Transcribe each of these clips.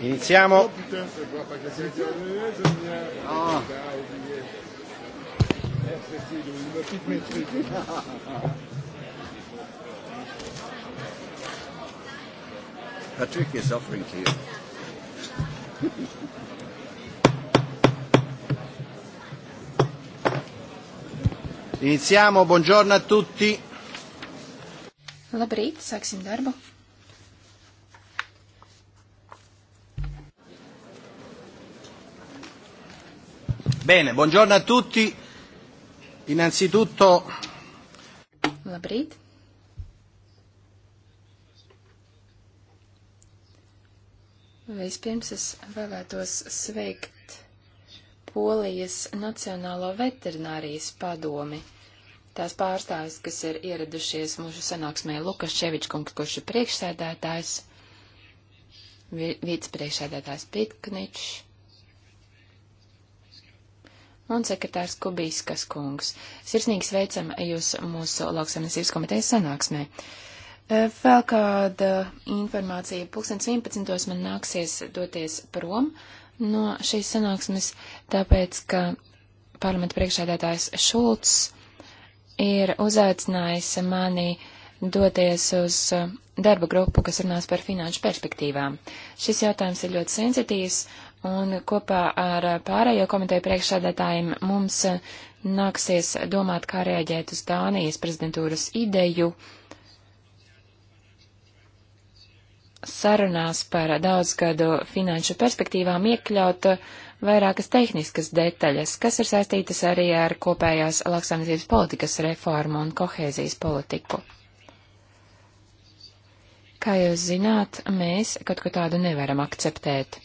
Iniziamo. Oh. Patrick is offering to you. Iniziamo, buongiorno a tutti. Labrīt, sāksim darbu. Bene, buongiorno a tutti. Innanzitutto. Labrīt. Vispirms es vēlētos sveikt Polijas Nacionālo veterinārijas padomi. Tās pārstāvis, kas ir ieradušies mūsu sanāksmē Lukas Čevičkungs, kurš ir priekšsēdētājs, vicepriekšsēdētājs Pitkničs un sekretārs Kubīskas kungs. Sirsnīgi sveicam jūs mūsu lauksaimniecības komitejas sanāksmē. E, vēl kāda informācija. 2011. man nāksies doties prom no šīs sanāksmes, tāpēc, ka parlamenta priekšādātājs Šulcs ir uzaicinājis mani doties uz darba grupu, kas runās par finanšu perspektīvām. Šis jautājums ir ļoti sensitīvs, Un kopā ar pārējo komiteju priekšsēdētājiem mums eh, nāksies domāt, kā rēģēt uz Dānijas prezidentūras ideju sarunās par daudzgadu finanšu perspektīvām iekļaut vairākas tehniskas detaļas, kas ir saistītas arī ar kopējās lauksaimniecības politikas reformu un kohēzijas politiku. Kā jūs zināt, mēs kaut ko tādu nevaram akceptēt.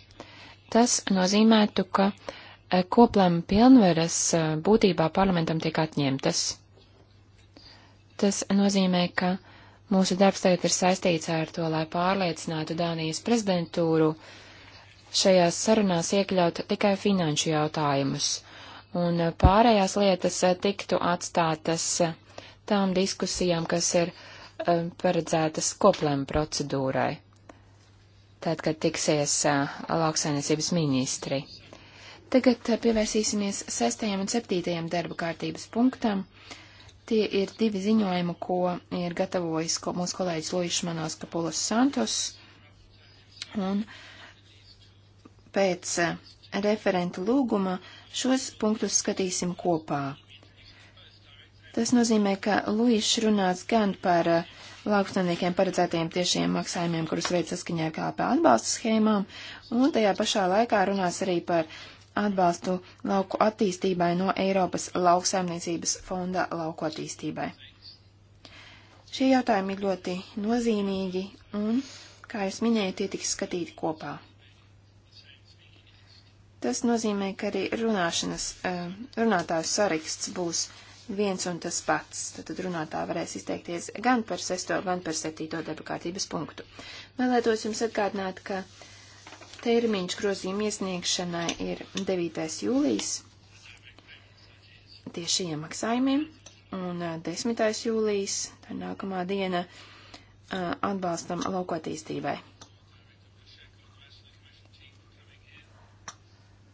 Tas nozīmētu, ka eh, koplēma pilnveres eh, būtībā parlamentam tiek atņemtas. Tas nozīmē, ka mūsu darbs tagad ir saistīts ar to, lai pārliecinātu Dānijas prezidentūru šajās sarunās iekļaut tikai finanšu jautājumus, un eh, pārējās lietas tiktu atstātas tām diskusijām, kas ir paredzētas koplēma procedūrai tad, kad tiksies lauksainiecības ministri. Tagad pievērsīsimies sestajam un septītajam darba kārtības punktam. Tie ir divi ziņojumi, ko ir gatavojis ko mūsu kolēģis Luīšs Manos Kapulas Santos. Un pēc referenta lūguma šos punktus skatīsim kopā. Tas nozīmē, ka Luīšs runās gan par uh, lauksaimniekiem paredzētajiem tiešiem maksājumiem, kurus veic saskaņā ar KLP atbalsta schēmām, un tajā pašā laikā runās arī par atbalstu lauku attīstībai no Eiropas lauksaimniecības fonda lauku attīstībai. Šie jautājumi ir ļoti nozīmīgi un, kā jūs minēju, tie tiks skatīti kopā. Tas nozīmē, ka arī runāšanas, eh, runātājs saraksts būs viens un tas pats. Tad runātā varēs izteikties gan par sesto, gan par septīto debakārtības punktu. Vēlētos jums atgādināt, ka termiņš grozījuma iesniegšanai ir 9. jūlijas tieši iemaksājumiem, un 10. jūlijas, tā nākamā diena, atbalstam laukotīstībai.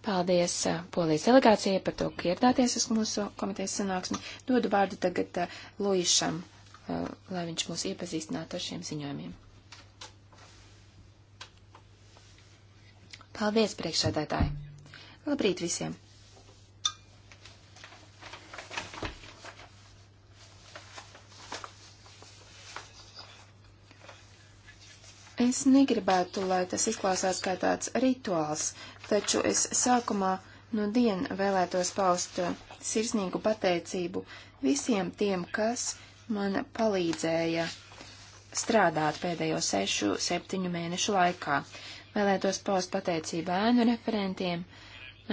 Paldies eh, Polijas delegācijai par to, ka ieradāties uz mūsu komitejas sanāksmi. Dodu vārdu tagad uh, eh, Luīšam, uh, eh, lai viņš mūs iepazīstinātu ar šiem ziņojumiem. Paldies, priekšsēdētāji! Labrīt visiem! Es negribētu, lai tas izklausās kā tāds rituāls. Uh, taču es sākumā no diena vēlētos paust uh, sirsnīgu pateicību visiem tiem, kas man palīdzēja strādāt pēdējo sešu, septiņu mēnešu laikā. Vēlētos paust pateicību ēnu referentiem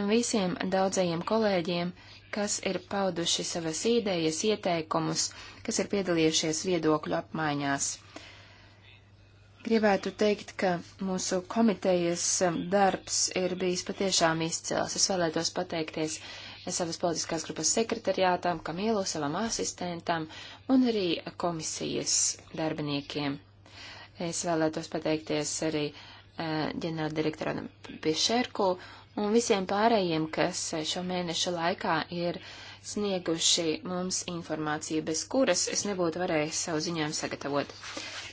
un visiem daudzajiem kolēģiem, kas ir pauduši savas idejas, ieteikumus, kas ir piedalījušies viedokļu apmaiņās. Gribētu teikt, ka mūsu komitejas um, darbs ir bijis patiešām izcils. Es vēlētos pateikties savas politiskās grupas sekretariātām, Kamilu, savam asistentam un arī komisijas darbiniekiem. Es vēlētos pateikties arī uh, ģenerāldirektoram Piešerku un visiem pārējiem, kas uh, šo mēnešu laikā ir snieguši mums informāciju, bez kuras es nebūtu varējis savu ziņojumu sagatavot.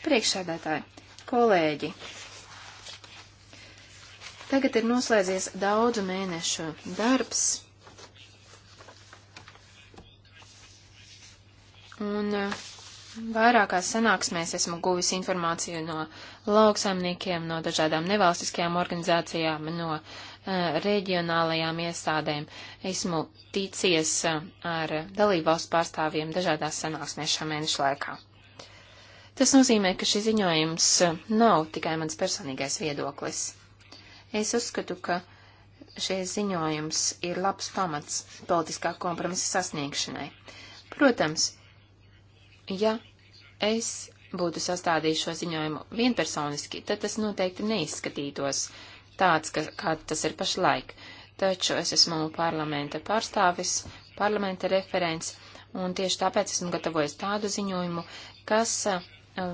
Priekšsēdētāji, Kolēģi, tagad ir noslēdzies daudzu mēnešu darbs, un uh, vairākās sanāksmēs esmu guvis informāciju no lauksaimniekiem, no dažādām nevalstiskajām organizācijām, no uh, reģionālajām iestādēm. Esmu ticies uh, ar dalībvalstu pārstāvjiem dažādās sanāksmēs šā mēneša laikā. Tas nozīmē, ka šis ziņojums eh, nav tikai mans personīgais viedoklis. Es uzskatu, ka šis ziņojums ir labs pamats politiskā kompromisa sasniegšanai. Protams, ja es būtu sastādījis šo ziņojumu vienpersoniski, tad tas noteikti neizskatītos tāds, ka, kā tas ir pašlaik. Taču es esmu parlamenta pārstāvis, parlamenta referents, un tieši tāpēc esmu gatavojis tādu ziņojumu, kas eh,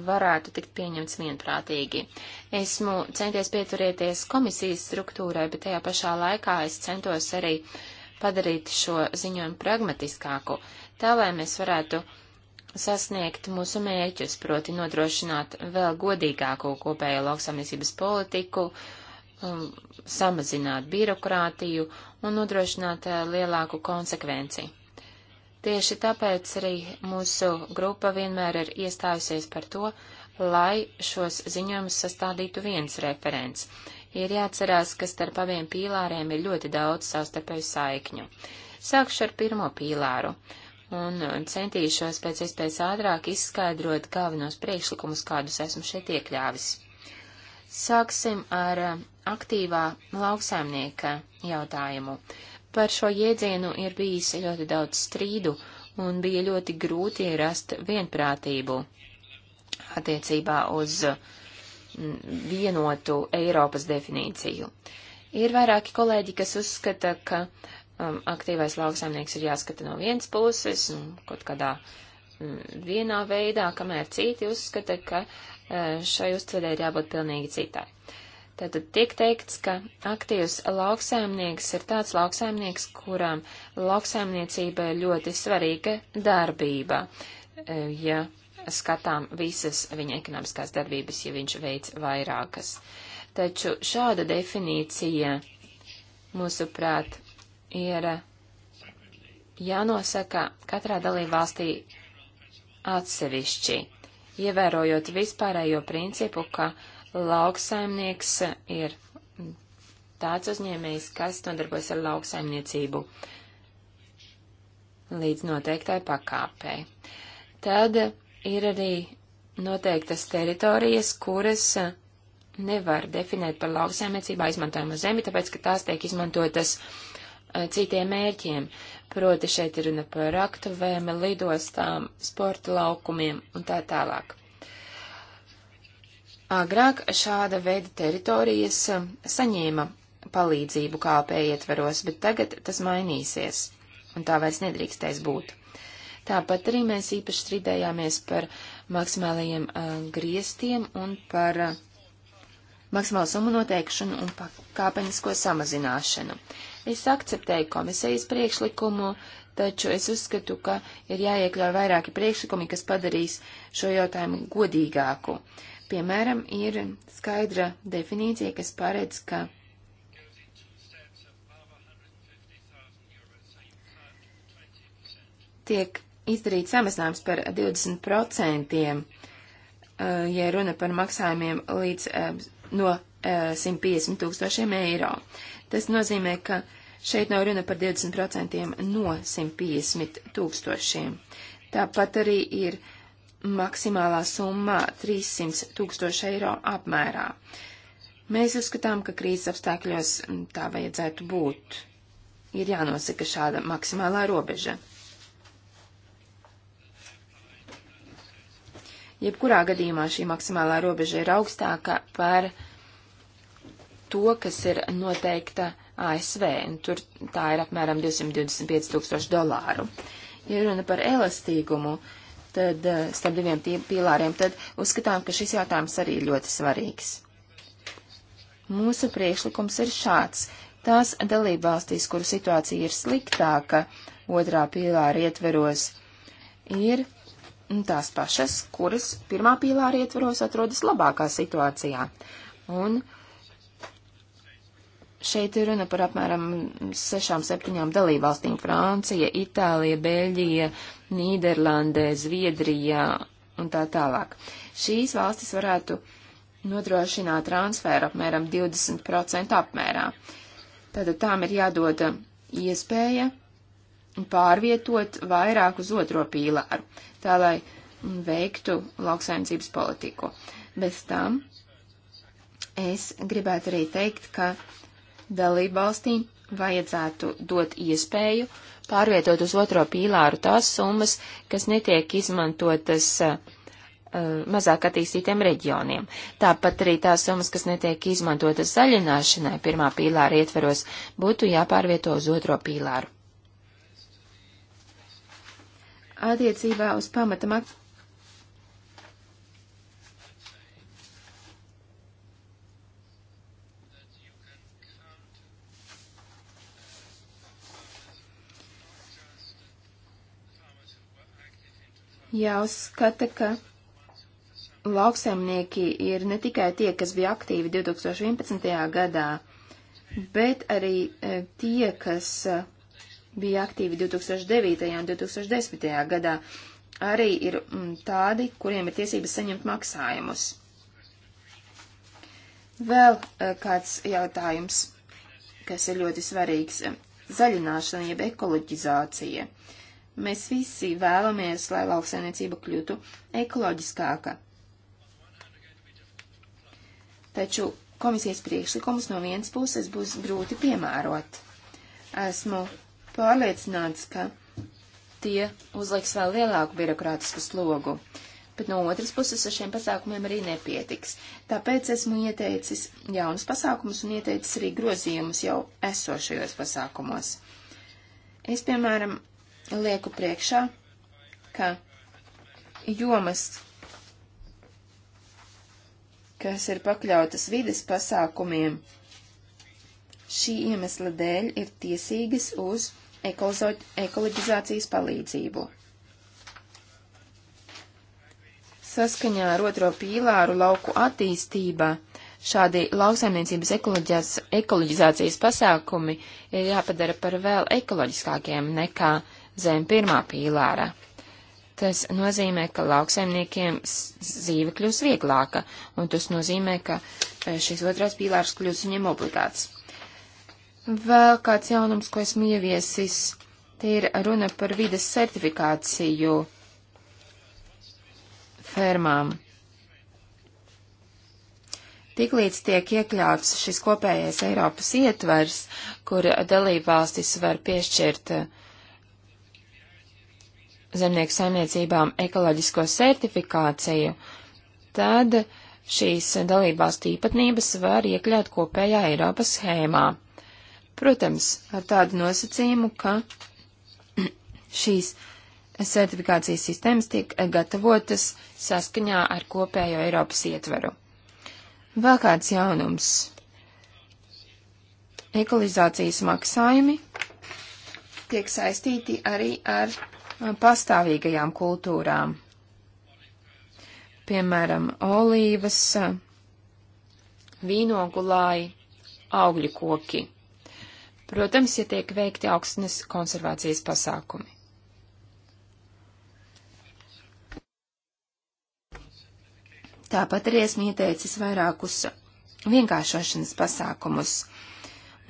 varētu tikt pieņemts vienprātīgi. Esmu centies pieturēties komisijas struktūrai, bet tajā pašā laikā es centos arī padarīt šo ziņojumu pragmatiskāku, tā lai mēs varētu sasniegt mūsu mērķus, proti nodrošināt vēl godīgāku kopējo lauksamniecības politiku, um, samazināt birokrātiju un nodrošināt uh, lielāku konsekvenciju. Tieši tāpēc arī mūsu grupa vienmēr ir iestājusies par to, lai šos ziņojumus sastādītu viens referents. Ir jāatcerās, ka starp abiem pīlāriem ir ļoti daudz savstarpēju saikņu. Sākšu ar pirmo pīlāru un centīšos pēc iespējas ātrāk izskaidrot galvenos priekšlikumus, kādus esmu šeit iekļāvis. Sāksim ar aktīvā lauksaimnieka jautājumu. Uh, Par šo jēdzienu ir bijis ļoti daudz strīdu un bija ļoti grūti rast vienprātību attiecībā uz mm, vienotu Eiropas definīciju. Ir vairāki kolēģi, kas uzskata, ka um, aktīvais lauksaimnieks ir jāskata no vienas puses, un kaut kādā um, vienā veidā, kamēr citi uzskata, ka uh, šai uztvedē ir jābūt pilnīgi citai. Uh, Tātad tiek teikts, ka aktīvs lauksaimnieks ir tāds lauksaimnieks, kuram lauksaimniecība ir ļoti svarīga darbība, e, ja skatām visas viņa ekonomiskās darbības, ja viņš veic vairākas. Taču šāda definīcija, mūsuprāt, ir jānosaka katrā dalībvalstī atsevišķi, ievērojot vispārējo principu, ka uh, Lauksaimnieks ir tāds uzņēmējs, kas nodarbojas ar lauksaimniecību līdz noteiktai pakāpē. Tad ir arī noteiktas teritorijas, kuras nevar definēt par lauksaimniecībā izmantojumu zemi, tāpēc, ka tās tiek izmantotas citiem mērķiem. Proti šeit ir runa par aktuvēm, lidostām, sporta laukumiem un tā tālāk. Agrāk šāda veida teritorijas um, saņēma palīdzību KLP ietveros, bet tagad tas mainīsies, un tā vairs nedrīkstēs būt. Tāpat arī mēs īpaši strīdējāmies par maksimālajiem uh, griestiem un par uh, maksimālu summu noteikšanu un pakāpenisko samazināšanu. Es akceptēju komisijas priekšlikumu, taču es uzskatu, ka ir jāiekļauj vairāki priekšlikumi, kas padarīs šo jautājumu godīgāku. Uh, piemēram, ir skaidra definīcija, kas paredz, ka tiek izdarīts samazinājums par 20%, eh, ja runa par maksājumiem līdz eh, no 150 eh, tūkstošiem eiro. Tas nozīmē, ka šeit nav runa par 20% no 150 tūkstošiem. Tāpat arī ir uh, maksimālā summa 300 tūkstoši eiro apmērā. Mēs uzskatām, ka krīzes apstākļos mm, tā vajadzētu būt. Ir jānosaka šāda maksimālā robeža. Jebkurā gadījumā šī maksimālā robeža ir augstāka par to, kas ir noteikta ASV, un tur tā ir apmēram 225 tūkstoši dolāru. Ja runa par elastīgumu, uh, tad eh, starp diviem pīlāriem, tad uzskatām, ka šis jautājums arī ir ļoti svarīgs. Mūsu priekšlikums ir šāds. Tās dalībvalstīs, kuru situācija ir sliktāka otrā pīlāra ietveros, ir tās pašas, kuras pirmā pīlāra ietveros atrodas labākā situācijā. Un uh, Šeit ir runa par apmēram 6-7 dalībvalstīm - Francija, Itālija, Beļģija, Nīderlandē, Zviedrija un tā tālāk. Šīs valstis varētu nodrošināt transferu apmēram 20% apmērā. Tātad tām ir jādod iespēja pārvietot vairāk uz otro pīlāru, tā lai veiktu lauksaimniecības politiku. Bez tam es gribētu arī teikt, ka Dalībvalstīm vajadzētu dot iespēju pārvietot uz otro pīlāru tās summas, kas netiek izmantotas uh, uh, mazāk attīstītiem reģioniem. Tāpat arī tās summas, kas netiek izmantotas zaļināšanai pirmā pīlāra ietveros, būtu jāpārvieto uz otro pīlāru. Attiecībā uz pamatamāk jāuzskata, ka lauksaimnieki ir ne tikai tie, kas bija aktīvi 2011. gadā, bet arī e, tie, kas e, bija aktīvi 2009. un 2010. gadā, arī ir tādi, kuriem ir tiesības saņemt maksājumus. Vēl e, kāds jautājums, kas ir ļoti svarīgs - zaļināšana jeb ekoloģizācija. Uh, Mēs visi vēlamies, lai lauksainiecība kļūtu ekoloģiskāka. Taču komisijas priekšlikumus no vienas puses būs grūti piemērot. Esmu pārliecināts, ka tie uzliks vēl lielāku birokrātisku slogu, bet no otras puses ar šiem pasākumiem arī nepietiks. Tāpēc esmu ieteicis jaunus pasākumus un ieteicis arī grozījumus jau esošajos pasākumos. Es, piemēram, lieku priekšā, ka jomas, kas ir pakļautas vides pasākumiem, šī iemesla dēļ ir tiesīgas uz ekoloģizācijas palīdzību. Saskaņā ar otro pīlāru lauku attīstībā šādi lauksaimniecības ekoloģizācijas pasākumi ir jāpadara par vēl ekoloģiskākiem nekā uh, zem pirmā pīlāra. Tas nozīmē, ka lauksaimniekiem dzīve kļūs vieglāka, un tas nozīmē, ka e, šis otrais pīlārs kļūs viņiem obligāts. Vēl kāds jaunums, ko esmu ieviesis, tie ir runa par vides certifikāciju fermām. Tiklīdz tiek iekļauts šis kopējais Eiropas ietvers, kur dalībvalstis var piešķirt uh, zemnieku saimniecībām ekoloģisko sertifikāciju, tad šīs dalībvalstu īpatnības var iekļaut kopējā Eiropas schēmā. Protams, ar tādu nosacījumu, ka šīs sertifikācijas sistēmas tiek gatavotas saskaņā ar kopējo Eiropas ietveru. Vēl kāds jaunums. Ekolizācijas maksājumi tiek saistīti arī ar pastāvīgajām kultūrām. Piemēram, olīvas, vīnogulāji, augļu koki. Protams, ja tiek veikti augstnes konservācijas pasākumi. Tāpat arī esmu ieteicis vairākus vienkāršošanas pasākumus,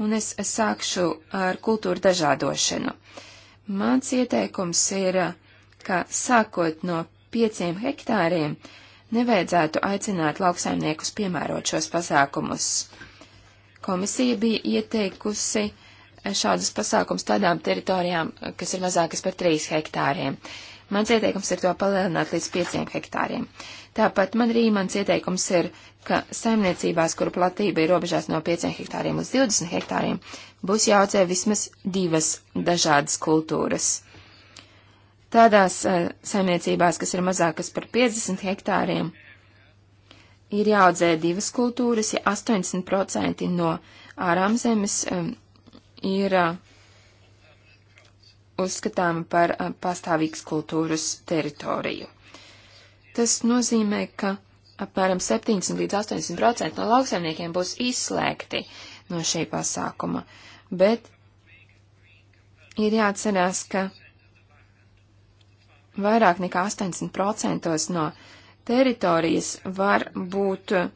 un es sākšu ar kultūru dažādošanu. Uh, Mans ieteikums ir, ka sākot no pieciem hektāriem nevajadzētu aicināt lauksaimniekus piemērot šos pasākumus. Komisija bija ieteikusi šādus pasākums tādām teritorijām, kas ir mazākas par trīs hektāriem. Uh, Mans ieteikums ir to palielināt līdz 5 hektāriem. Tāpat man arī mans ieteikums ir, ka saimniecībās, kuru platība ir robežās no 5 hektāriem līdz 20 hektāriem, būs jāaudzē vismaz divas dažādas kultūras. Tādās uh, saimniecībās, kas ir mazākas par 50 hektāriem, ir jāaudzē divas kultūras, ja 80% no ārām zemes um, ir uh, uzskatām par eh, pastāvīgas kultūras teritoriju. Tas nozīmē, ka apmēram 70 līdz 80% no lauksaimniekiem būs izslēgti no šī pasākuma, bet ir jāatcerās, ka vairāk nekā 80% no teritorijas var būt eh,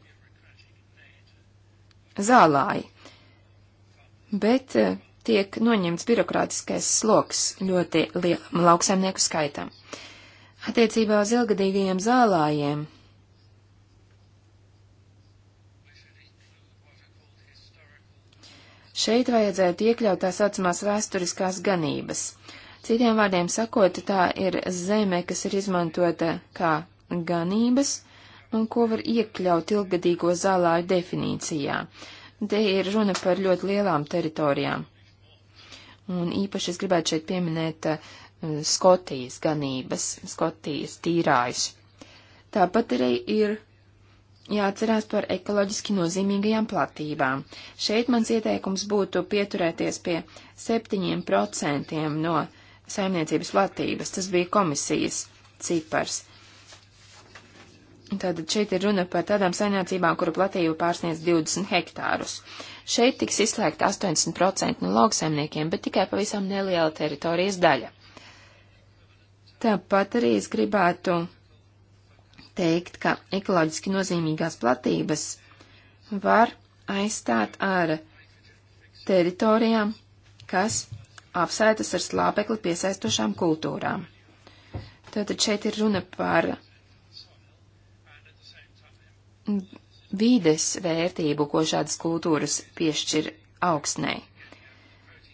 zālāji, bet eh, tiek noņemts birokrātiskais sloks ļoti lauksaimnieku skaitam. Attiecībā uz ilgadīgajiem zālājiem Šeit vajadzētu iekļaut tā saucamās vēsturiskās ganības. Citiem vārdiem sakot, tā ir zeme, kas ir izmantota kā ganības un ko var iekļaut ilgadīgo zālāju definīcijā. Te ir runa par ļoti lielām teritorijām. Un īpaši es gribētu šeit pieminēt uh, Skotijas ganības, Skotijas tīrājus. Tāpat arī ir jāatcerās par ekoloģiski nozīmīgajām platībām. Šeit mans ieteikums būtu pieturēties pie 7% no saimniecības platības, tas bija komisijas cipars. Tātad šeit ir runa par tādām saimniecībām, kuru platība pārsniedz 20 hektārus. Šeit tiks izslēgta 80% no lauksaimniekiem, bet tikai pavisam neliela teritorijas daļa. Tāpat arī es gribētu teikt, ka ekoloģiski nozīmīgās platības var aizstāt ar teritorijām, kas apsaitas ar slāpekli piesaistošām kultūrām. Tātad šeit ir runa par vīdes vērtību, ko šādas kultūras piešķir augsnei.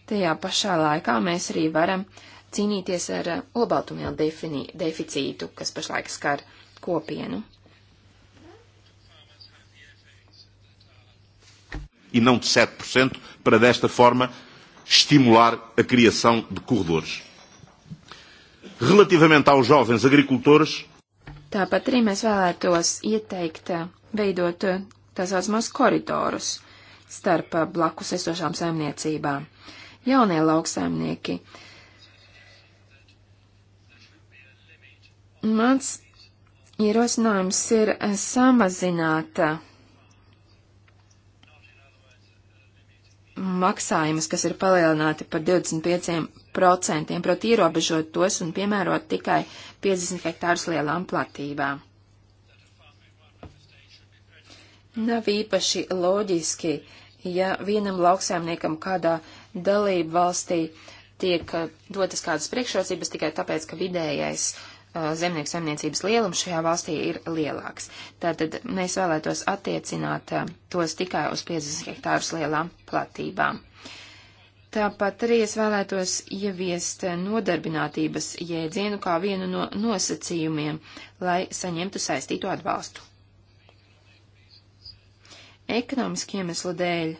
Tajā pašā laikā mēs arī varam cīnīties ar eh, olbaltumvielu deficītu, kas pašlaik skar kopienu. E não de 7%, para desta forma estimular a criação de corredores. Relativamente aos jovens agricultores. Tāpat arī mēs vēlētos ieteikt eh, veidot eh, tā saucamos koridorus starp eh, blakus esošām saimniecībām. Jaunie lauksaimnieki. Mans ierosinājums ir eh, samazināt maksājumus, kas ir palielināti par 25%, proti ierobežot tos un piemērot tikai 50 hektārus lielām platībām nav īpaši loģiski, ja vienam lauksēmniekam kādā dalību valstī tiek uh, dotas kādas priekšrocības tikai tāpēc, ka vidējais uh, zemnieku saimniecības lielums šajā valstī ir lielāks. Tātad mēs vēlētos attiecināt uh, tos tikai uz 50 hektārus lielām platībām. Tāpat arī es vēlētos ieviest uh, nodarbinātības jēdzienu kā vienu no nosacījumiem, lai saņemtu saistīto atbalstu ekonomiski iemeslu dēļ.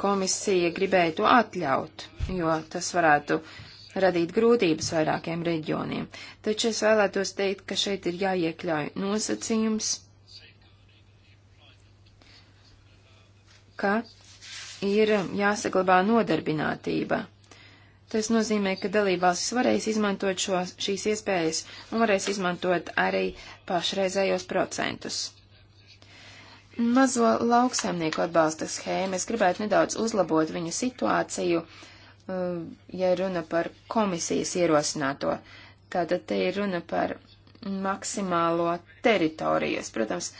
Komisija gribēja to atļaut, jo tas varētu radīt grūtības vairākiem reģioniem, taču es vēlētos teikt, ka šeit ir jāiekļauj nosacījums, ka ir jāsaglabā nodarbinātība. Tas nozīmē, ka dalībvalstis varēs izmantot šo, šīs iespējas un varēs izmantot arī pašreizējos procentus. Mazo lauksaimnieku atbalsta schēma. Es gribētu nedaudz uzlabot viņu situāciju, eh, ja runa par komisijas ierosināto. Tātad te ir runa par maksimālo teritoriju. Es, protams,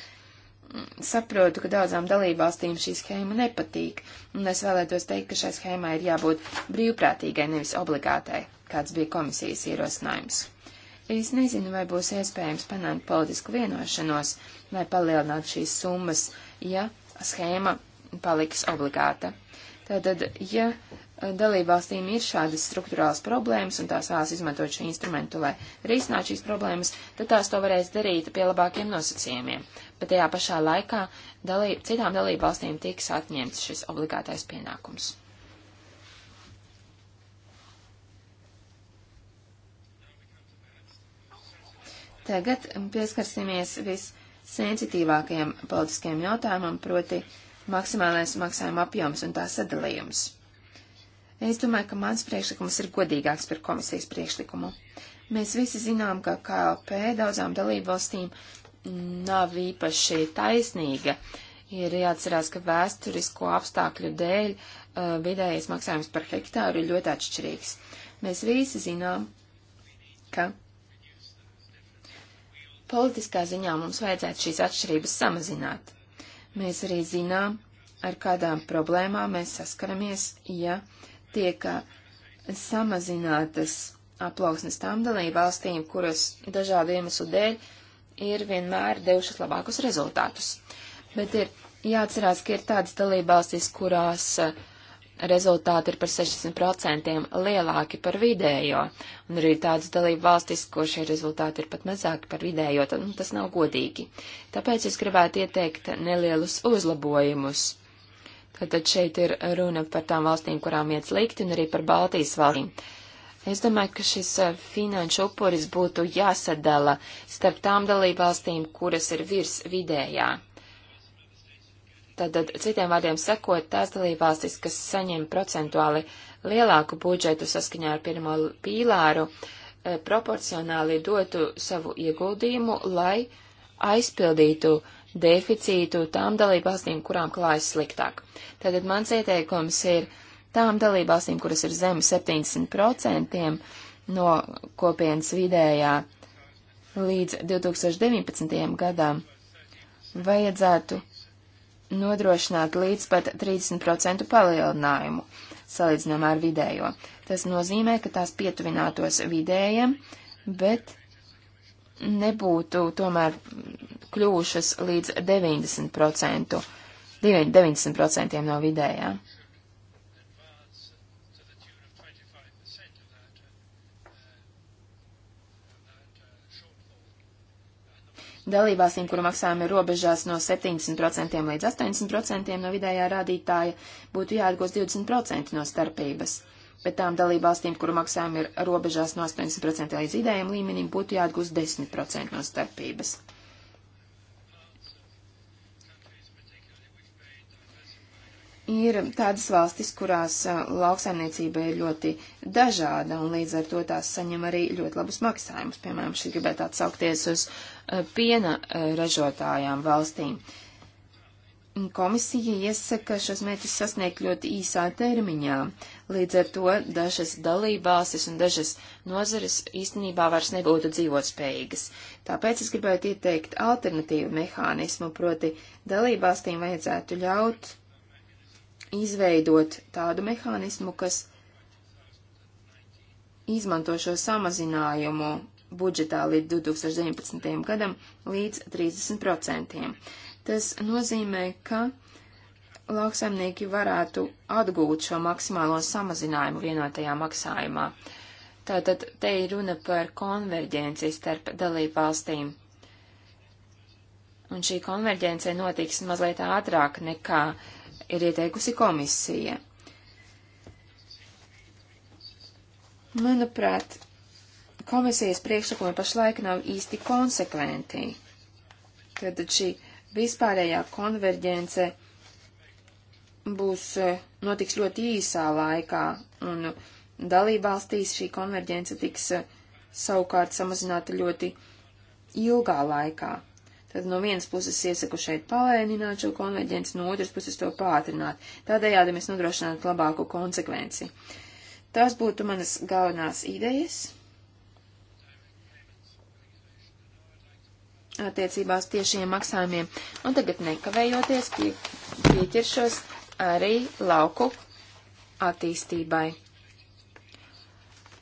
saprotu, ka daudzām dalībvalstīm šī schēma nepatīk, un es vēlētos teikt, ka šai schēmai ir jābūt brīvprātīgai, nevis obligātai, kāds bija komisijas ierosinājums. Es nezinu, vai būs iespējams panākt politisku vienošanos, lai palielinātu šīs summas, ja schēma paliks obligāta. Tātad, ja dalībvalstīm ir šādas struktūrāls problēmas un tās vēlas izmantot šo instrumentu, lai risinātu šīs problēmas, tad tās to varēs darīt pie labākiem nosacījumiem bet tajā pašā laikā dalība, citām dalību valstīm tiks atņemts šis obligātais pienākums. Tagad pieskarsimies vissensitīvākajam politiskajam jautājumam, proti maksimālais maksājuma apjoms un tā sadalījums. Es domāju, ka mans priekšlikums ir godīgāks par komisijas priekšlikumu. Mēs visi zinām, ka KLP daudzām dalībvalstīm nav īpaši taisnīga. Ir jāatcerās, ka vēsturisko apstākļu dēļ uh, vidējais maksājums par hektāru ir ļoti atšķirīgs. Mēs visi zinām, ka politiskā ziņā mums vajadzētu šīs atšķirības samazināt. Mēs arī zinām, ar kādām problēmām mēs saskaramies, ja tiek uh, samazinātas aplauksnes tām dalībvalstīm, kuras dažādu iemeslu dēļ uh, ir vienmēr devušas labākus rezultātus. Bet ir jāatcerās, ka ir tādas dalībvalstis, kurās eh, rezultāti ir par 60% lielāki par vidējo, un arī tādas dalībvalstis, kur šie rezultāti ir pat mazāki par vidējo, tad nu, tas nav godīgi. Tāpēc es gribētu ieteikt nelielus uzlabojumus. Tātad šeit ir runa par tām valstīm, kurām iet slikti, un arī par Baltijas valstīm. Uh, Es domāju, ka šis eh, finanšu upuris būtu jāsadala starp tām dalībvalstīm, kuras ir virs vidējā. Tātad, citiem vārdiem sakot, tās dalībvalstis, kas saņem procentuāli lielāku budžetu saskaņā ar pirmo pīlāru, eh, proporcionāli dotu savu ieguldījumu, lai aizpildītu deficītu tām dalībvalstīm, kurām klājas sliktāk. Tātad mans ieteikums ir tām dalībvalstīm, kuras ir zem 70% no kopienas vidējā līdz 2019. gadam, vajadzētu nodrošināt līdz pat 30% palielinājumu salīdzinājumā ar vidējo. Tas nozīmē, ka tās pietuvinātos vidējiem, bet nebūtu tomēr kļūšas līdz 90%, 90% no vidējā. Ja? dalībvalstīm, kuru maksājumi ir robežās no 70% līdz 80% no vidējā rādītāja, būtu jāatgūst 20% no starpības. Bet tām dalībvalstīm, kuru maksājumi ir robežās no 80% līdz idējiem līmenim, būtu jāatgūst 10% no starpības. Ir tādas valstis, kurās lauksaimniecība ir ļoti dažāda, un līdz ar to tās saņem arī ļoti labus maksājumus. Piemēram, šī gribētu atsaukties uz piena ražotājām valstīm. Komisija iesaka šos mērķus sasniegt ļoti īsā termiņā. Līdz ar to dažas dalībāsis un dažas nozares īstenībā vairs nebūtu dzīvotspējīgas. Tāpēc es gribētu ieteikt alternatīvu mehānismu, proti dalībāstīm vajadzētu ļaut izveidot tādu mehānismu, kas izmanto šo samazinājumu budžetā līdz 2019. gadam līdz 30%. Tas nozīmē, ka lauksaimnieki varētu atgūt šo maksimālo samazinājumu vienotajā maksājumā. Tātad te ir runa par konverģenci starp dalību valstīm. Un šī konverģence notiks mazliet ātrāk nekā uh, ir ieteikusi komisija. Manuprāt, komisijas priekšlikumi pašlaik nav īsti konsekventi. Tad šī vispārējā konverģence būs eh, notiks ļoti īsā laikā, un dalībvalstīs šī konverģence tiks eh, savukārt samazināta ļoti ilgā laikā. Tad no vienas puses iesaku šeit palēnināt šo konveģenci, no otras puses to pātrināt. Tādējādi mēs nodrošinātu labāku konsekvenci. Tās būtu manas galvenās idejas attiecībās tiešiem maksājumiem. Un tagad nekavējoties pie, pieķeršos arī lauku attīstībai.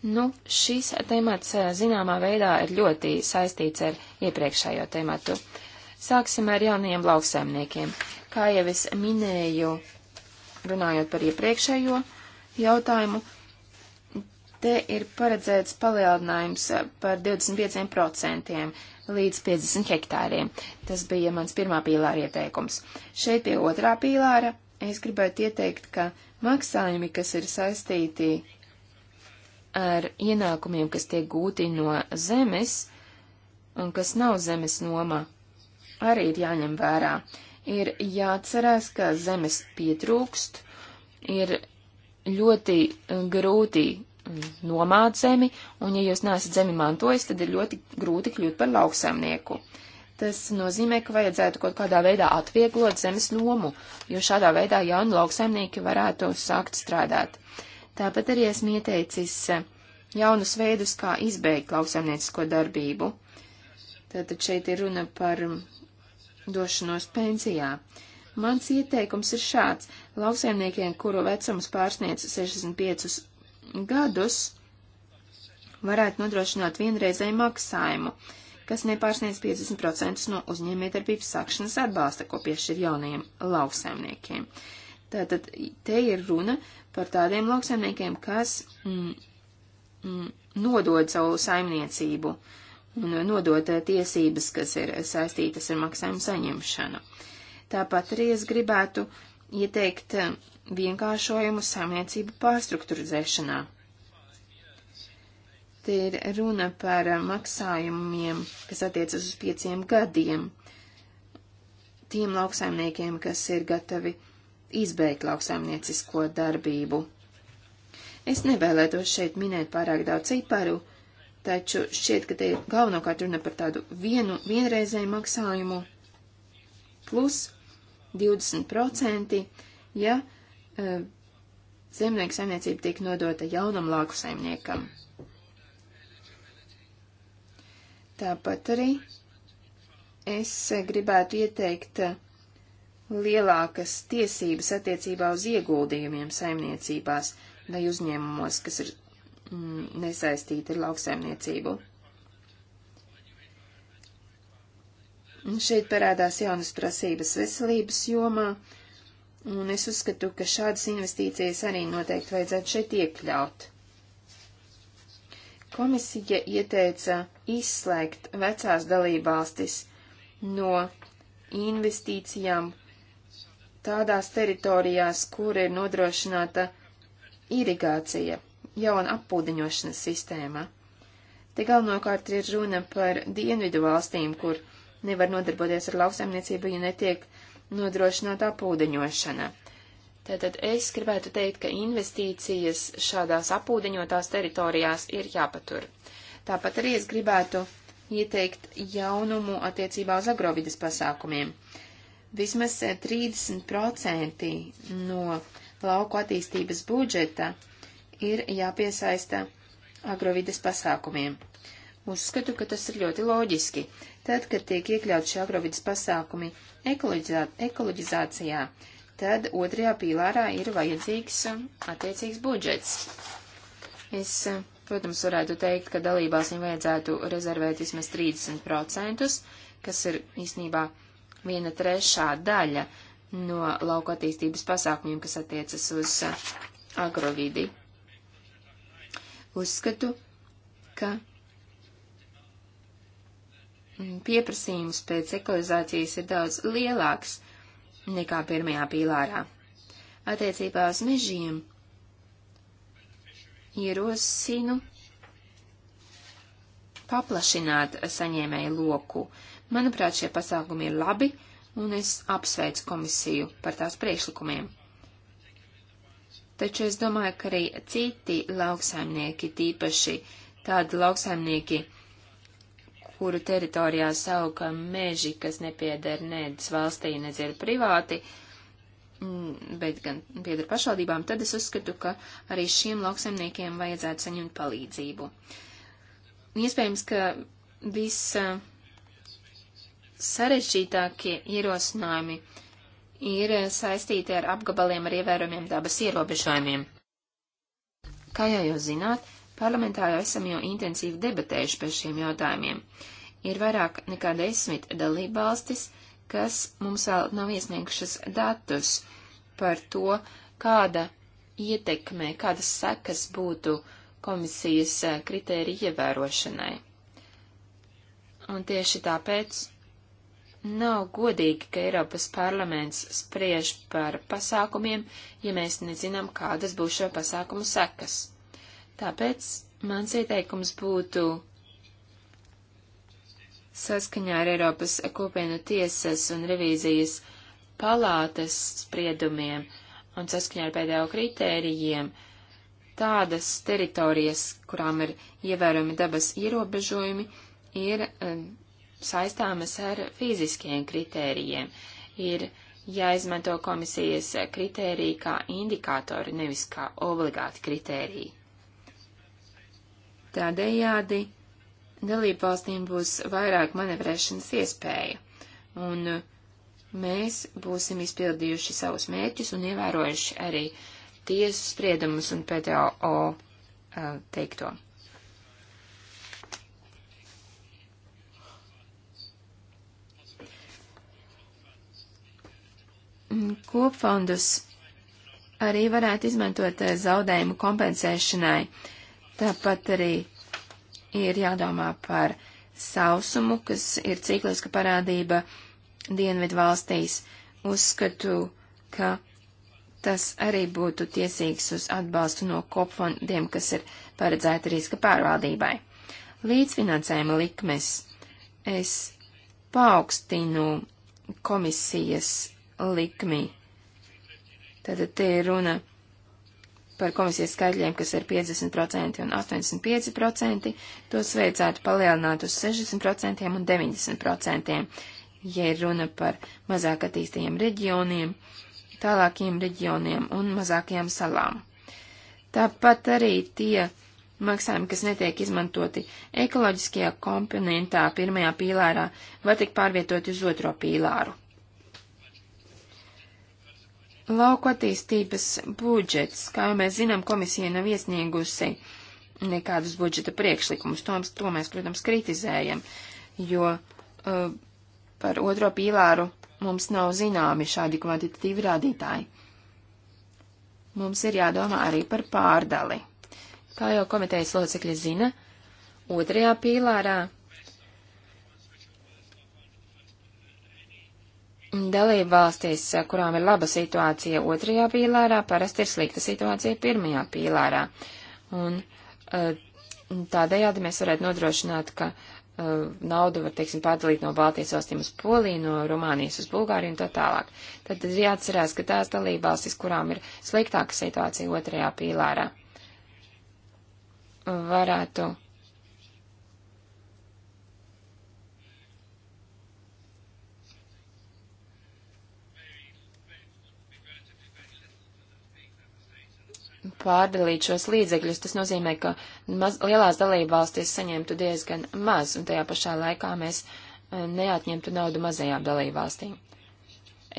Nu, šis temats eh, zināmā veidā ir ļoti saistīts ar iepriekšējo tematu. Sāksim ar jaunajiem lauksaimniekiem. Kā jau es minēju, runājot par iepriekšējo jautājumu, te ir paredzēts palielinājums eh, par 25% līdz 50 hektāriem. Tas bija mans pirmā pīlāra ieteikums. Šeit pie otrā pīlāra es gribētu ieteikt, ka maksājumi, kas ir saistīti ar ienākumiem, kas tiek gūti no zemes un kas nav zemes noma, arī ir jāņem vērā. Ir jāatcerās, ka zemes pietrūkst, ir ļoti eh, grūti mm, nomāt zemi, un ja jūs neesat zemi mantojis, tad ir ļoti grūti kļūt par lauksaimnieku. Tas nozīmē, ka vajadzētu kaut kādā veidā atvieglot zemes nomu, jo šādā veidā jauni lauksaimnieki varētu sākt strādāt. Tāpat arī esmu ieteicis eh, jaunus veidus, kā izbeigt lauksaimniecisko darbību. Tātad šeit ir runa par mm, došanos pensijā. Mans ieteikums ir šāds. Lauksaimniekiem, kuru vecums pārsniedz 65 gadus, varētu nodrošināt vienreizēju maksājumu, kas nepārsniedz 50% no uzņēmējdarbības sākšanas atbalsta, ko piešķir jaunajiem lauksaimniekiem. Tātad te ir runa par tādiem lauksaimniekiem, kas mm, mm, nodod savu saimniecību un nodod eh, tiesības, kas ir saistītas ar maksājumu saņemšanu. Tāpat arī es gribētu ieteikt eh, vienkāršojumu saimniecību pārstrukturizēšanā. Te ir runa par eh, maksājumiem, kas attiecas uz pieciem gadiem. Tiem lauksaimniekiem, kas ir gatavi izbeigt lauksaimniecisko darbību. Es nevēlētos šeit minēt pārāk daudz ciparu, taču šķiet, ka te ir galvenokārt runa par tādu vienu vienreizēju maksājumu plus 20%, ja e, zemnieku saimniecība tiek nodota jaunam lauku saimniekam. Tāpat arī es gribētu ieteikt lielākas tiesības attiecībā uz ieguldījumiem saimniecībās vai uzņēmumos, kas ir mm, nesaistīti ar lauksaimniecību. Un šeit parādās jaunas prasības veselības jomā, un es uzskatu, ka šādas investīcijas arī noteikti vajadzētu šeit iekļaut. Komisija ieteica izslēgt vecās dalībvalstis no investīcijām, tādās teritorijās, kur ir nodrošināta irigācija, jauna appūdiņošanas sistēma. Te galvenokārt ir runa par dienvidu valstīm, kur nevar nodarboties ar lauksaimniecību, ja netiek nodrošināta apūdeņošana. Tātad es gribētu teikt, ka investīcijas šādās apūdeņotās teritorijās ir jāpatur. Tāpat arī es gribētu ieteikt jaunumu attiecībā uz agrovides pasākumiem vismaz 30% eh, no lauku attīstības budžeta ir jāpiesaista agrovides pasākumiem. Uzskatu, ka tas ir ļoti loģiski. Tad, kad tiek iekļauts šie agrovides pasākumi ekoloģizā, ekoloģizācijā, tad otrajā pīlārā ir vajadzīgs eh, attiecīgs budžets. Es, eh, protams, varētu teikt, ka dalībvalstīm vajadzētu rezervēt vismaz 30%, kas ir īsnībā viena trešā daļa no lauka attīstības pasākumiem, kas attiecas uz uh, agrovidi. Uzskatu, ka mm, pieprasījums pēc ekolizācijas ir daudz lielāks nekā pirmajā pīlārā. Attiecībā uz mežiem ierosinu paplašināt saņēmēju loku. Uh, Manuprāt, šie pasākumi ir labi, un es apsveicu komisiju par tās priekšlikumiem. Taču es domāju, ka arī citi lauksaimnieki, tīpaši tādi lauksaimnieki, kuru teritorijās auga meži, kas nepieder nedz valstī, nedz ir privāti, mm, bet gan pieder pašvaldībām, tad es uzskatu, ka arī šiem lauksaimniekiem vajadzētu saņemt palīdzību. Iespējams, ka viss sarežģītākie ierosinājumi ir saistīti ar apgabaliem ar ievērojumiem dabas ierobežojumiem. Kā jau jūs zināt, parlamentā jau esam jau intensīvi debatējuši par šiem jautājumiem. Ir vairāk nekā desmit dalībvalstis, kas mums vēl nav iesniegušas datus par to, kāda ietekme, kādas sekas būtu komisijas eh, kritērija ievērošanai. Un tieši tāpēc Nav godīgi, ka Eiropas parlaments spriež par pasākumiem, ja mēs nezinām, kādas būs šo pasākumu sekas. Tāpēc mans ieteikums būtu saskaņā ar Eiropas kopienu tiesas un revīzijas palātes spriedumiem un saskaņā ar pēdējo kritērijiem tādas teritorijas, kurām ir ievērojami dabas ierobežojumi, ir um, saistāmas ar fiziskiem kritērijiem. Ir jāizmanto komisijas kritērija kā indikātori, nevis kā obligāti kritēriji. Tādējādi dalībvalstīm būs vairāk manevrēšanas iespēja, un mēs būsim izpildījuši savus mērķus un ievērojuši arī tiesu spriedumus un PTO eh, teikto. Mm, kopfondus arī varētu izmantot eh, zaudējumu kompensēšanai. Tāpat arī ir jādomā par sausumu, kas ir cikliska parādība dienvidu valstīs. Uzskatu, ka tas arī būtu tiesīgs uz atbalstu no kopfondiem, kas ir paredzēti riska pārvaldībai. Līdzfinansējuma likmes es paaugstinu komisijas likmi. Tātad te ir runa par komisijas skaitļiem, kas ir 50% un 85%, tos vajadzētu palielināt uz 60% un 90%, ja ir runa par mazāk attīstītiem reģioniem, tālākiem reģioniem un mazākajām salām. Tāpat arī tie maksājumi, kas netiek izmantoti ekoloģiskajā komponentā pirmajā pīlārā, var tik pārvietoti uz otro pīlāru. Lauku attīstības budžets, kā jau mēs zinām, komisija nav iesniegusi nekādus budžeta priekšlikumus. To, to mēs, protams, kritizējam, jo uh, par otro pīlāru mums nav zināmi šādi kvantitatīvi rādītāji. Mums ir jādomā arī par pārdali. Kā jau komitejas locekļi zina, otrajā pīlārā Dalība valstīs, eh, kurām ir laba situācija otrajā pīlārā, parasti ir slikta situācija pirmajā pīlārā. Un eh, tādējādi mēs varētu nodrošināt, ka eh, naudu var, teiksim, pārdalīt no Baltijas valstīm uz Poliju, no Rumānijas uz Bulgāriju un tā tālāk. Tad ir jāatcerās, ka tās dalība valstis, kurām ir sliktāka situācija otrajā pīlārā, varētu pārdalīt šos līdzekļus, tas nozīmē, ka maz, lielās dalībvalstīs saņemtu diezgan maz, un tajā pašā laikā mēs eh, neatņemtu naudu mazajām dalībvalstīm.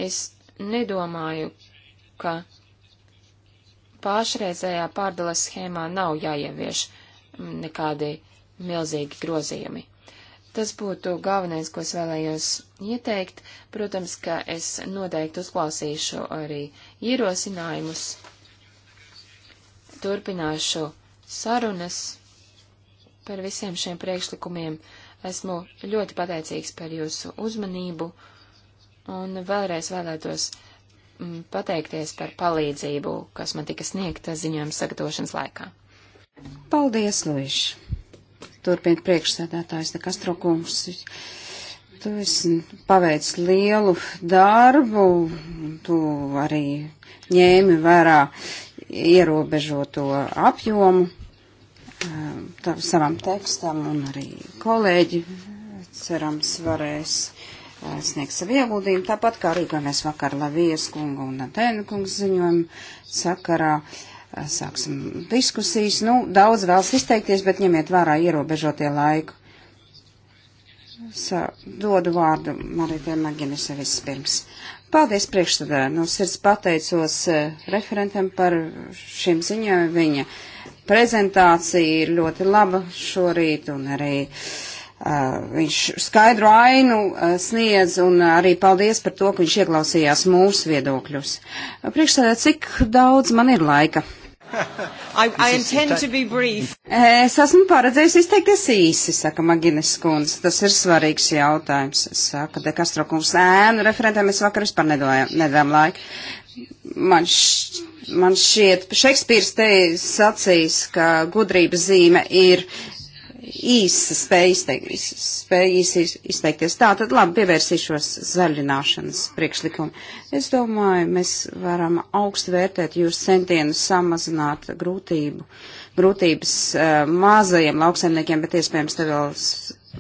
Es nedomāju, ka pašreizējā pārdales schēmā nav jāievieš mm, nekādi milzīgi grozījumi. Tas būtu galvenais, ko es vēlējos ieteikt. Protams, ka es noteikti uzklausīšu arī ierosinājumus turpināšu sarunas par visiem šiem priekšlikumiem. Esmu ļoti pateicīgs par jūsu uzmanību un vēlreiz vēlētos mm, pateikties par palīdzību, kas man tika sniegta ziņojuma sagatavošanas laikā. Paldies, Luīš! Turpiniet priekšsēdētājs Dekastro kungs. Tu esi paveic lielu darbu, tu arī ņēmi vērā ierobežoto apjomu um, tā, savam tekstam un arī kolēģi cerams varēs uh, sniegt savu ieguldījumu, tāpat kā arī mēs vakar Lavijas kunga un Natēna kungas ziņojumu sakarā uh, sāksim diskusijas. Nu, daudz vēlas izteikties, bet ņemiet vērā ierobežotie laiku. Sa, dodu vārdu Maritai Maginisē vispirms. Paldies priekšstādātājiem. No sirds pateicos eh, referentam par šiem ziņām. Viņa prezentācija ir ļoti laba šorīt un arī uh, viņš skaidru ainu uh, sniedz un arī paldies par to, ka viņš ieklausījās mūsu viedokļus. Priekšstādātāji, cik daudz man ir laika? I, I intend to be brief. Es esmu paredzējis izteikties īsi, saka Maginis Kunds. Tas ir svarīgs jautājums, saka De Castro Kungs. Nē, nu referentē mēs vakar vispār nedavām laiku. Man, š, man šķiet, Šekspīrs te sacīs, ka gudrības zīme ir īsa spēja, izteik, spēja īsi izteikties. Tā tad labi pievērsīšos zaļināšanas priekšlikumu. Es domāju, mēs varam augstu vērtēt jūs centienu samazināt grūtību, grūtības uh, mazajiem lauksaimniekiem, bet iespējams te vēl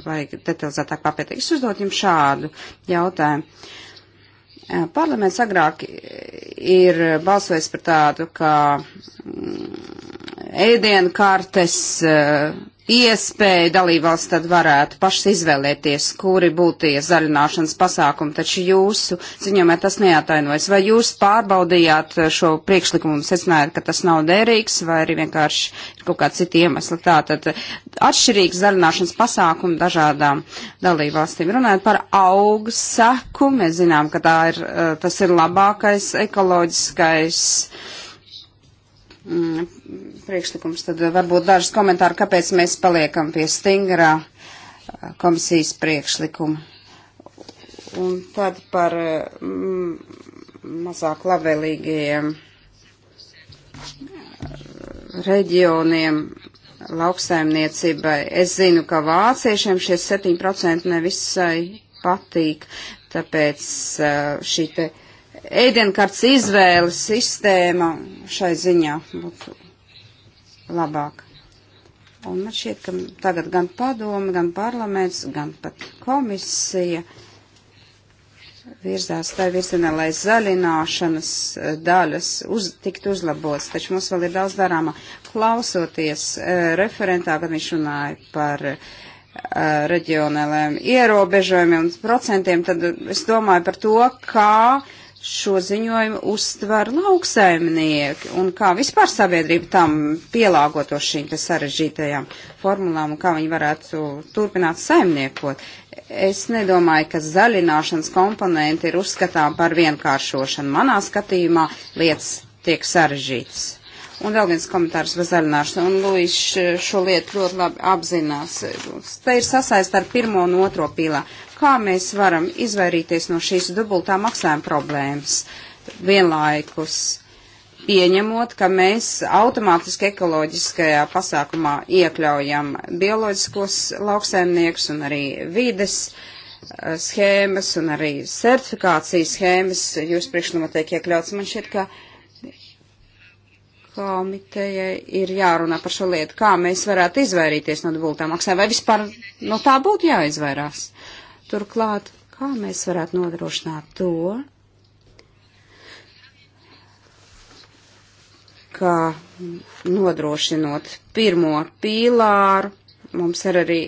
vajag detalizētāk papētīt. Es uzdot jums šādu jautājumu. Uh, parlaments agrāk ir balsojis par tādu, ka mm, ēdienu kartes uh, eh, iespēju dalībvalsts tad varētu pašas izvēlēties, kuri būtu tie zaļināšanas pasākumi, taču jūsu ziņojumā tas neatainojas. Vai jūs pārbaudījāt šo priekšlikumu un secinājāt, ka tas nav derīgs, vai arī vienkārši ir kaut kāda cita iemesla? Tātad atšķirīgs zaļināšanas pasākumi dažādām dalībvalstīm. Runājot par augsaku, mēs zinām, ka ir, eh, tas ir labākais ekoloģiskais Mm, priekšlikums, tad eh, varbūt dažas komentāri, kāpēc mēs paliekam pie stingrā eh, komisijas priekšlikuma. Un tad par eh, mazāk labvēlīgajiem reģioniem lauksaimniecībai. Es zinu, ka vāciešiem šie 7% nevisai patīk, tāpēc šī te. Uh, ēdienkarts izvēles sistēma šai ziņā būtu labāka. Un man šķiet, ka tagad gan padome, gan parlaments, gan pat komisija virzās tā virzienā, lai zaļināšanas eh, daļas uz, tiktu uzlabots, taču mums vēl ir daudz darāmā. Klausoties uh, referentā, kad viņš runāja par uh, reģionālajiem ierobežojumiem un procentiem, tad es domāju par to, kā šo ziņojumu uztver lauksaimnieki un kā vispār sabiedrība tam pielāgoto šīm te sarežģītajām formulām un kā viņi varētu turpināt saimniekot. Es nedomāju, ka zaļināšanas komponenti ir uzskatām par vienkāršošanu. Manā skatījumā lietas tiek sarežģītas. Un vēl viens komentārs par zaļināšanu, un Luis šo lietu ļoti labi apzinās. Te ir sasaist ar pirmo un otro pīlā kā mēs varam izvairīties no šīs dubultā maksājuma problēmas vienlaikus pieņemot, ka mēs automātiski ekoloģiskajā pasākumā iekļaujam bioloģiskos lauksēmniekus un arī vides eh, schēmas un arī certifikācijas schēmas. Jūs priekšlikumā tiek iekļauts. Man šķiet, ka komitejai ir jārunā par šo lietu, kā mēs varētu izvairīties no dubultā maksājuma, vai vispār no tā būtu jāizvairās. Turklāt, kā mēs varētu nodrošināt to, ka nodrošinot pirmo pīlāru, mums ir arī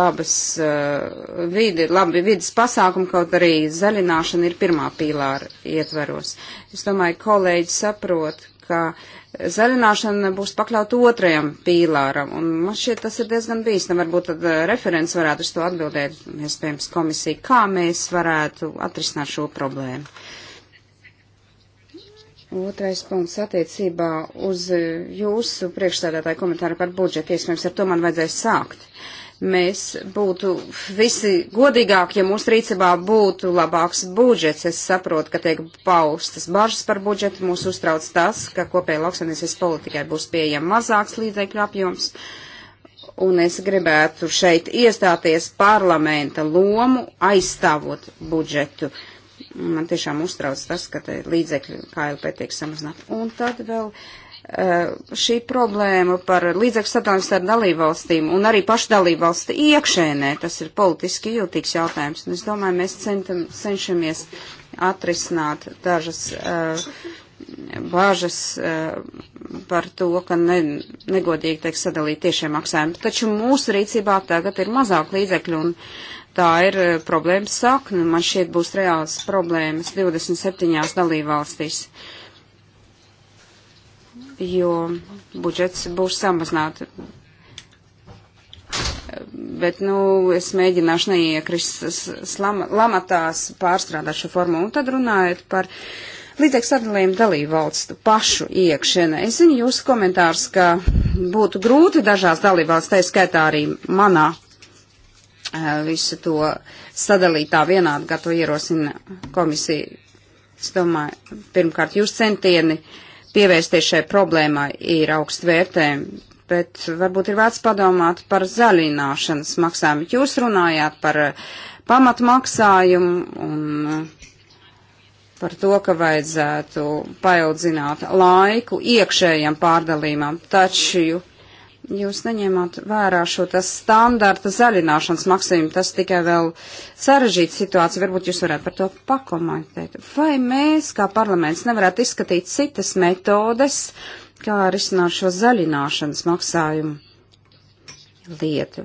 labas uh, vidi, labi vidas pasākumi, kaut arī zaļināšana ir pirmā pīlāra ietveros. Es domāju, kolēģi saprot, ka uh, zaļināšana būs pakļaut otrajam pīlāram, un man šķiet tas ir diezgan bīstam. Varbūt tad eh, referents varētu uz to atbildēt, iespējams, komisija, kā mēs varētu atrisināt šo problēmu. Otrais punkts attiecībā uz eh, jūsu priekšstādātāju komentāru par budžetu, iespējams, ar to man vajadzēs sākt. Uh, mēs būtu visi godīgāki, ja mūsu rīcībā būtu labāks budžets. Es saprotu, ka tiek paustas bažas par budžetu. Mūs uztrauc tas, ka kopēja lauksaimniecības politikai būs pieejama mazāks līdzekļu apjoms. Un es gribētu šeit iestāties parlamenta lomu, aizstāvot budžetu. Man tiešām uztrauc tas, ka līdzekļu KLP tiek samazināt. Un tad vēl uh, Eh, šī problēma par līdzekļu sadalījumu starp dalībvalstīm un arī pašu dalībvalsti iekšēnē, tas ir politiski jūtīgs jautājums. Un es domāju, mēs centam, cenšamies atrisināt dažas uh, bāžas uh, par to, ka ne, negodīgi tiek sadalīti tiešie maksājumi. Taču mūsu rīcībā tagad ir mazāk līdzekļu un tā ir uh, problēmas sakna. Man šķiet būs reāls problēmas 27 dalībvalstīs. Uh, jo budžets būs samazināts. Bet, nu, es mēģināšu neiekrist lamatās pārstrādāt šo formu. Un tad runājot par līdzekļu sadalījumu dalību valstu pašu iekšienē. Es zinu jūsu komentārs, ka būtu grūti dažās dalību valsts, tā skaitā arī manā, eh, visu to sadalītā vienādi, kā to ierosina komisija. Es domāju, pirmkārt, jūs centieni. Uh, pievērsties šai problēmai ir augst vērtē, bet varbūt ir vērts padomāt par zaļināšanas maksājumu. Jūs runājāt par eh, pamatmaksājumu un eh, par to, ka vajadzētu paildzināt laiku iekšējiem pārdalījumam, taču jūs neņēmāt vērā šo standarta zaļināšanas maksājumu. Tas tikai vēl sarežģīta situācija. Varbūt jūs varētu par to pakomentēt. Vai mēs, kā parlaments, nevarētu izskatīt citas metodes, kā risināt šo zaļināšanas maksājumu lietu?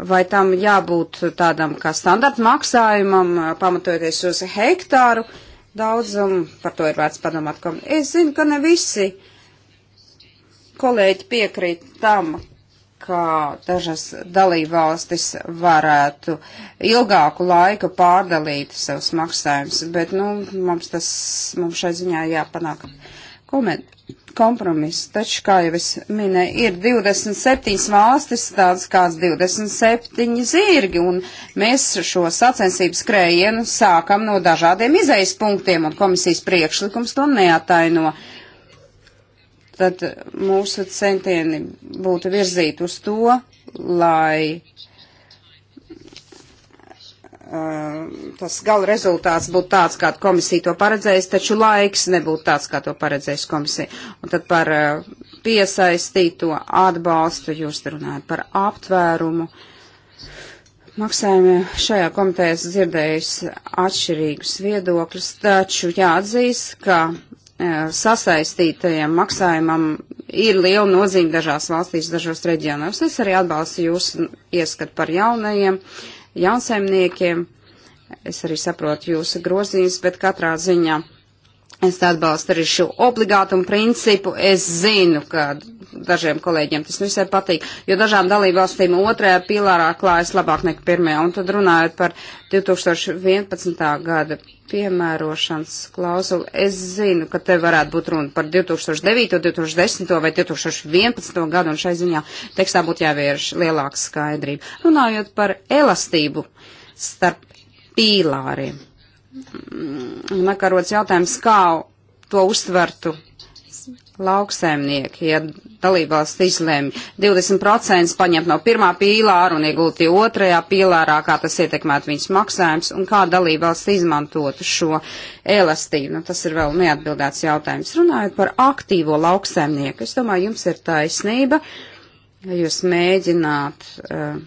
Vai tam jābūt tādam kā standarta maksājumam, pamatojoties uz hektāru daudzumu? Par to ir vērts padomāt. Es zinu, ka ne visi kolēģi piekrīt tam, kā dažas dalībvalstis varētu ilgāku laiku pārdalīt savus maksājumus, bet, nu, mums tas, mums šai ziņā jāpanāk koment, kompromiss. Taču, kā jau es minēju, ir 27 valstis, tāds kāds 27 zirgi, un mēs šo sacensību skrējienu sākam no dažādiem izejas punktiem, un komisijas priekšlikums to neataino. No tad mūsu centieni būtu virzīt uz to, lai uh, tas gala rezultāts būtu tāds, kā komisija to paredzējis, taču laiks nebūtu tāds, kā to paredzējis komisija. Un tad par uh, piesaistīto atbalstu jūs runājat par aptvērumu. Maksājumi šajā komitejā dzirdējis atšķirīgus viedokļus, taču jāatzīst, ka E, sasaistītajam maksājumam ir liela nozīme dažās valstīs, dažos reģionos. Es arī atbalstu jūsu ieskatu par jaunajiem, jaunsaimniekiem. Es arī saprotu jūsu grozījums, bet katrā ziņā es atbalstu arī šo obligātumu principu. Es zinu, ka dažiem kolēģiem tas visai patīk, jo dažām dalībvalstīm otrajā pilārā klājas labāk nekā pirmajā. Un tad runājot par 2011. gada piemērošanas klauzulu. Es zinu, ka te varētu būt runa par 2009, 2010 vai 2011 gadu, un šai ziņā tekstā būtu jāvērš lielāka skaidrība. Runājot par elastību starp pīlāriem, man mm, karots jautājums, kā to uztvertu lauksaimnieki, ja dalībvalsts izlēma 20% paņemt no pirmā pīlāra un iegulti otrajā pīlārā, kā tas ietekmētu viņas maksājums un kā dalībvalsts izmantotu šo elastību. Nu, tas ir vēl neatbildēts jautājums. Runājot par aktīvo lauksaimnieku, es domāju, jums ir taisnība, ja jūs mēģināt uh,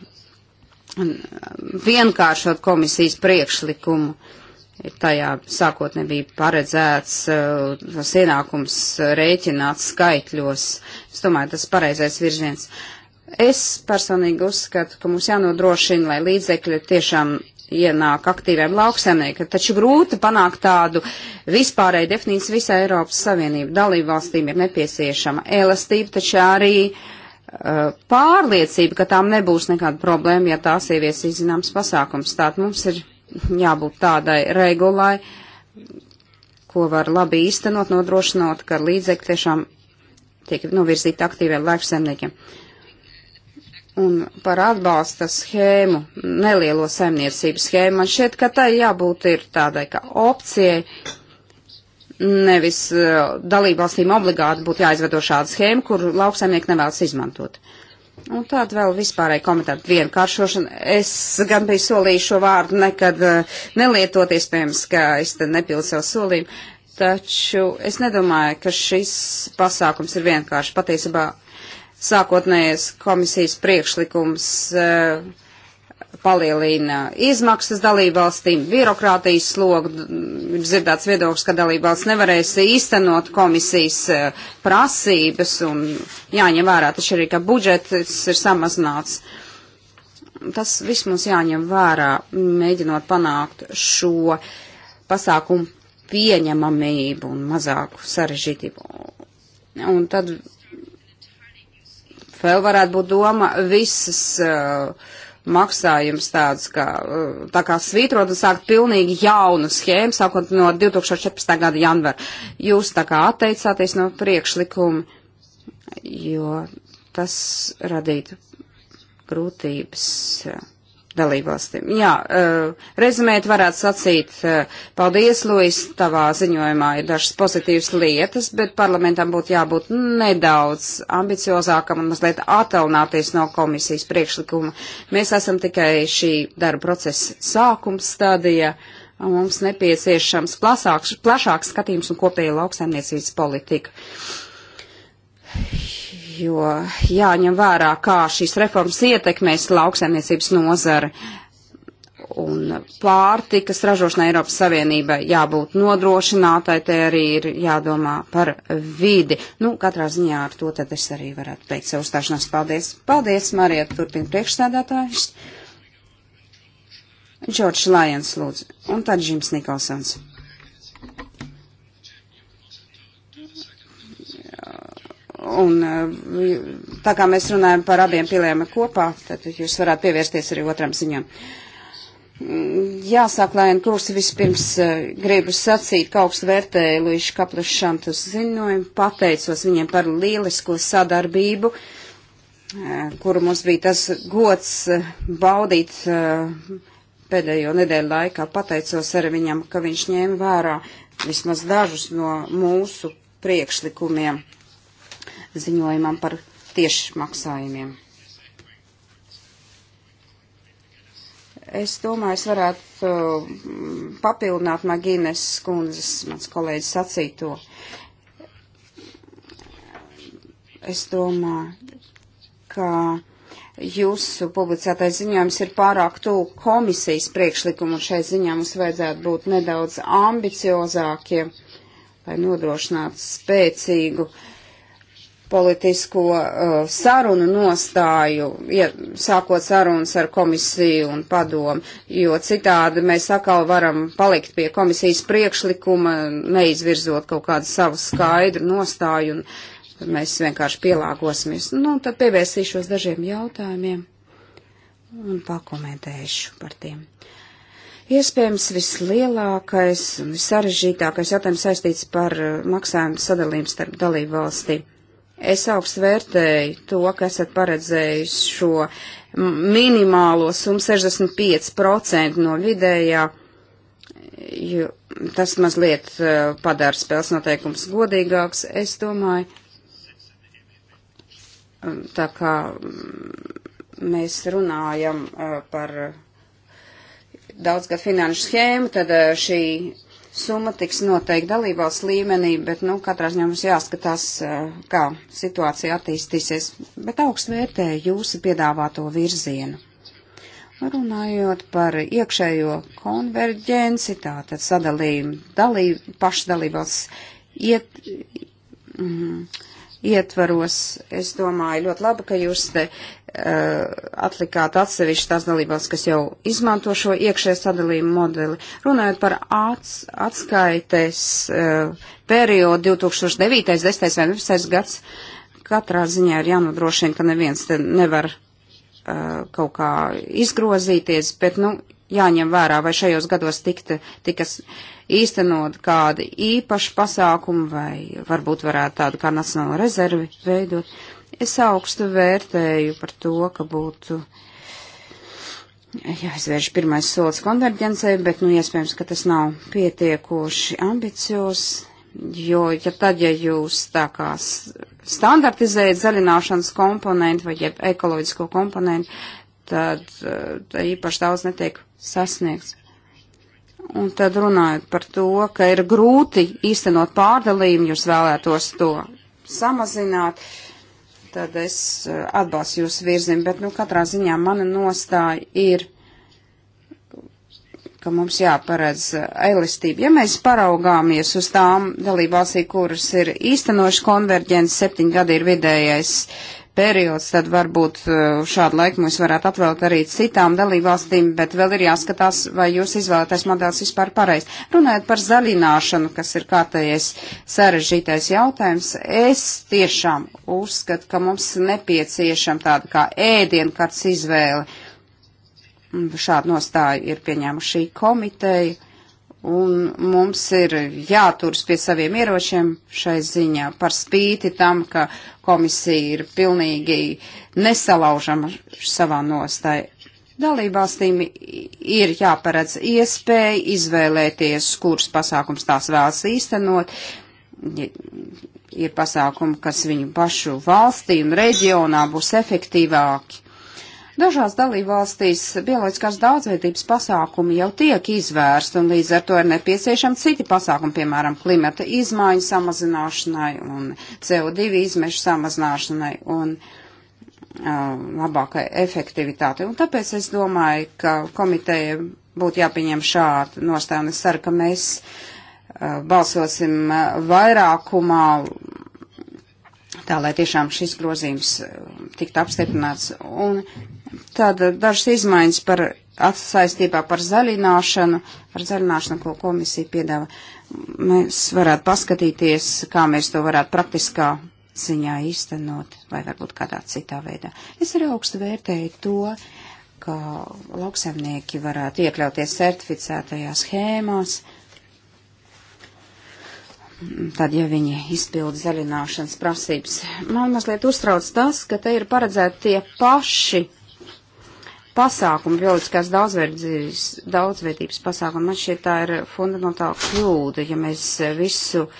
vienkāršot komisijas priekšlikumu. Uh, tajā sākot nebija paredzēts uh, tas ienākums rēķināt skaitļos. Es domāju, tas pareizais virziens. Es personīgi uzskatu, ka mums jānodrošina, lai līdzekļi tiešām ienāk aktīviem lauksaimniekiem, taču grūti panākt tādu vispārēju definīciju visā Eiropas Savienību. Dalībvalstīm ir nepieciešama elastība, taču arī uh, pārliecība, ka tām nebūs nekāda problēma, ja tās ievies izzināms pasākums. Tātad mums ir jābūt tādai regulai, ko var labi īstenot, nodrošinot, ka līdzekļi tiešām tiek novirzīti aktīviem laiksemniekiem. Un par atbalsta schēmu, nelielo saimniecību schēmu, man šķiet, ka tai jābūt ir tādai kā opcijai, nevis eh, dalībvalstīm obligāti būtu jāizvedo šāda schēma, kur lauksaimnieki nevēlas izmantot. Uh, Un tāda vēl vispārēja komentāra vienkāršošana. Es gan biju solījis šo vārdu nekad eh, nelietoties, piemēram, ka es te nepildu savu solījumu, taču es nedomāju, ka šis pasākums ir vienkārši. Patiesībā sākotnējais komisijas priekšlikums uh, palielina izmaksas dalībvalstīm, birokrātijas slogu, mm, ir dzirdēts viedoklis, ka dalībvalsts nevarēs īstenot komisijas eh, prasības un jāņem vērā taču arī, ka budžets ir samazināts. Tas viss mums jāņem vērā, mēģinot panākt šo pasākumu pieņemamību un mazāku sarežģītību. Un tad vēl varētu būt doma visas uh, maksājums tāds, ka uh, tā kā svītrot un sākt pilnīgi jaunu schēmu, sākot no 2014. gada janvara. Jūs tā kā atteicāties no priekšlikuma, jo tas radītu grūtības uh, dalībvalstīm. Jā, eh, rezumēt varētu sacīt, eh, paldies, Luis, tavā ziņojumā ir dažas pozitīvas lietas, bet parlamentam būtu jābūt nedaudz ambiciozākam un mazliet attālināties no komisijas priekšlikuma. Mēs esam tikai šī darba procesa sākums stadija. Mums nepieciešams plasāks, plašāks skatījums un kopēja lauksaimniecības politika jo jāņem vērā, kā šīs reformas ietekmēs lauksaimniecības nozari. Un pārtikas ražošanai Eiropas Savienībai jābūt nodrošinātai, te arī ir jādomā par vidi. Nu, katrā ziņā ar to tad es arī varētu teikt sev uzstāšanās. Paldies! Paldies, Marija, turpina priekšstādātājs. Džordžs Lajens, lūdzu, un tad Džims Nikolsons. Un eh, tā kā mēs runājam par abiem piliem kopā, tad jūs varētu pievērsties arī otram ziņam. Mm, jāsāk, lai kursi vispirms eh, gribu sacīt, ka augstu vērtēju Luīšu Kaplus Šantus ziņojumu, pateicos viņiem par lielisko sadarbību, eh, kuru mums bija tas gods baudīt pēdējo nedēļu laikā. Pateicos arī viņam, ka viņš ņēma vērā vismaz dažus no mūsu priekšlikumiem ziņojumam par tieši maksājumiem. Es domāju, es varētu uh, papildināt Magīnes skundzes, mans kolēģis sacīto. Es domāju, ka jūsu publicētais ziņojums ir pārāk tuvu komisijas priekšlikumu, un šai ziņā mums vajadzētu būt nedaudz ambiciozākiem, lai nodrošinātu spēcīgu uh, politisko uh, sarunu nostāju, ja, sākot sarunas ar komisiju un padomu, jo citādi mēs atkal varam palikt pie komisijas priekšlikuma, neizvirzot kaut kādu savu skaidru nostāju, un tad mēs vienkārši pielāgosimies. Nu, tad pievērsīšos dažiem jautājumiem un pakomentēšu par tiem. Iespējams, vislielākais un sarežģītākais jautājums saistīts par uh, maksājumu sadalījumu starp dalību valstīm. Es augstu vērtēju to, ka esat paredzējis šo minimālo summu 65% no vidējā, jo tas mazliet e, padara spēles noteikums godīgāks. Es domāju, tā kā mēs runājam e, par e, daudzgad finanšu schēmu, tad šī summa tiks noteikti dalībās līmenī, bet, nu, katrā ziņā mums jāskatās, kā situācija attīstīsies. Bet augstu vērtēju jūsu piedāvāto virzienu. Runājot par iekšējo konverģenci, tātad sadalījumu dalību, pašdalībās iet. Mm, ietvaros. Es domāju, ļoti labi, ka jūs te uh, atlikāt atsevišķi tās dalībās, kas jau izmanto šo iekšējā sadalījuma modeli. Runājot par ats, atskaites uh, periodu 2009, 10, 11 gads, katrā ziņā ir jānodrošina, ka neviens te nevar uh, kaut kā izgrozīties, bet, nu, jāņem vērā, vai šajos gados tikta, tikas īstenot kādi īpaši pasākumi, vai varbūt varētu tādu kā nacionālu rezervi veidot. Es augstu vērtēju par to, ka būtu jāizvērš pirmais solis konverģencei, bet, nu, iespējams, ka tas nav pietiekoši ambicios, jo, ja tad, ja jūs tā kā standartizējat zaļināšanas komponentu vai jeb ekoloģisko komponentu, tad tā eh, īpaši daudz netiek sasniegts. Un tad runājot par to, ka ir grūti īstenot pārdalījumu, jūs vēlētos to samazināt, tad es eh, atbalstu jūs virzim, bet, nu, katrā ziņā mana nostāja ir, ka mums jāparedz eh, elastība. Ja mēs paraugāmies uz tām dalībvalstī, kuras ir īstenoši konverģents, septiņi gadi ir vidējais periods, tad varbūt eh, šādu laiku mums varētu atvēlēt arī citām dalībvalstīm, bet vēl ir jāskatās, vai jūs izvēlētais modelis vispār pareizi. Runājot par zaļināšanu, kas ir kārtējais sarežģītais jautājums, es tiešām uzskatu, ka mums nepieciešama tāda kā ēdienkarts izvēle. Šādu nostāju ir pieņēmuši šī komiteja Un mums ir jāturas pie saviem ieročiem šai ziņā par spīti tam, ka komisija ir pilnīgi nesalaužama savā nostāja. Dalībvalstīm ir jāparedz iespēja izvēlēties, kurus pasākums tās vēlas īstenot. Ir pasākumi, kas viņu pašu valstī un reģionā būs efektīvāki. Dažās dalībvalstīs bioloģiskās daudzveidības pasākumi jau tiek izvērsti, un līdz ar to ir nepieciešami citi pasākumi, piemēram, klimata izmaiņu samazināšanai un CO2 izmešu samazināšanai un uh, labākai efektivitātei. Un tāpēc es domāju, ka komiteja būtu jāpieņem šādu nostāju, un es ceru, ka mēs uh, balsosim uh, vairākumā tā lai tiešām šis grozījums um, tiktu apstiprināts. Un tad dažas izmaiņas par atsaistībā par zaļināšanu, par zaļināšanu, ko komisija piedāvā. Mēs varētu paskatīties, kā mēs to varētu praktiskā ziņā īstenot, vai varbūt kādā citā veidā. Es arī augstu vērtēju to, ka lauksaimnieki varētu iekļauties certificētajās schēmās, tad, ja viņi izpilda zaļināšanas prasības. Man mazliet uztrauc tas, ka te ir paredzēti tie paši pasākumi, bioloģiskās daudzveidības, daudzveidības pasākumi. Man šķiet, tā ir fundamentāla kļūda, ja mēs visu uh,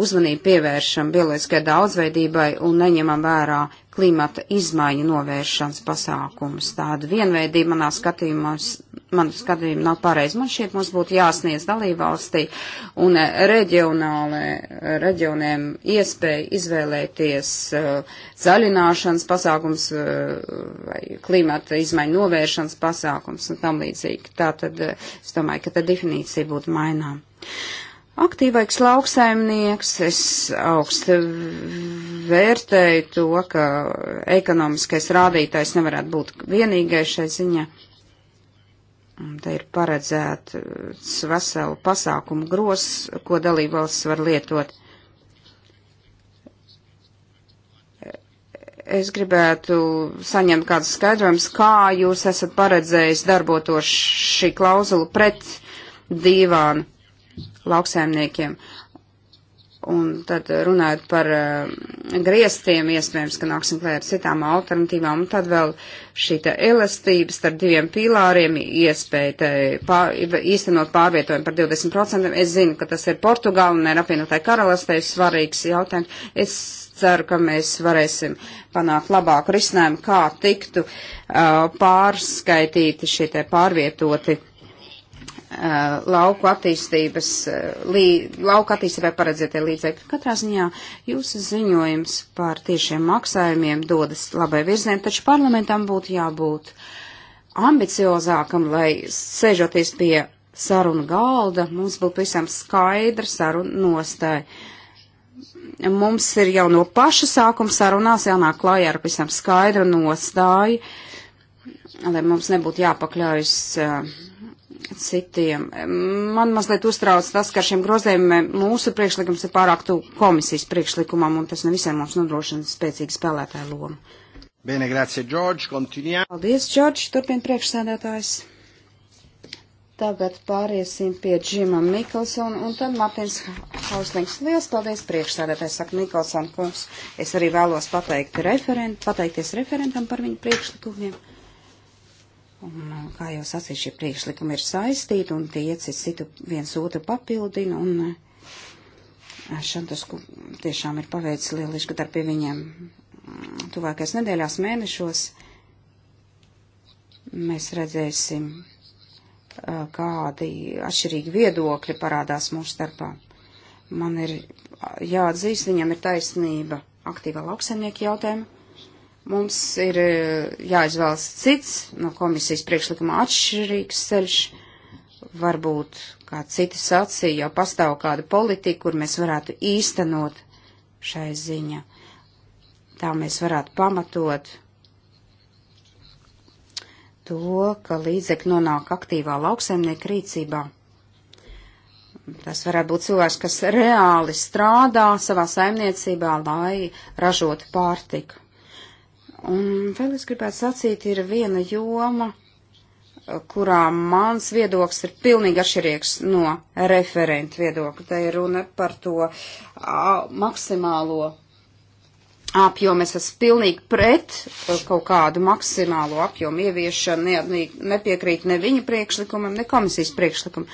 uzmanību pievēršam bioloģiskai daudzveidībai un neņemam vērā klimata izmaiņu novēršanas pasākumus. Tāda vienveidība manā skatījumā man skatījumi nav pareizi. Man šķiet, mums būtu jāsniedz dalībvalstī un eh, reģionālē, eh, reģioniem iespēja izvēlēties uh, zaļināšanas pasākums uh, vai klimata izmaiņu novēršanas pasākums un tam līdzīgi. Tā tad uh, es domāju, ka tā definīcija būtu mainām. Aktīvais lauksaimnieks, es augstu vērtēju to, ka ekonomiskais rādītājs nevarētu būt vienīgais šai ziņā. Un te ir paredzēts eh, veselu pasākumu gros, ko dalībvalsts var lietot. Es gribētu saņemt kādu skaidrojumus, kā jūs esat paredzējis darbotos šī klauzula pret divānu lauksēmniekiem. Un tad runājot par uh, griestiem, iespējams, ka nāksim klēt ar citām alternatīvām, un tad vēl šī elastības starp diviem pīlāriem, iespēja te pār, īstenot pārvietojumu par 20%. Es zinu, ka tas ir Portugāla un ir apvienotāji karalastei svarīgs jautājums. Es ceru, ka mēs varēsim panākt labāku risinājumu, kā tiktu uh, pārskaitīti šie pārvietoti Uh, lauku attīstības, uh, lī, lauku attīstībai paredzētie līdzekļi. Katrā ziņā jūsu ziņojums par tiešiem maksājumiem dodas labai virzienam, taču parlamentam būtu jābūt ambiciozākam, lai sēžoties pie sarunu galda, mums būtu visam skaidra saruna nostāja. Mums ir jau no paša sākuma sarunās jānāk klājā ar visam skaidru nostāju, lai mums nebūtu jāpakļaujas uh, citiem. Man mazliet uztrauc tas, ka ar šiem grozējumiem mūsu priekšlikums ir pārāk tu komisijas priekšlikumam, un tas nevisai mums nodrošina spēcīgu spēlētāju lomu. Bene, grazie, George. Continuiamo. Paldies, George. Turpin priekšsēdētājs. Tagad pāriesim pie Džima Miklsona un tad Martins Hauslings. Liels paldies priekšsēdētājs, saka Miklsona kungs. Es arī vēlos pateikt referent, pateikties referentam par viņu priekšlikumiem. Un, uh, kā jau sacīju, šie priekšlikumi ir saistīti un tie citu viens otru papildina. Un uh, Šantas tiešām ir paveicis lielisku darbu pie viņiem mm, tuvākais nedēļās mēnešos. Mēs redzēsim, uh, kādi atšķirīgi viedokļi parādās mūsu starpā. Man ir jāatzīst, viņam ir taisnība aktīvā lauksaimnieka jautājuma Mums ir e, jāizvēlas cits no komisijas priekšlikuma atšķirīgs ceļš, varbūt, kā citi sacīja, jau pastāv kāda politika, kur mēs varētu īstenot šai ziņa. Tā mēs varētu pamatot to, ka līdzekļi nonāk aktīvā lauksaimnieka rīcībā. Tas varētu būt cilvēks, kas reāli strādā savā saimniecībā, lai ražotu pārtiku. Un vēl es gribētu sacīt, ir viena joma, kurā mans viedoklis ir pilnīgi atšķirīgs no referenta viedokļa. Tā ir runa par to a, maksimālo apjomu. Es esmu pilnīgi pret uh, kaut kādu maksimālo apjomu ieviešanu, ne, ne, nepiekrīt ne viņa priekšlikumam, ne komisijas priekšlikumam.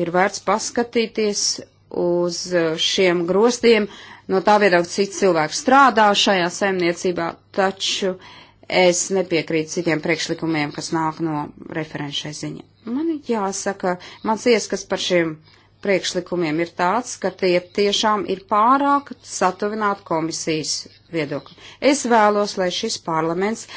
Ir vērts paskatīties uz uh, šiem grostiem, uh, no tā viedokļa cits cilvēks strādā šajā saimniecībā, taču es nepiekrītu citiem priekšlikumiem, kas nāk no referenšai ziņa. Man jāsaka, mans ieskats par šiem priekšlikumiem ir tāds, ka tie tiešām ir pārāk satuvināti komisijas viedokļi. Es vēlos, lai šis parlaments uh,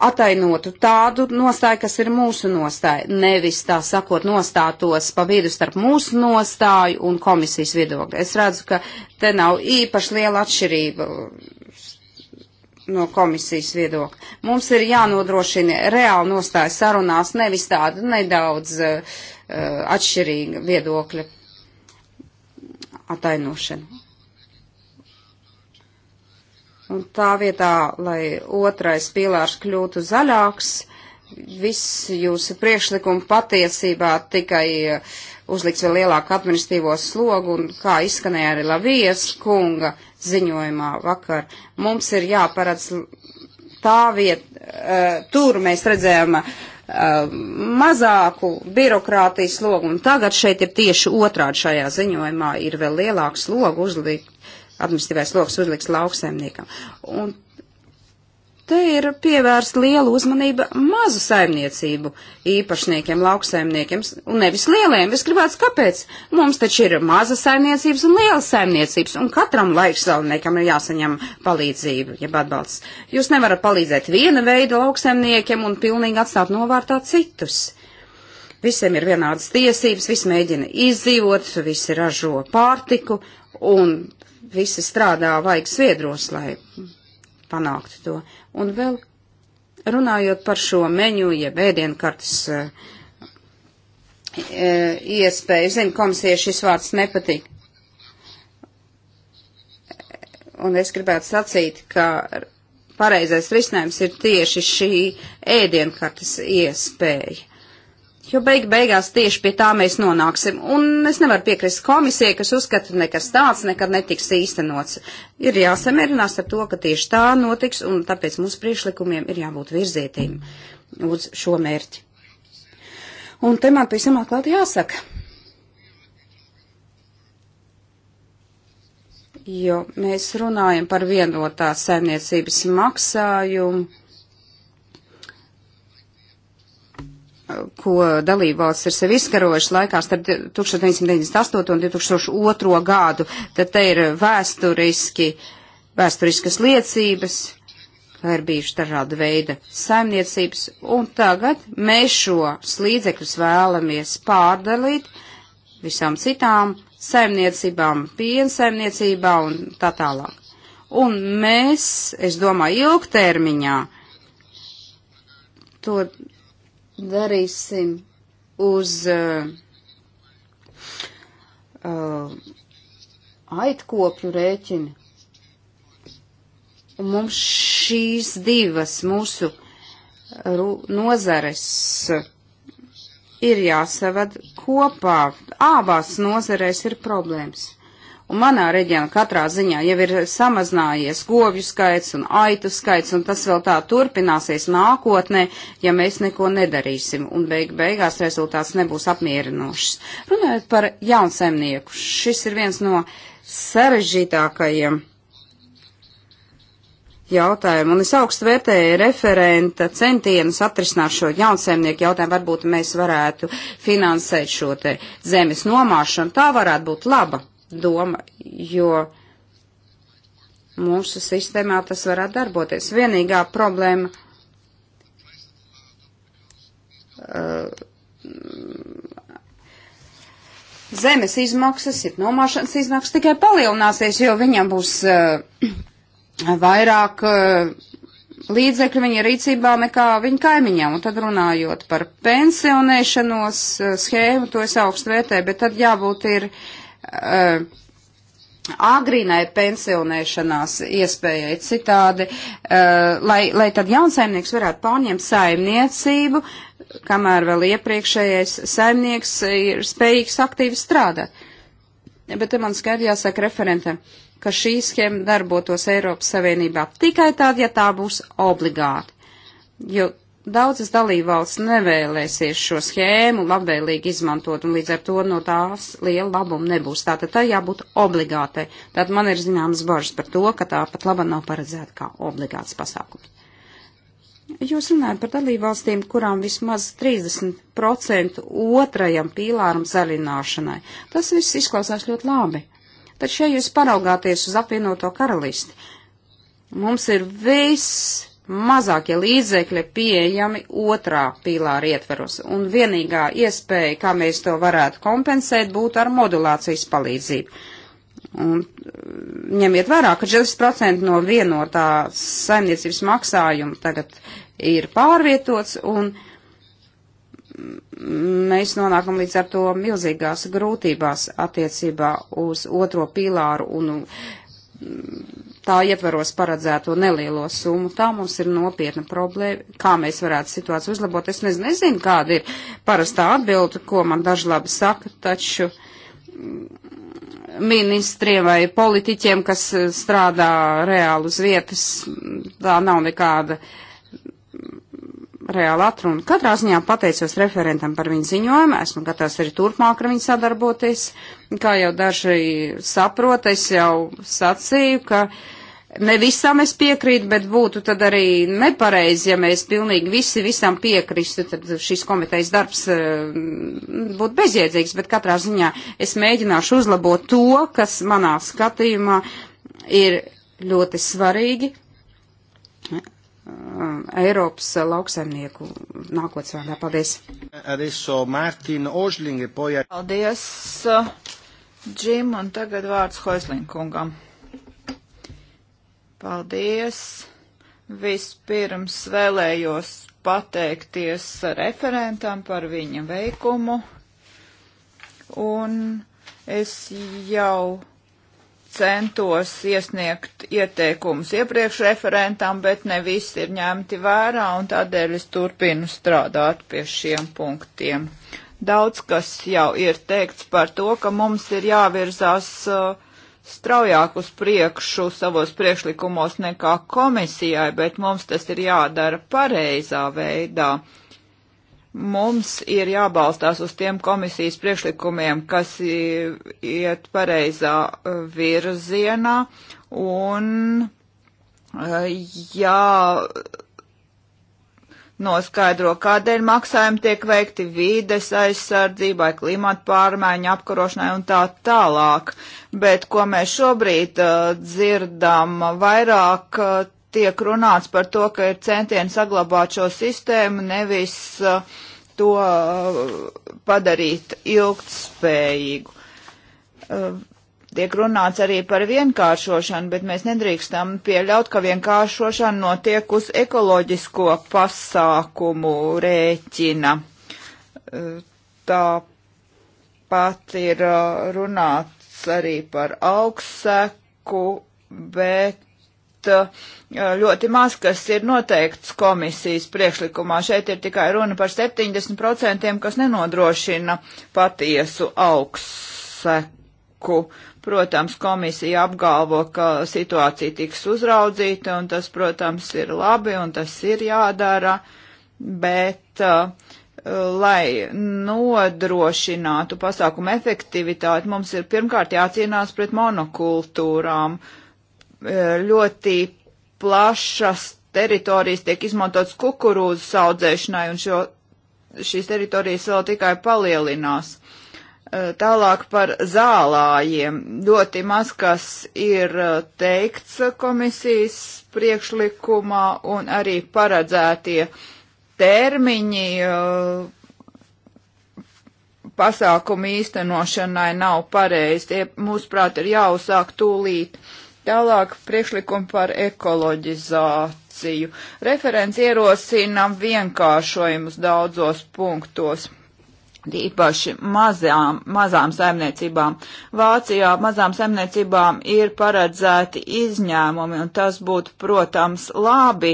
atainotu tādu nostāju, kas ir mūsu nostāja, nevis tā sakot nostātos pa vidu starp mūsu nostāju un komisijas viedokli. Es redzu, ka te nav īpaši liela atšķirība no komisijas viedokļa. Mums ir jānodrošina reāli nostāja sarunās, nevis tāda nedaudz uh, uh atšķirīga viedokļa atainošana. Un tā vietā, lai otrais pīlārs kļūtu zaļāks, viss jūsu priekšlikums patiesībā tikai eh, uzliks vēl lielāku administrīvo slogu, un kā izskanēja arī Lavijas kunga ziņojumā vakar, mums ir jāparedz tā vieta, uh, eh, tur mēs redzējām uh, mazāku birokrātijas slogu, un tagad šeit ir tieši otrādi šajā ziņojumā ir vēl lielāku slogu uzlikt administratīvais loks uzliks lauksaimniekam. Un te ir pievērsta liela uzmanība mazu saimniecību īpašniekiem, lauksaimniekiem, un nevis lieliem. Es gribētu, kāpēc mums taču ir maza saimniecības un liela saimniecības, un katram laiksaimniekam ir jāsaņem palīdzību, jeb atbalsts. Jūs nevarat palīdzēt viena veida lauksaimniekiem un pilnīgi atstāt novārtā citus. Visiem ir vienādas tiesības, visi mēģina izdzīvot, visi ražo pārtiku, un visi strādā vajag sviedros, lai panāktu to. Un vēl runājot par šo meņu, ja vēdienkartes uh, e, iespēju, zinu, komisijai šis vārds nepatīk. Un es gribētu sacīt, ka pareizais risinājums ir tieši šī ēdienkartes iespēja. Jo beig beigās tieši pie tā mēs nonāksim. Un es nevaru piekrist komisijai, kas uzskata, nekas tāds nekad netiks īstenots. Ir jāsamierinās ar to, ka tieši tā notiks, un tāpēc mūsu priekšlikumiem ir jābūt virzītīm uz šo mērķi. Un te man pēc tam atklāti jāsaka. Jo mēs runājam par vienotā saimniecības maksājumu ko dalībvalsts ir sev izkarojuši laikā starp 1998 un 2002 gadu. Tad te ir vēsturiski, vēsturiskas liecības, kā ir bijuši dažāda veida saimniecības, un tagad mēs šos līdzekļus vēlamies pārdalīt visām citām saimniecībām, piensaimniecībā un tā tālāk. Un mēs, es domāju, ilgtermiņā to darīsim uz uh, eh, uh, eh, aitkopju rēķini. Un mums šīs divas mūsu nozares ir jāsavad kopā. Abās nozarēs ir problēmas. Un manā reģionā katrā ziņā jau ir samazinājies govju skaits un aitu skaits, un tas vēl tā turpināsies nākotnē, ja mēs neko nedarīsim, un beig beigās rezultāts nebūs apmierinošs. Runājot par jaunsaimnieku, šis ir viens no sarežģītākajiem jautājumu, un es augstu vērtēju referenta centienus atrisināt šo jaunsaimnieku jautājumu. Varbūt mēs varētu finansēt šo te zemes nomāšanu. Tā varētu būt laba doma, jo mūsu sistēmā tas varētu darboties. Vienīgā problēma uh, zemes izmaksas, ir nomāšanas izmaksas tikai palielināsies, jo viņam būs uh, vairāk uh, līdzekļu viņa rīcībā nekā viņa kaimiņām. Un tad runājot par pensionēšanos schēmu, to es augstu vērtēju, bet tad jābūt ir Uh, agrīnai pensionēšanās iespējai citādi, uh, lai, lai tad jaunsaimnieks varētu pārņemt saimniecību, kamēr vēl iepriekšējais saimnieks ir spējīgs aktīvi strādāt. Bet te man skaidri jāsaka referentam, ka šī schēma darbotos Eiropas Savienībā tikai tad, ja tā būs obligāta. Jo Daudzas dalībvalsts nevēlēsies šo schēmu labvēlīgi izmantot, un līdz ar to no tās liela labuma nebūs. Tātad tā jābūt obligātai. Tātad man ir zināmas bažas par to, ka tā pat laba nav paredzēta kā obligāts pasākums. Jūs runājat par dalībvalstīm, kurām vismaz 30% otrajam pīlāram zaļināšanai. Tas viss izklausās ļoti labi. Taču, ja jūs paraugāties uz apvienoto karalisti, mums ir viss mazākie līdzekļi pieejami otrā pīlāra ietveros, un vienīgā iespēja, kā mēs to varētu kompensēt, būtu ar modulācijas palīdzību. Un mm, ņemiet vērā, ka 40% no vienotā saimniecības maksājuma tagad ir pārvietots, un mm, mēs nonākam līdz ar to milzīgās grūtībās attiecībā uz otro pīlāru un uh, tā ietveros paredzēto nelielo summu. Tā mums ir nopietna problēma. Kā mēs varētu situāciju uzlabot? Es nezinu, kāda ir parastā atbilde, ko man daži labi saka, taču mm, ministriem vai politiķiem, kas eh, strādā reāli uz vietas, tā nav nekāda uh, reāli atrunu. Katrā ziņā pateicos referentam par viņu ziņojumu, esmu gatavs arī turpmāk ar viņu sadarboties. Kā jau daži saprot, es jau sacīju, ka ne visam es piekrītu, bet būtu tad arī nepareizi, ja mēs pilnīgi visi visam piekristu, tad šis komitejas darbs eh, būtu bezjēdzīgs, bet katrā ziņā es mēģināšu uzlabot to, kas manā skatījumā ir ļoti svarīgi Um, Eiropas uh, lauksaimnieku nākotnes vārdā. Paldies! Adesso Mārtiņa Ožlinga e poja. Paldies, Džim, uh, un tagad vārds Hoislinkungam. Paldies! Vispirms vēlējos pateikties referentam par viņa veikumu, un es jau centos iesniegt ieteikumus iepriekš referentam, bet ne visi ir ņemti vērā, un tādēļ es turpinu strādāt pie šiem punktiem. Daudz kas jau ir teikts par to, ka mums ir jāvirzās uh, straujāk uz priekšu savos priekšlikumos nekā komisijai, bet mums tas ir jādara pareizā veidā. Uh, mums ir jābalstās uz tiem komisijas priekšlikumiem, kas iet pareizā e, virzienā un e, jā. Noskaidro, kādēļ maksājumi tiek veikti vīdes aizsardzībai, klimata pārmaiņu apkarošanai un tā tālāk. Bet ko mēs šobrīd uh, dzirdam, vairāk uh, tiek runāts par to, ka ir centieni saglabāt šo sistēmu, nevis uh, to uh, padarīt ilgtspējīgu. Uh, tiek runāts arī par vienkāršošanu, bet mēs nedrīkstam pieļaut, ka vienkāršošana notiek uz ekoloģisko pasākumu rēķina. Tāpat ir runāts arī par augstseku, bet Uh, ļoti maz, kas ir noteikts komisijas priekšlikumā. Šeit ir tikai runa par 70%, kas nenodrošina patiesu augstseku. Protams, komisija apgalvo, ka situācija tiks uzraudzīta, un tas, protams, ir labi, un tas ir jādara, bet uh, lai nodrošinātu pasākumu efektivitāti, mums ir pirmkārt jācīnās pret monokultūrām, ļoti plašas teritorijas tiek izmantotas kukurūzu saudzēšanai, un šo, šīs teritorijas vēl tikai palielinās. E, tālāk par zālājiem. Ļoti maz kas ir e, teikts komisijas priekšlikumā un arī paredzētie termiņi e, pasākumu īstenošanai nav pareizi. Tie, mūsuprāt, ir jāuzsāk tūlīt. Uh, Tālāk priekšlikumu par ekoloģizāciju. Referents ierosinām vienkāršojumus daudzos punktos. Īpaši mazām, mazām saimniecībām. Vācijā mazām saimniecībām ir paredzēti izņēmumi, un tas būtu, protams, labi,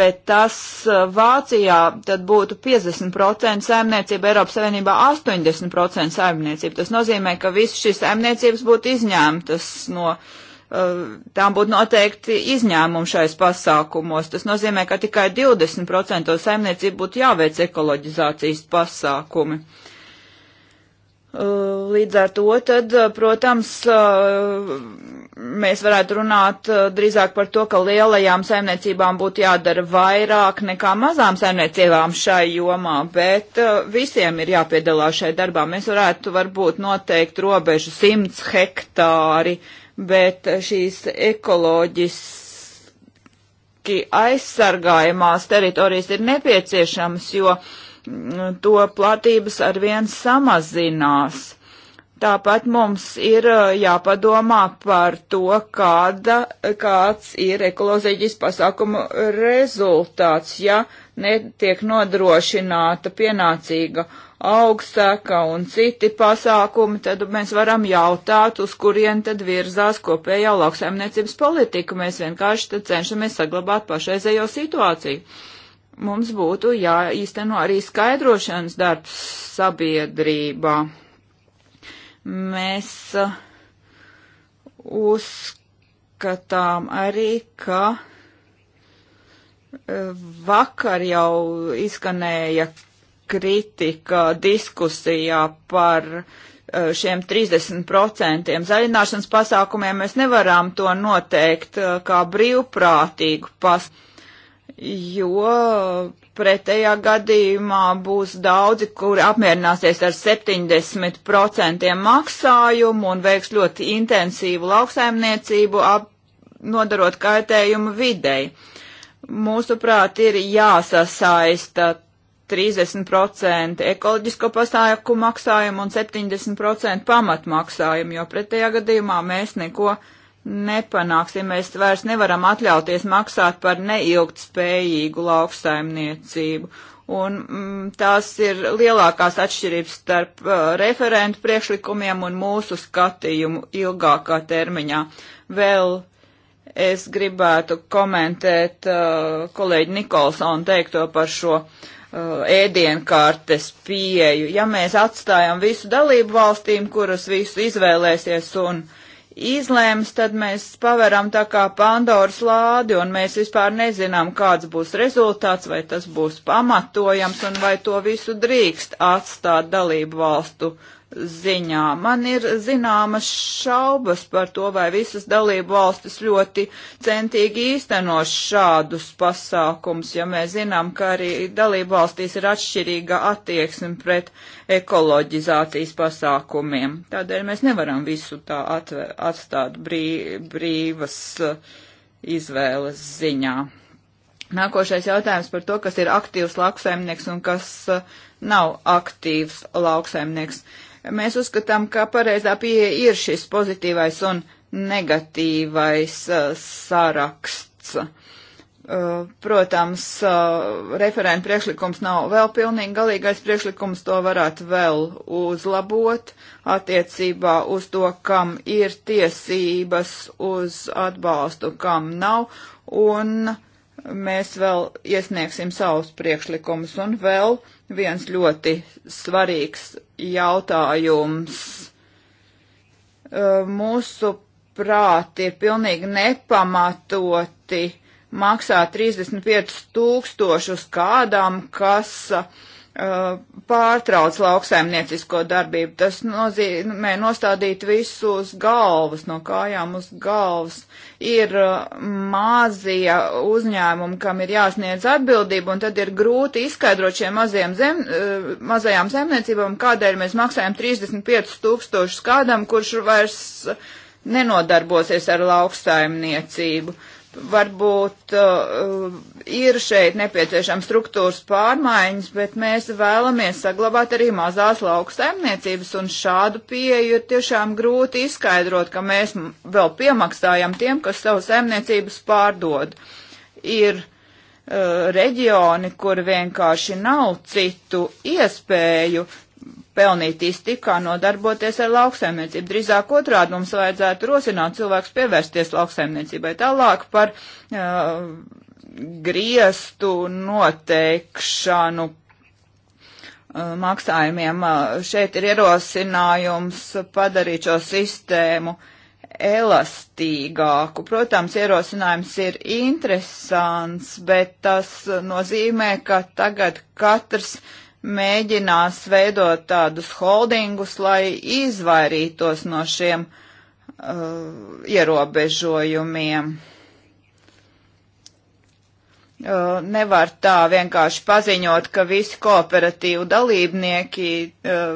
bet tas eh, Vācijā tad būtu 50% saimniecība, Eiropas Savienībā 80% saimniecība. Tas nozīmē, ka visas šīs saimniecības būtu izņēmtas no uh, Eh, tām būtu noteikti izņēmumi šais pasākumos. Tas nozīmē, ka tikai 20% saimniecību būtu jāveic ekoloģizācijas pasākumi. Eh, līdz ar to tad, eh, protams, mēs varētu runāt drīzāk par to, ka lielajām saimniecībām būtu jādara vairāk nekā mazām saimniecībām šai jomā, bet visiem ir jāpiedalās šai darbā. Mēs varētu varbūt noteikt robežu 100 hektāri uh, bet šīs ekoloģiski aizsargājumās teritorijas ir nepieciešamas, jo mm, to platības arvien samazinās. Tāpat mums ir jāpadomā par to, kāda, kāds ir ekoloģijas pasākumu rezultāts. Ja uh, netiek nodrošināta pienācīga augstsēka un citi pasākumi, tad mēs varam jautāt, uz kurien tad virzās kopējā lauksaimniecības politika. Mēs vienkārši cenšamies saglabāt pašreizējo situāciju. Mums būtu jāīsteno arī skaidrošanas darbs sabiedrībā. Mēs uh, uzskatām arī, ka Vakar jau izskanēja kritika diskusijā par e, šiem 30% zaļināšanas pasākumiem. Mēs nevaram to noteikt e, kā brīvprātīgu pas, jo pretējā gadījumā būs daudzi, kuri apmierināsies ar 70% maksājumu un veiks ļoti intensīvu lauksaimniecību, ap, nodarot kaitējumu videi. Uh, Mūsuprāt, ir jāsasaista 30% ekoloģisko pasāku maksājumu un 70% pamatmaksājumu, jo pretējā gadījumā mēs neko nepanāksim. Mēs vairs nevaram atļauties maksāt par neilgtspējīgu lauksaimniecību. Un mm, tās ir lielākās atšķirības starp uh, referentu priekšlikumiem un mūsu skatījumu ilgākā termiņā. Vēl Es gribētu komentēt uh, kolēģi Nikolsonu teikto par šo uh, ēdienkartes pieju. Ja mēs atstājam visu dalību valstīm, kuras visu izvēlēsies un izlēms, tad mēs paveram tā kā Pandoras lādi un mēs vispār nezinām, kāds būs rezultāts, vai tas būs pamatojams un vai to visu drīkst atstāt dalību valstu ziņā. Man ir zināmas šaubas par to, vai visas dalību valstis ļoti centīgi īsteno šādus pasākums, ja mēs zinām, ka arī dalību valstīs ir atšķirīga attieksme pret ekoloģizācijas pasākumiem. Tādēļ mēs nevaram visu tā atver, atstāt brī, brīvas uh, izvēles ziņā. Nākošais jautājums par to, kas ir aktīvs lauksaimnieks un kas uh, nav aktīvs lauksaimnieks. Uh, Mēs uzskatām, ka pareizā pieeja ir šis pozitīvais un negatīvais uh, saraksts. Uh, protams, uh, referenta priekšlikums nav vēl pilnīgi galīgais priekšlikums, to varētu vēl uzlabot attiecībā uz to, kam ir tiesības uz atbalstu, kam nav, un uh, mēs vēl iesniegsim savus priekšlikumus. Un vēl viens ļoti svarīgs jautājums. Mūsu prāti ir pilnīgi nepamatoti maksā 35 tūkstošus kādam, kas uh, pārtrauc lauksaimniecisko darbību. Tas nozīmē nostādīt visu uz galvas, no kājām uz galvas ir uh, mazie uzņēmumi, kam ir jāsniedz atbildība, un tad ir grūti izskaidrot šiem zem, uh, mazajām zemniecībām, kādēļ mēs maksājam 35 tūkstošus kādam, kurš vairs nenodarbosies ar lauksaimniecību. Uh, varbūt uh, ir šeit nepieciešams struktūras pārmaiņas, bet mēs vēlamies saglabāt arī mazās lauksaimniecības, un šādu pieeju ir tiešām grūti izskaidrot, ka mēs vēl piemaksājam tiem, kas savu saimniecības pārdod. Ir uh, reģioni, kur vienkārši nav citu iespēju, pelnīt iztikā, nodarboties ar lauksaimniecību. Drīzāk otrādi mums vajadzētu rosināt cilvēkus pievērsties lauksaimniecībai. Tālāk par uh, griestu noteikšanu uh, maksājumiem. Uh, šeit ir ierosinājums padarīt šo sistēmu elastīgāku. Protams, ierosinājums ir interesants, bet tas nozīmē, ka tagad katrs uh, mēģinās veidot tādus holdingus, lai izvairītos no šiem uh, ierobežojumiem. Uh, nevar tā vienkārši paziņot, ka visi kooperatīvu dalībnieki uh,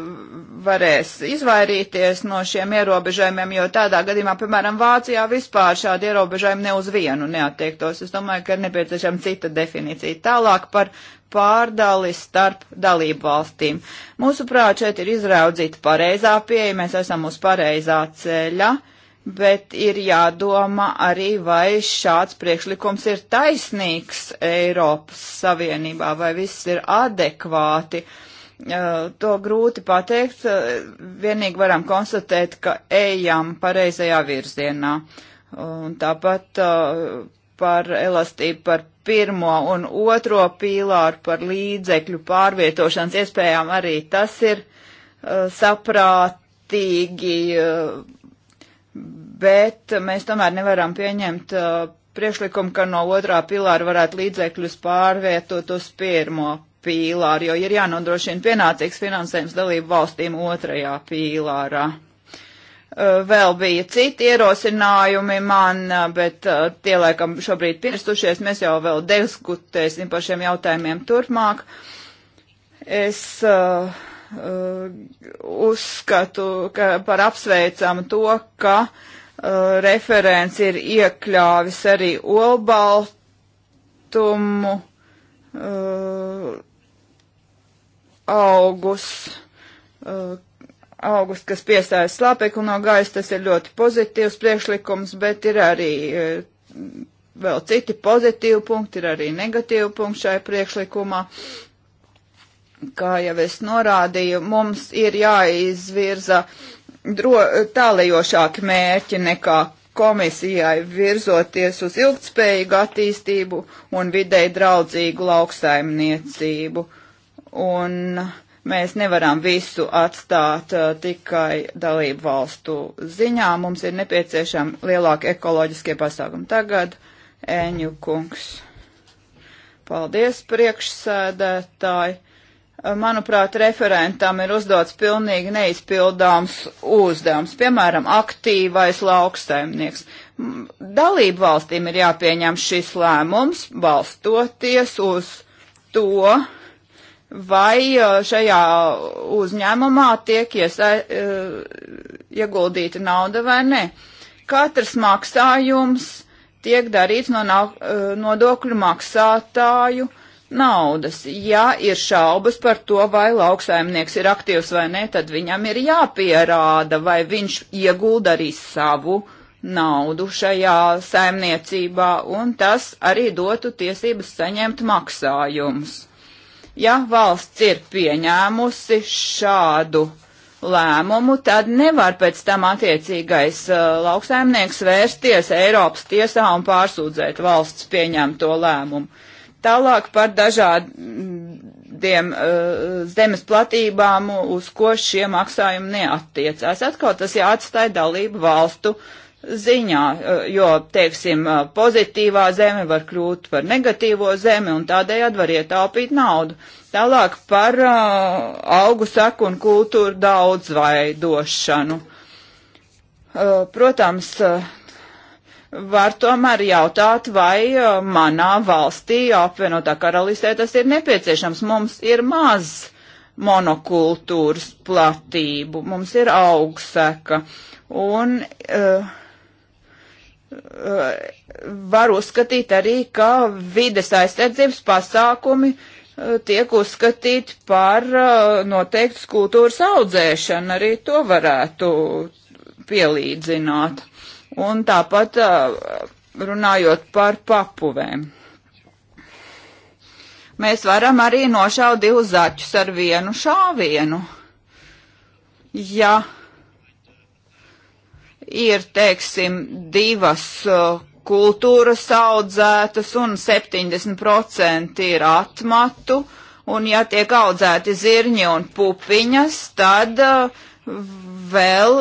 varēs izvairīties no šiem ierobežojumiem, jo tādā gadījumā, piemēram, Vācijā vispār šādi ierobežojumi ne uz vienu neatiektos. Es domāju, ka ir nepieciešama cita definīcija. Tālāk par pārdali starp dalību valstīm. Mūsuprāt, šeit ir izraudzīta pareizā pieeja, mēs esam uz pareizā ceļa, bet ir jādoma arī, vai šāds priekšlikums ir taisnīgs Eiropas Savienībā, vai viss ir adekvāti. To grūti pateikt, vienīgi varam konstatēt, ka ejam pareizajā virzienā. Un tāpat par elastību, par pirmo un otro pīlāru par līdzekļu pārvietošanas iespējām arī tas ir uh, saprātīgi, uh, bet mēs tomēr nevaram pieņemt uh, priekšlikumu, ka no otrā pīlāra varētu līdzekļus pārvietot uz pirmo pīlāru, jo ir jānodrošina pienācīgs finansējums dalību valstīm otrajā pīlārā. Eh, vēl bija citi ierosinājumi man, eh, bet eh, tie laikam šobrīd pirstušies. Mēs jau vēl diskutēsim par šiem jautājumiem turpmāk. Es uh, uzskatu ka par apsveicamu to, ka uh, referents ir iekļāvis arī olbaltumu uh, augus, uh, augus, kas piestājas slāpekli no gaisa, tas ir ļoti pozitīvs priekšlikums, bet ir arī e, vēl citi pozitīvi punkti, ir arī negatīvi punkti šai priekšlikumā. Kā jau es norādīju, mums ir jāizvirza tālējošāki mērķi nekā komisijai virzoties uz ilgtspējīgu attīstību un videi draudzīgu lauksaimniecību. Un uh, Mēs nevaram visu atstāt uh, tikai dalību valstu ziņā. Mums ir nepieciešama lielāka ekoloģiskie pasākumi. Tagad Ēņu kungs. Paldies, priekšsēdētāji. Uh, manuprāt, referentam ir uzdots pilnīgi neizpildāms uzdevums, piemēram, aktīvais lauksaimnieks. Dalību valstīm ir jāpieņem šis lēmums, balstoties uz to, vai uh, šajā uzņēmumā tiek iesa, uh, ieguldīta nauda vai nē. Katrs maksājums tiek darīts no uh, nodokļu maksātāju naudas. Ja ir šaubas par to, vai lauksaimnieks ir aktīvs vai nē, tad viņam ir jāpierāda, vai viņš ieguld arī savu naudu šajā saimniecībā, un tas arī dotu tiesības saņemt maksājumus. Ja valsts ir pieņēmusi šādu lēmumu, tad nevar pēc tam attiecīgais uh, lauksaimnieks vērsties Eiropas tiesā un pārsūdzēt valsts pieņemto lēmumu. Tālāk par dažādiem uh, zemes platībām, uz ko šie maksājumi neattiecās. Atkal tas jāatstāja dalību valstu uh, ziņā, e, jo, teiksim, e, pozitīvā zeme var kļūt par negatīvo zemi un tādējādi var ietaupīt naudu. Tālāk par uh, e, augu saku un kultūru daudzveidošanu. Uh, protams, uh, var tomēr jautāt, vai manā valstī, apvienotā karalistē, tas ir nepieciešams. Mums ir maz monokultūras platību, mums ir augseka. Un uh, var uzskatīt arī, ka vides aizsardzības pasākumi eh, tiek uzskatīti par eh, noteiktas kultūras audzēšanu. Arī to varētu pielīdzināt. Un tāpat eh, runājot par papuvēm. Mēs varam arī nošaut divus zaķus ar vienu šāvienu. Ja ir, teiksim, divas uh, kultūras audzētas un 70% ir atmatu, un ja tiek audzēti zirņi un pupiņas, tad uh, vēl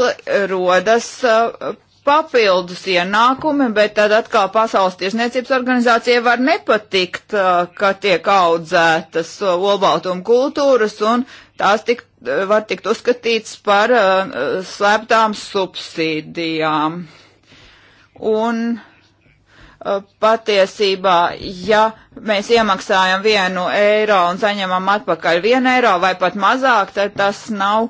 rodas uh, papildus ienākumi, bet tad atkal Pasaules tirsniecības organizācija var nepatikt, ka tiek audzētas olbaltuma kultūras un tās tik var tikt uzskatīts par uh, slēptām subsīdijām. Un uh, patiesībā, ja mēs iemaksājam vienu eiro un saņemam atpakaļ vienu eiro vai pat mazāk, tad tas nav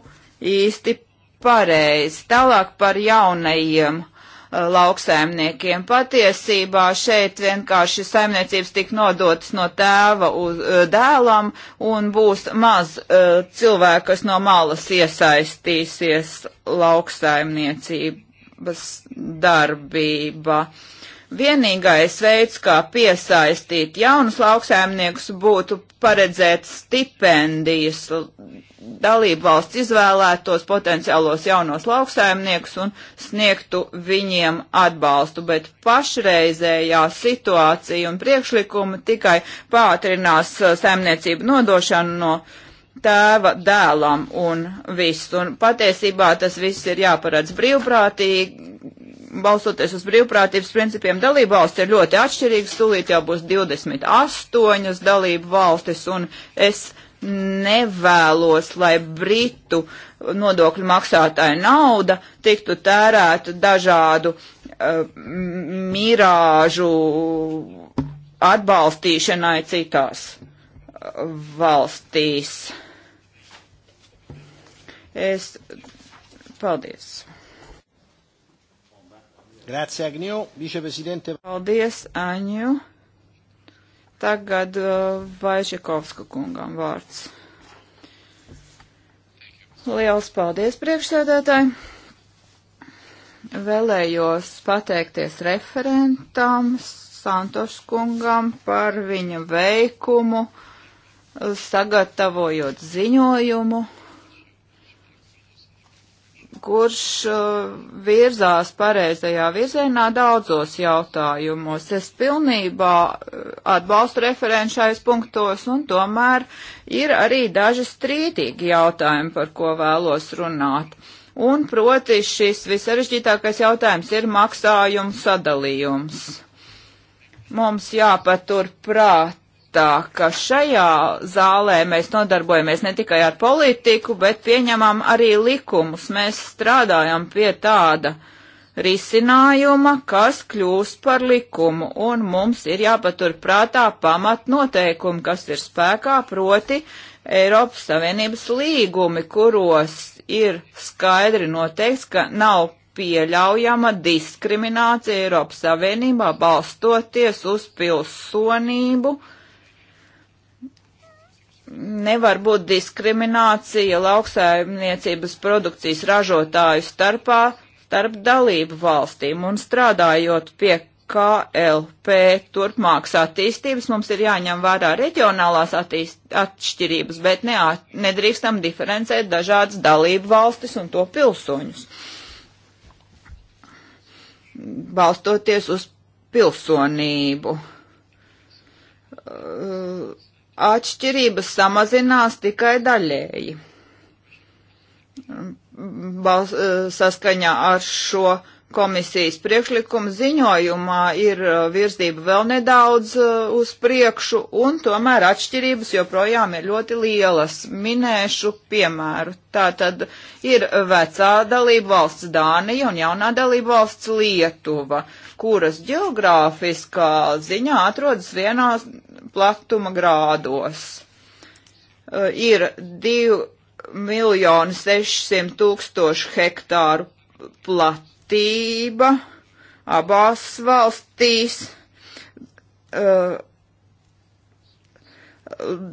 īsti pareizi. Tālāk par jaunajiem uh, Uh, lauksaimniekiem. Patiesībā šeit vienkārši saimniecības tik nodotas no tēva uz uh, dēlam un būs maz uh, cilvēku, kas no malas iesaistīsies lauksaimniecības darbībā. Vienīgais veids, kā piesaistīt jaunus lauksaimniekus, būtu paredzēt stipendijas dalību valsts izvēlētos potenciālos jaunos lauksaimniekus un sniegtu viņiem atbalstu, bet pašreizējā situācija un priekšlikuma tikai pātrinās uh, saimniecību nodošanu no tēva dēlam un viss. Un patiesībā tas viss ir jāparedz brīvprātīgi, balstoties uz brīvprātības principiem, dalību valsts ir ļoti atšķirīgas. Tūlīt jau būs 28 dalību valstis, un es nevēlos, lai Britu nodokļu maksātāja nauda tiktu tērēta dažādu uh, mirāžu atbalstīšanai citās eh, valstīs. Es paldies. Grazie, Agņu, viceprezidente. Paldies, Aņu. Tagad uh, Vaišekovska kungam vārds. Liels paldies priekšsēdētāji. Vēlējos pateikties referentam Santoš kungam par viņa veikumu, sagatavojot ziņojumu kurš uh, virzās pareizajā virzienā daudzos jautājumos. Es pilnībā uh, atbalstu referenšais punktos, un tomēr ir arī daži strītīgi jautājumi, par ko vēlos runāt. Un proti šis visarežģītākais jautājums ir maksājums sadalījums. Mums jāpatur prāt tā, ka šajā zālē mēs nodarbojamies ne tikai ar politiku, bet pieņemam arī likumus. Mēs strādājam pie tāda risinājuma, kas kļūs par likumu, un mums ir jāpatur prātā pamat noteikumi, kas ir spēkā, proti Eiropas Savienības līgumi, kuros ir skaidri noteikts, ka nav pieļaujama diskriminācija Eiropas Savienībā balstoties uz pilsonību, uh, nevar būt diskriminācija lauksaimniecības produkcijas ražotāju starpā starp dalību valstīm un strādājot pie KLP turpmākas attīstības mums ir jāņem vērā reģionālās attīst, atšķirības, bet ne, nedrīkstam diferencēt dažādas dalību valstis un to pilsoņus. Balstoties uz pilsonību. Uh, atšķirības samazinās tikai daļēji. Bals, eh, saskaņā ar šo uh, komisijas priekšlikuma ziņojumā ir uh, virzība vēl nedaudz uh, uz priekšu, un tomēr atšķirības joprojām ir ļoti lielas. Minēšu piemēru. Tā tad ir vecā dalība valsts Dānija un jaunā dalība valsts Lietuva, kuras geogrāfiskā ziņā atrodas vienās platuma grādos. Uh, ir 2 miljoni 600 tūkstoši hektāru plat kustība abās valstīs. Uh,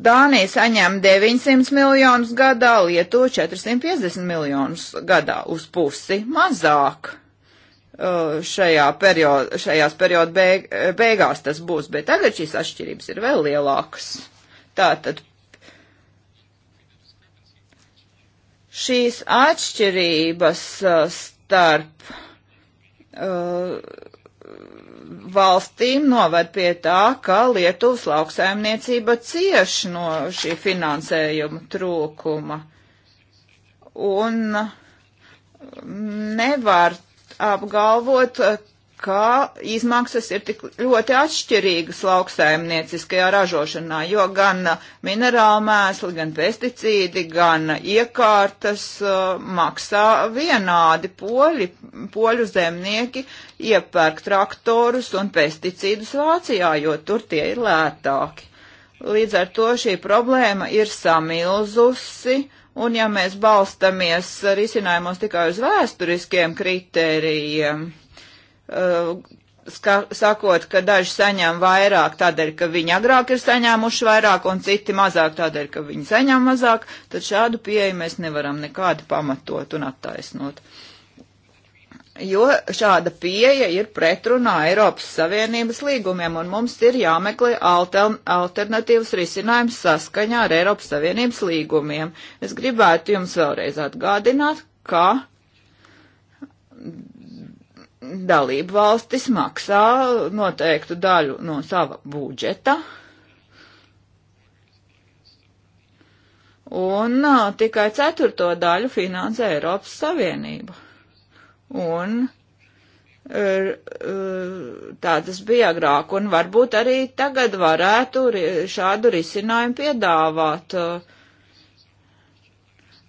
Dānija saņem 900 miljonus gadā, Lietuva 450 miljonus gadā, uz pusi mazāk uh, šajā periodā, šajās perioda beig, beigās tas būs, bet tagad šīs atšķirības ir vēl lielākas. Tātad šīs atšķirības uh, starp uh, valstīm novad pie tā, ka Lietuvas lauksaimniecība cieš no šī finansējuma trūkuma. Un nevar apgalvot, ka izmaksas ir tik ļoti atšķirīgas lauksaimnieciskajā ražošanā, jo gan uh, minerāla mēsli, gan pesticīdi, gan iekārtas uh, maksā vienādi poļi. Poļu zemnieki iepērk traktorus un pesticīdus Vācijā, jo tur tie ir lētāki. Līdz ar to šī problēma ir samilzusi. Un ja mēs balstamies risinājumos tikai uz vēsturiskiem kritērijiem, Eh, sakot, ka daži saņem vairāk tādēļ, ka viņi agrāk ir saņēmuši vairāk, un citi mazāk tādēļ, ka viņi saņem mazāk, tad šādu pieeju mēs nevaram nekādi pamatot un attaisnot. Jo šāda pieeja ir pretrunā Eiropas Savienības līgumiem, un mums ir jāmeklē alternatīvas risinājums saskaņā ar Eiropas Savienības līgumiem. Es gribētu jums vēlreiz atgādināt, ka dalību valstis maksā noteiktu daļu no sava budžeta. Un uh, tikai ceturto daļu finansē Eiropas Savienība. Un ir, er, er, tā tas bija agrāk, un varbūt arī tagad varētu šādu risinājumu piedāvāt. Uh,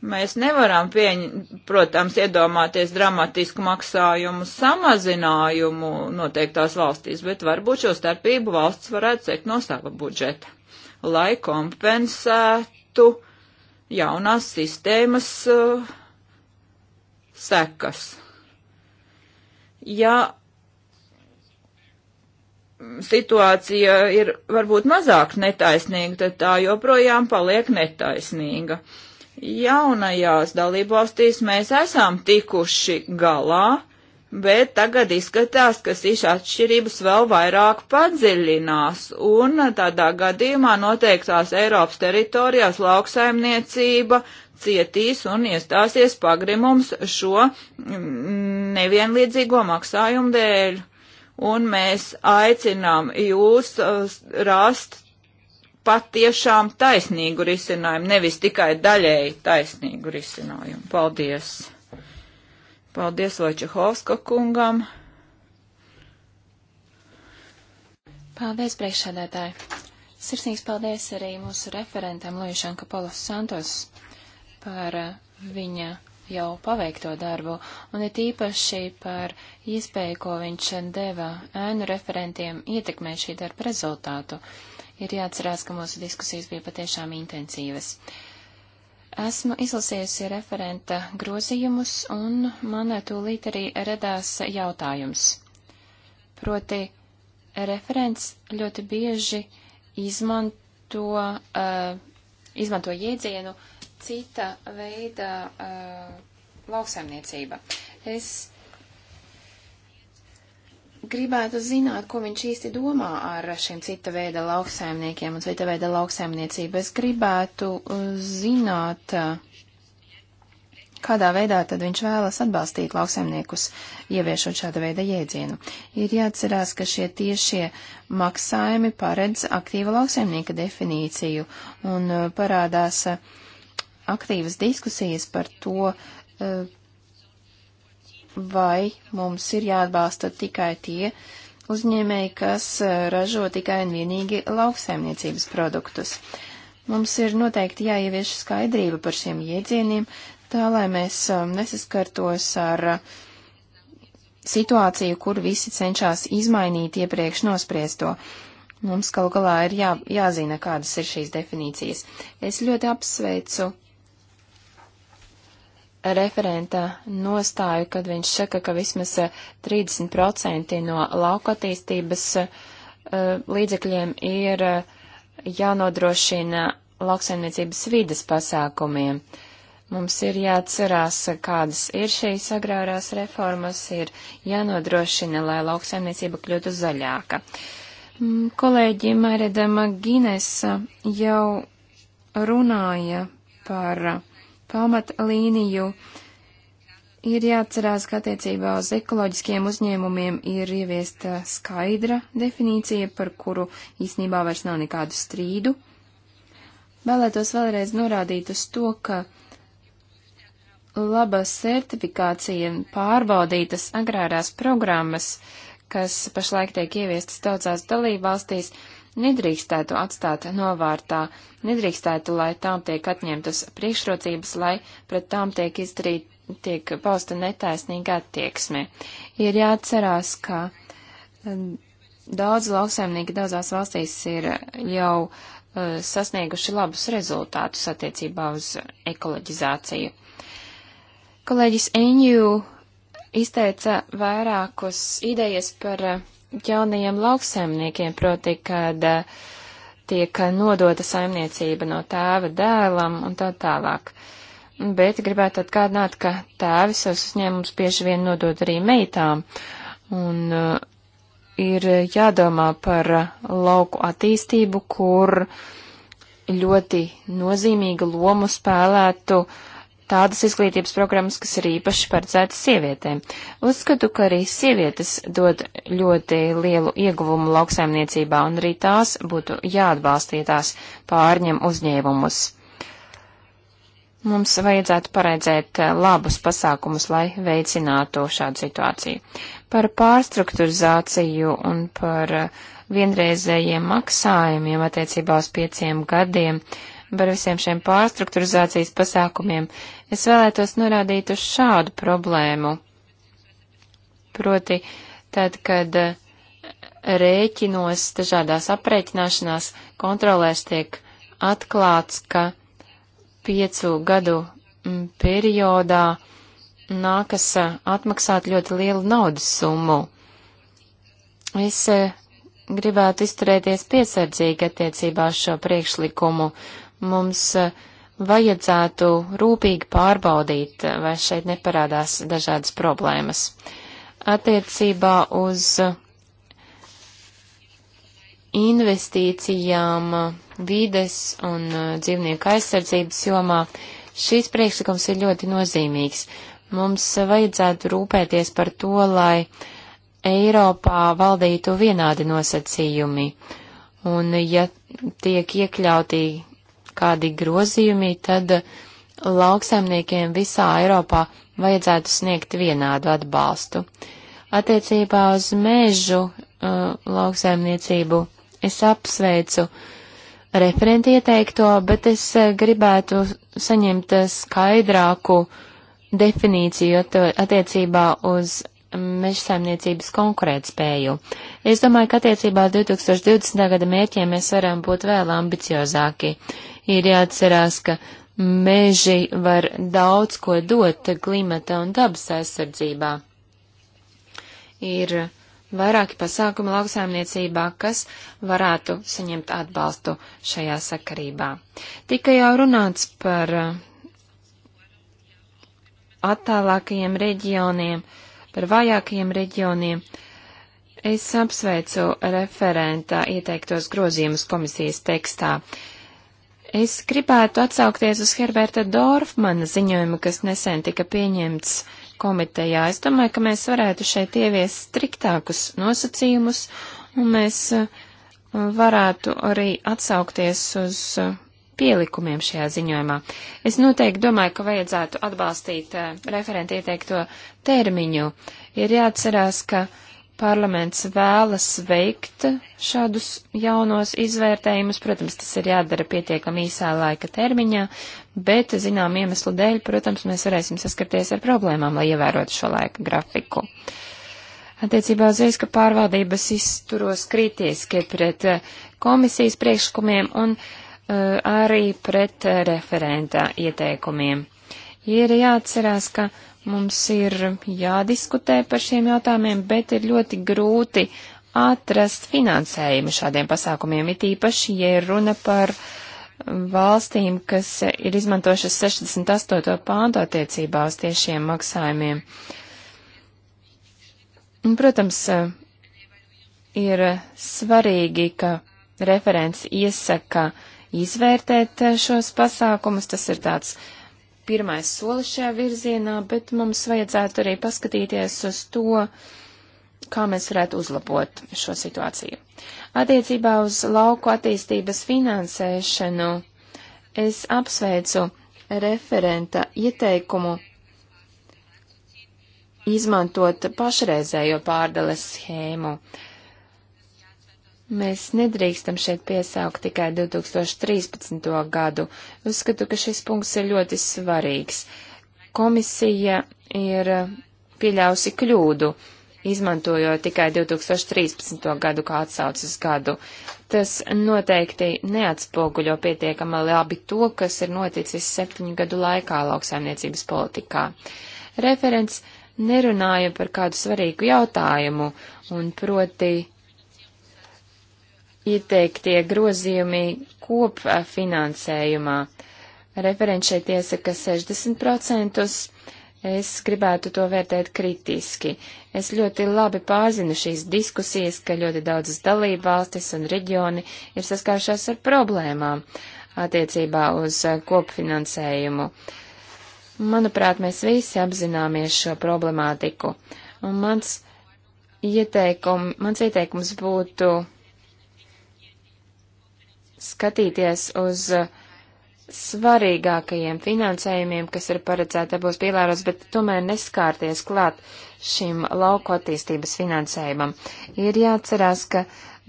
Mēs nevaram, pieņ, protams, iedomāties dramatisku maksājumu samazinājumu noteiktās valstīs, bet varbūt šo starpību valsts varētu cekt no sava budžeta, lai kompensētu jaunās sistēmas uh, sekas. Ja situācija ir varbūt mazāk netaisnīga, tad tā joprojām paliek netaisnīga. Uh, jaunajās dalībvalstīs mēs esam tikuši galā, bet tagad izskatās, ka šīs atšķirības vēl vairāk padziļinās, un tādā gadījumā noteiktās Eiropas teritorijās lauksaimniecība cietīs un iestāsies pagrimums šo mm, nevienlīdzīgo maksājumu dēļ. Un mēs aicinām jūs uh, rast patiešām taisnīgu risinājumu, nevis tikai daļēji taisnīgu risinājumu. Paldies! Paldies Vojčehovska kungam! Paldies, priekšsēdētāji! Sirsnīgs paldies arī mūsu referentam Lujušam Kapolos Santos par uh, viņa jau paveikto darbu, un ir tīpaši par iespēju, ko viņš deva ēnu referentiem ietekmē šī darba rezultātu. Uh, ir jāatcerās, ka mūsu diskusijas bija patiešām intensīvas. Esmu izlasījusi referenta grozījumus, un man tūlīt arī radās jautājums. Proti, referents ļoti bieži izmanto, uh, izmanto jēdzienu cita veida uh, lauksaimniecība. Es gribētu zināt, ko viņš īsti domā ar šiem cita veida lauksaimniekiem un cita veida lauksaimniecību. Es gribētu uh, zināt, uh, kādā veidā tad viņš vēlas atbalstīt lauksaimniekus, ieviešot šāda veida jēdzienu. Ir jāatcerās, ka šie tiešie maksājumi paredz aktīva lauksaimnieka definīciju un uh, parādās aktīvas diskusijas par to, vai mums ir jāatbalsta tikai tie uzņēmēji, kas eh, ražo tikai un vienīgi lauksaimniecības produktus. Mums ir noteikti jāievieš skaidrība par šiem jēdzieniem, tā lai mēs eh, nesaskartos ar eh, situāciju, kur visi cenšas izmainīt iepriekš nospriesto. Mums kaut galā ir jā, jāzina, kādas ir šīs definīcijas. Es ļoti apsveicu referenta nostāju, kad viņš saka, ka vismaz 30% eh, no lauka attīstības eh, līdzekļiem ir eh, jānodrošina lauksaimniecības vides pasākumiem. Mums ir jāatcerās, kādas ir šīs agrārās reformas, ir jānodrošina, lai lauksaimniecība kļūtu zaļāka. Mm, kolēģi Mairida Magines jau runāja par uh, pamatlīniju. Ir jāatcerās, ka attiecībā uz ekoloģiskiem uzņēmumiem ir ieviesta skaidra definīcija, par kuru īsnībā vairs nav nekādu strīdu. Vēlētos vēlreiz norādīt uz to, ka laba sertifikācija un pārbaudītas agrārās programmas, kas pašlaik tiek ieviestas daudzās dalībvalstīs, valstīs, nedrīkstētu atstāt novārtā, nedrīkstētu, lai tām tiek atņemtas priekšrocības, lai pret tām tiek izdarīt, tiek pausta netaisnīga attieksme. Ir jāatcerās, ka um, daudz lauksaimnieki daudzās valstīs ir jau uh, sasnieguši labus rezultātus attiecībā uz ekoloģizāciju. Kolēģis Enju izteica vairākus idejas par uh, jaunajiem lauksaimniekiem, proti, kad eh, tiek nodota saimniecība no tēva dēlam un tā tālāk. Bet gribētu atgādināt, ka tēvi savus uzņēmumus bieži vien nodod arī meitām. Un uh, ir jādomā par lauku attīstību, kur ļoti nozīmīgu lomu spēlētu uh, tādas izglītības programmas, kas ir īpaši paredzētas sievietēm. Uzskatu, ka arī sievietes dod ļoti lielu ieguvumu lauksaimniecībā, un arī tās būtu jāatbalstītās pārņem uzņēmumus. Mums vajadzētu paredzēt eh, labus pasākumus, lai veicinātu šādu situāciju. Par pārstrukturizāciju un par eh, vienreizējiem maksājumiem attiecībā uz pieciem gadiem par visiem šiem pārstrukturizācijas pasākumiem Es vēlētos norādīt uz šādu problēmu. Proti, tad, kad eh, rēķinos dažādās aprēķināšanās kontrolēs tiek atklāts, ka piecu gadu mm, periodā nākas eh, atmaksāt ļoti lielu naudas summu. Es eh, gribētu izturēties piesardzīgi attiecībā uz šo priekšlikumu. Mums uh, vajadzētu rūpīgi pārbaudīt, vai šeit neparādās dažādas problēmas. Attiecībā uz investīcijām vides un uh, dzīvnieku aizsardzības jomā šīs priekšlikums ir ļoti nozīmīgs. Mums vajadzētu rūpēties par to, lai Eiropā valdītu vienādi nosacījumi. Un ja tiek iekļauti kādi grozījumi, tad eh, lauksaimniekiem visā Eiropā vajadzētu sniegt vienādu atbalstu. Attiecībā uz mežu uh, lauksaimniecību es apsveicu referenti ieteikto, bet es eh, gribētu saņemt skaidrāku definīciju attiecībā uz meža saimniecības konkurētspēju. Es domāju, ka attiecībā 2020. gada mērķiem mēs varam būt vēl ambiciozāki. Ir jāatcerās, ka meži var daudz ko dot klimata un dabas aizsardzībā. Ir vairāki pasākumi lauksaimniecībā, kas varētu saņemt atbalstu šajā sakarībā. Tika jau runāts par uh, attālākajiem reģioniem, par vājākajiem reģioniem. Es apsveicu referenta ieteiktos grozījumus komisijas tekstā. Uh, Es gribētu atsaukties uz Herberta Dorfmana ziņojumu, kas nesen tika pieņemts komitejā. Es domāju, ka mēs varētu šeit ieviest striktākus nosacījumus, un mēs uh, varētu arī atsaukties uz uh, pielikumiem šajā ziņojumā. Es noteikti domāju, ka vajadzētu atbalstīt uh, referenti ieteikto termiņu. Ir jāatcerās, ka uh, parlaments vēlas veikt šādus jaunos izvērtējumus. Protams, tas ir jādara pietiekami īsā laika termiņā, bet zinām iemeslu dēļ, protams, mēs varēsim saskarties ar problēmām, lai ievērotu šo laika grafiku. Attiecībā uz riska pārvaldības izturos kritiski pret eh, komisijas priekšlikumiem un uh, arī pret eh, referenta ieteikumiem. Ir jāatcerās, ka Mums ir jādiskutē par šiem jautājumiem, bet ir ļoti grūti atrast finansējumu šādiem pasākumiem, it īpaši, ja ir runa par valstīm, kas ir izmantošas 68. pāntu attiecībā uz tiešiem maksājumiem. Protams, ir svarīgi, ka referents iesaka izvērtēt šos pasākumus. Tas ir tāds pirmais solis šajā virzienā, bet mums vajadzētu arī paskatīties uz to, kā mēs varētu uzlabot šo situāciju. Attiecībā uz lauku attīstības finansēšanu es apsveicu referenta ieteikumu izmantot pašreizējo pārdales schēmu. Uh, Mēs nedrīkstam šeit piesaukt tikai 2013. gadu. Uzskatu, ka šis punkts ir ļoti svarīgs. Komisija ir pieļausi kļūdu, izmantojot tikai 2013. gadu kā atsaucas gadu. Tas noteikti neatspoguļo pietiekami labi to, kas ir noticis septiņu gadu laikā lauksaimniecības politikā. Referents nerunāja par kādu svarīgu jautājumu, un proti ieteiktie grozījumi kopfinansējumā. Referents šeit iesaka 60%. Es gribētu to vērtēt kritiski. Es ļoti labi pārzinu šīs diskusijas, ka ļoti daudzas dalībvalstis un reģioni ir saskāršās ar problēmām attiecībā uz eh, kopfinansējumu. Manuprāt, mēs visi apzināmies šo problemātiku. Un mans, ieteikum, mans ieteikums būtu skatīties uz svarīgākajiem finansējumiem, kas ir paredzēti abos pīlāros, bet tomēr neskārties klāt šim lauku attīstības finansējumam. Ir jāatcerās, ka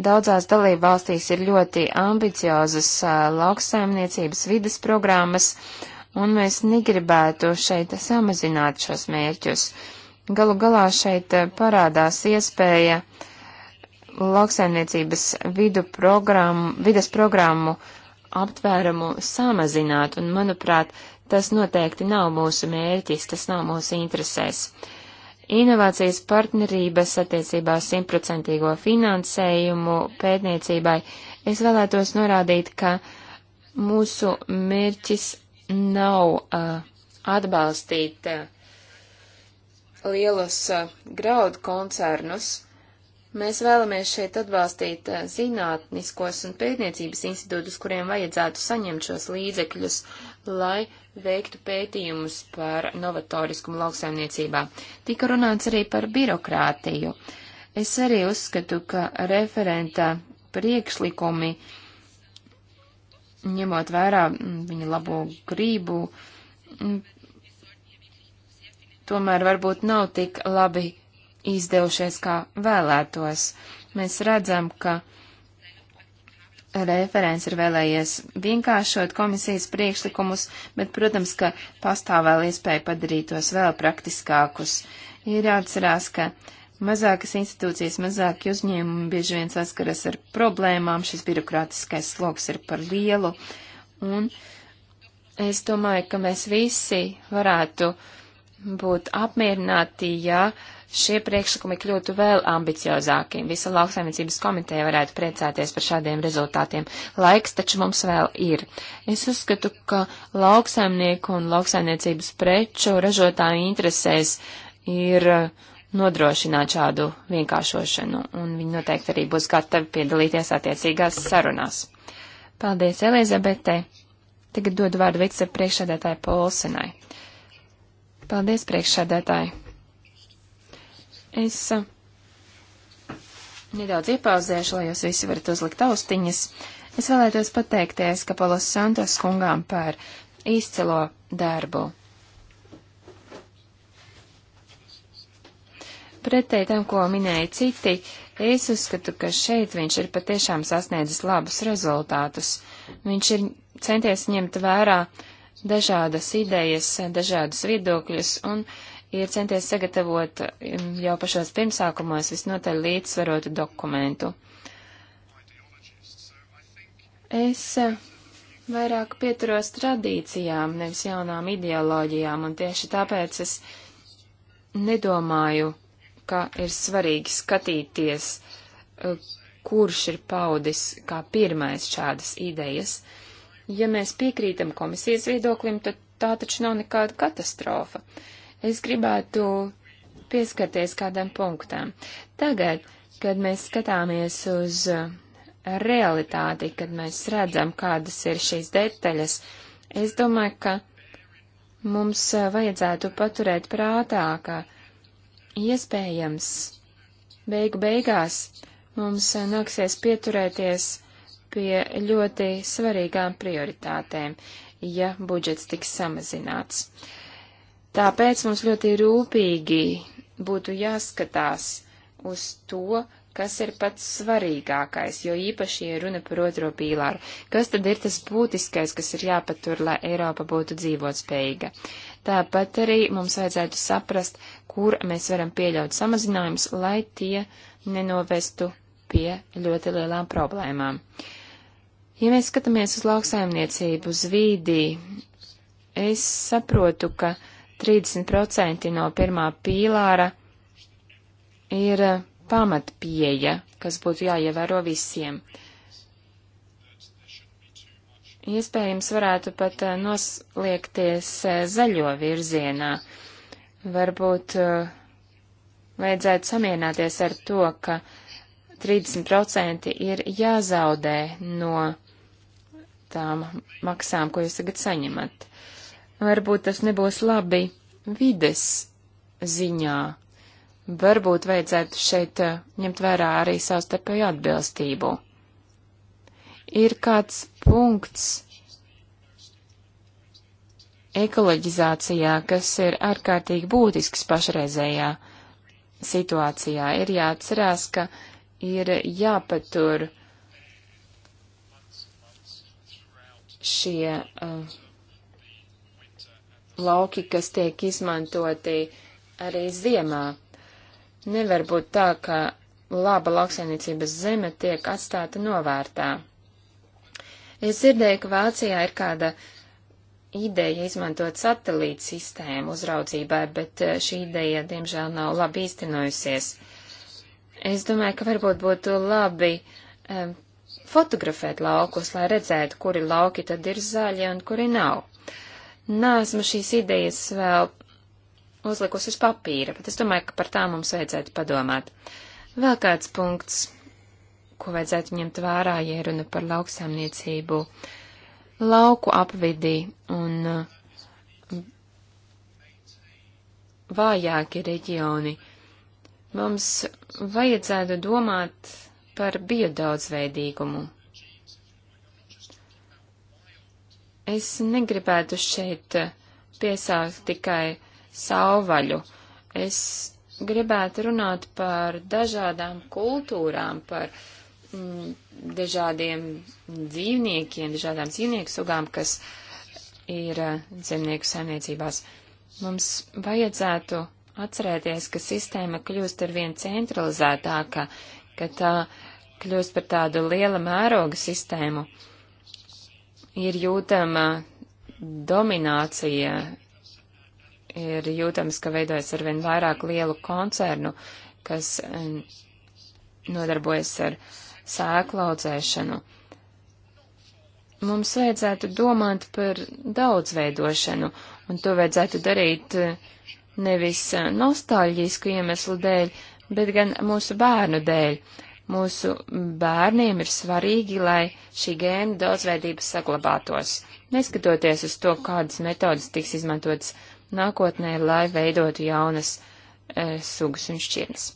daudzās dalību valstīs ir ļoti ambiciozas lauksaimniecības vidas programmas, un mēs negribētu šeit samazināt šos mērķus. Galu galā šeit parādās iespēja uh, lauksaimniecības vidu programmu, vides programmu aptvērumu samazināt, un, manuprāt, tas noteikti nav mūsu mērķis, tas nav mūsu interesēs. Inovācijas partnerības attiecībā simtprocentīgo finansējumu pētniecībai es vēlētos norādīt, ka mūsu mērķis nav uh, atbalstīt uh, lielus uh, graudu koncernus, Mēs vēlamies šeit atbalstīt eh, zinātniskos un pētniecības institūtus, kuriem vajadzētu saņemt šos līdzekļus, lai veiktu pētījumus par novatoriskumu lauksaimniecībā. Tika runāts arī par birokrātiju. Es arī uzskatu, ka referenta priekšlikumi, ņemot vērā mm, viņa labo grību, mm, tomēr varbūt nav tik labi izdevušies kā vēlētos. Mēs redzam, ka referents ir vēlējies vienkāršot komisijas priekšlikumus, bet, protams, ka pastāv vēl iespēja padarīt tos vēl praktiskākus. Ir jāatcerās, ka mazākas institūcijas, mazāki uzņēmumi bieži vien saskaras ar problēmām, šis birokrātiskais sloks ir par lielu, un es domāju, ka mēs visi varētu būt apmierināti, ja uh, šie priekšlikumi kļūtu vēl ambiciozāki. Visa lauksaimniecības komiteja varētu priecāties par šādiem rezultātiem. Laiks taču mums vēl ir. Es uzskatu, ka lauksaimnieku un lauksaimniecības preču ražotāju interesēs ir uh, nodrošināt šādu vienkāršošanu, un viņi noteikti arī būs gatavi piedalīties attiecīgās sarunās. Paldies, Elizabete! Tagad dodu vārdu vicepriekšādātāju Polsenai. Paldies, priekšādātāji! Es uh, nedaudz iepauzēšu, lai jūs visi varat uzlikt austiņas. Es vēlētos pateikties Kapolos Santos kungām par izcilo darbu. Pretēji tam, ko minēja citi, es uzskatu, ka šeit viņš ir patiešām sasniedzis labus rezultātus. Viņš ir centies ņemt vērā dažādas idejas, dažādas viedokļus un uh, ir centies sagatavot um, jau pašos pirmsākumos visnotaļ līdzsvarotu dokumentu. Es uh, vairāk pieturos tradīcijām, nevis jaunām ideoloģijām, un tieši tāpēc es nedomāju, ka ir svarīgi skatīties, uh, kurš ir paudis kā pirmais šādas idejas. Ja mēs piekrītam komisijas viedoklim, tad tā taču nav nekāda katastrofa. Uh, Es gribētu pieskarties kādam punktam. Tagad, kad mēs skatāmies uz eh, realitāti, kad mēs redzam, kādas ir šīs detaļas, es domāju, ka mums eh, vajadzētu paturēt prātā, ka iespējams beigu beigās mums eh, nāksies pieturēties pie ļoti svarīgām prioritātēm, ja budžets tiks samazināts. Uh, Tāpēc mums ļoti rūpīgi būtu jāskatās uz to, kas ir pats svarīgākais, jo īpaši ir runa par otro pīlāru. Kas tad ir tas būtiskais, kas ir jāpatur, lai Eiropa būtu dzīvotspējīga? Tāpat arī mums vajadzētu saprast, kur mēs varam pieļaut samazinājumus, lai tie nenovestu pie ļoti lielām problēmām. Ja mēs skatāmies uz lauksaimniecību, uz vīdī, es saprotu, ka 30% no pirmā pīlāra ir eh, pamatpieeja, kas būtu jāievēro visiem. Iespējams, varētu pat eh, nosliekties eh, zaļo virzienā. Varbūt vajadzētu samierināties ar to, ka 30% ir jāzaudē no tām maksām, ko jūs tagad saņemat. Uh, Varbūt tas nebūs labi vides ziņā. Varbūt vajadzētu šeit eh, ņemt vērā arī savstarpēju atbilstību. Ir kāds punkts ekoloģizācijā, kas ir ārkārtīgi būtisks pašreizējā situācijā. Ir jāatcerās, ka ir jāpatur šie uh, lauki, kas tiek izmantoti arī ziemā. Nevar būt tā, ka laba lauksainiecības zeme tiek atstāta novērtā. Es dzirdēju, ka Vācijā ir kāda ideja izmantot satelīta sistēmu uzraudzībai, bet eh, šī ideja, diemžēl, nav labi īstenojusies. Es domāju, ka varbūt būtu labi um, fotografēt laukus, lai redzētu, kuri lauki tad ir zaļi un kuri nav. Nāsmu šīs idejas vēl uzlikusi uz papīra, bet es domāju, ka par tām mums vajadzētu padomāt. Vēl kāds punkts, ko vajadzētu ņemt vērā, ja runa par lauksaimniecību, lauku apvidī un uh, vājāki reģioni. Mums vajadzētu domāt par biodaudzveidīgumu. Es negribētu šeit eh, piesaukt tikai sauvaļu. Es gribētu runāt par dažādām kultūrām, par mm, dažādiem dzīvniekiem, dažādām dzīvnieku sugām, kas ir eh, zemnieku saimniecībās. Mums vajadzētu atcerēties, ka sistēma kļūst ar vien centralizētāka, ka tā kļūst par tādu liela mēroga sistēmu. Uh, ir jūtama dominācija, ir jūtams, ka veidojas arvien vairāk lielu koncernu, kas eh, nodarbojas ar sēklaudzēšanu. Mums vajadzētu domāt par daudzveidošanu, un to vajadzētu darīt eh, nevis nostalģisku iemeslu dēļ, bet gan mūsu bērnu dēļ. Mūsu bērniem ir svarīgi, lai šī gēna daudzveidība saglabātos, neskatoties uz to, kādas metodas tiks izmantotas nākotnē, lai veidotu jaunas e, sugas un šķirnes.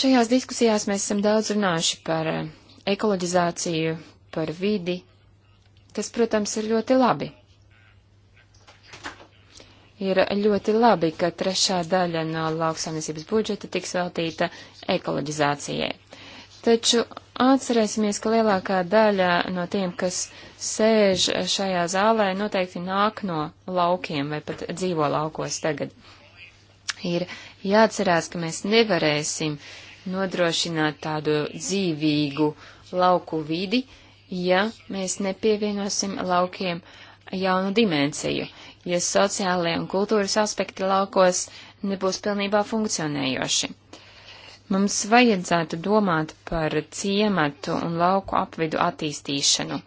Šajās diskusijās mēs esam daudz runājuši par e, ekoloģizāciju, par vidi. Tas, protams, ir ļoti labi. Ir ļoti labi, ka trešā daļa no lauksaimniecības budžeta tiks veltīta ekoloģizācijai. Taču atcerēsimies, ka lielākā daļa no tiem, kas sēž šajā zālē, noteikti nāk no laukiem vai pat dzīvo laukos tagad. Ir jāatcerās, ka mēs nevarēsim nodrošināt tādu dzīvīgu lauku vidi, ja mēs nepievienosim laukiem jaunu dimensiju. Uh, ja sociālie un kultūras aspekti laukos nebūs pilnībā funkcionējoši. Mums vajadzētu domāt par ciematu un lauku apvidu attīstīšanu.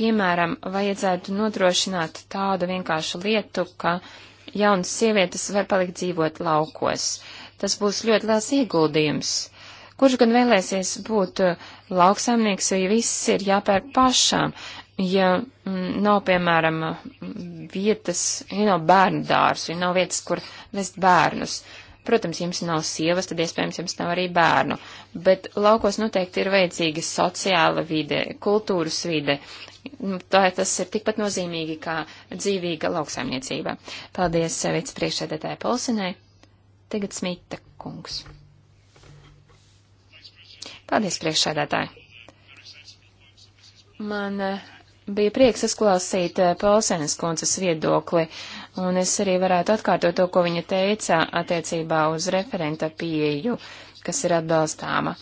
Piemēram, vajadzētu nodrošināt tādu vienkāršu lietu, ka jaunas sievietes var palikt dzīvot laukos. Tas būs ļoti liels ieguldījums. Kurš gan vēlēsies būt lauksaimnieks, ja viss ir jāpērk pašām? ja mm, nav, piemēram, vietas, ja nav bērnu dārzu, ja nav vietas, kur vest bērnus. Protams, jums nav sievas, tad iespējams jums nav arī bērnu, bet laukos noteikti ir vajadzīga sociāla vide, kultūras vide. Nu, tā tas ir tikpat nozīmīgi kā dzīvīga lauksaimniecība. Paldies eh, vicepriekšsēdētāja Polsinai. Tagad Smita kungs. Paldies priekšsēdētāji. Man uh, bija prieks uzklausīt eh, Paulsenes kundzes viedokli, un es arī varētu atkārtot to, ko viņa teica attiecībā uz referenta pieeju kas ir atbalstāma.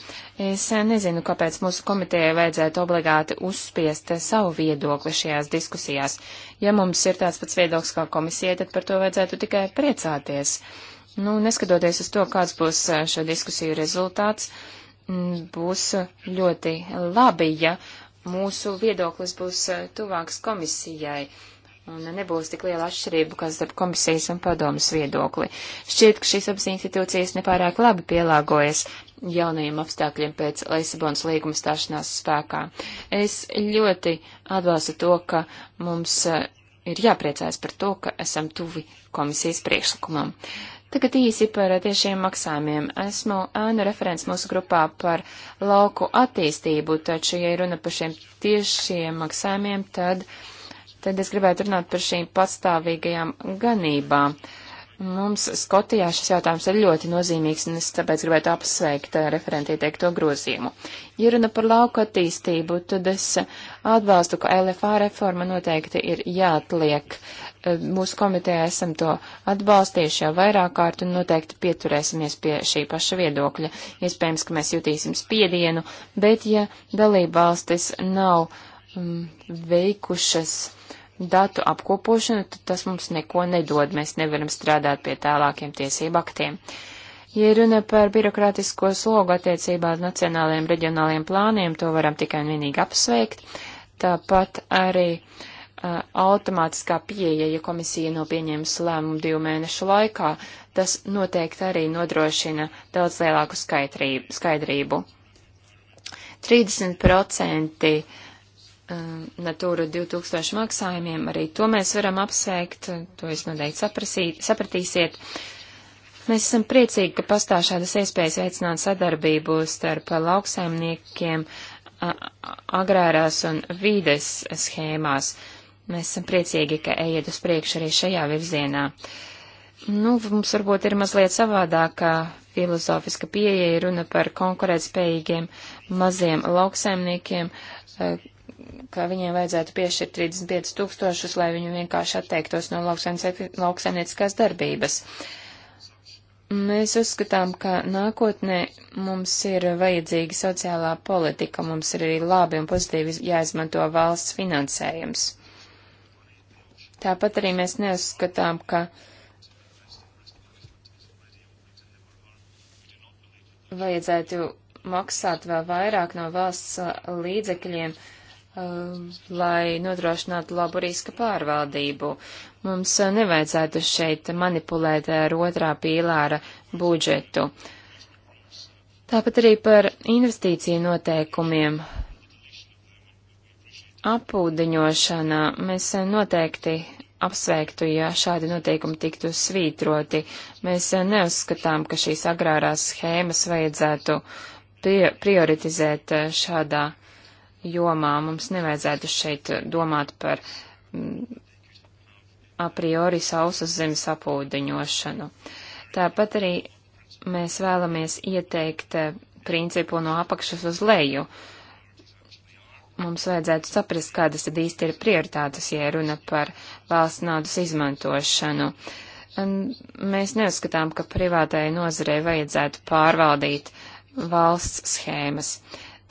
Es eh, nezinu, kāpēc mūsu komitejai vajadzētu obligāti uzspiest eh, savu viedokli šajās diskusijās. Ja mums ir tāds pats viedoklis kā komisija, tad par to vajadzētu tikai priecāties. Nu, neskatoties uz to, kāds būs šo diskusiju rezultāts, būs ļoti labi, ja mūsu viedoklis būs eh, tuvāks komisijai un nebūs tik liela atšķirība, kas starp komisijas un padomas viedokli. Šķiet, ka šīs abas institūcijas nepārāk labi pielāgojas jaunajiem apstākļiem pēc Lisabonas līguma stāšanās spēkā. Es ļoti atbalstu to, ka mums eh, ir jāpriecājas par to, ka esam tuvi komisijas priekšlikumam. Uh, Tagad īsi par tiešiem maksājumiem. Esmu ēnu referents mūsu grupā par lauku attīstību, taču, ja runa par šiem tiešiem maksājumiem, tad, tad es gribētu runāt par šīm pastāvīgajām ganībām. Mums Skotijā šis jautājums ir ļoti nozīmīgs, un es tāpēc gribētu apsveikt referentī teikto grozījumu. Ja runa par lauku attīstību, tad es atbalstu, ka LFA reforma noteikti ir jāatliek. Uh, Eh, mūsu komitejā esam to atbalstījuši jau vairāk kārt un noteikti pieturēsimies pie šī paša viedokļa. Iespējams, ka mēs jutīsim spiedienu, bet ja dalība valstis nav um, veikušas datu apkopošanu, tad tas mums neko nedod. Mēs nevaram strādāt pie tālākiem tiesību aktiem. Ja runa par birokrātisko slogu attiecībā uz nacionālajiem reģionāliem plāniem, to varam tikai un vienīgi apsveikt. Tāpat arī uh, Uh, automātiskā pieeja, ja komisija nav pieņēmusi lēmumu divu mēnešu laikā, tas noteikti arī nodrošina daudz lielāku skaidrību. skaidrību. 30% uh, Natūra 2000 maksājumiem, arī to mēs varam apsveikt, uh, to jūs noteikti saprasīt, sapratīsiet. Mēs esam priecīgi, ka pastāv šādas iespējas veicināt sadarbību starp lauksaimniekiem agrārās un vīdes schēmās. Mēs esam priecīgi, ka ejiet uz priekšu arī šajā virzienā. Nu, mums varbūt ir mazliet savādākā filozofiska pieeja, runa par konkurētspējīgiem maziem lauksaimniekiem, eh, ka viņiem vajadzētu piešķirt 35 tūkstošus, lai viņi vienkārši atteiktos no lauksaimnieciskās darbības. Mēs uzskatām, ka nākotnē mums ir vajadzīga sociālā politika, mums ir arī labi un pozitīvi jāizmanto valsts finansējums. Tāpat arī mēs neuzskatām, ka vajadzētu maksāt vēl vairāk no valsts uh, līdzekļiem, um, lai nodrošinātu labu riska pārvaldību. Mums uh, nevajadzētu šeit manipulēt uh, ar otrā pīlāra budžetu. Tāpat arī par investīciju noteikumiem apūdeņošana mēs eh, noteikti apsveiktu, ja šādi noteikumi tiktu svītroti. Mēs eh, neuzskatām, ka šīs agrārās schēmas vajadzētu prioritizēt eh, šādā jomā. Mums nevajadzētu šeit domāt par mm, a priori sausas zemes apūdeņošanu. Tāpat arī mēs vēlamies ieteikt principu no apakšas uz leju. Uh, mums vajadzētu saprast, kādas tad īsti ir prioritātes, ja runa par valsts naudas izmantošanu. Un mēs neuzskatām, ka privātai nozarei vajadzētu pārvaldīt valsts schēmas.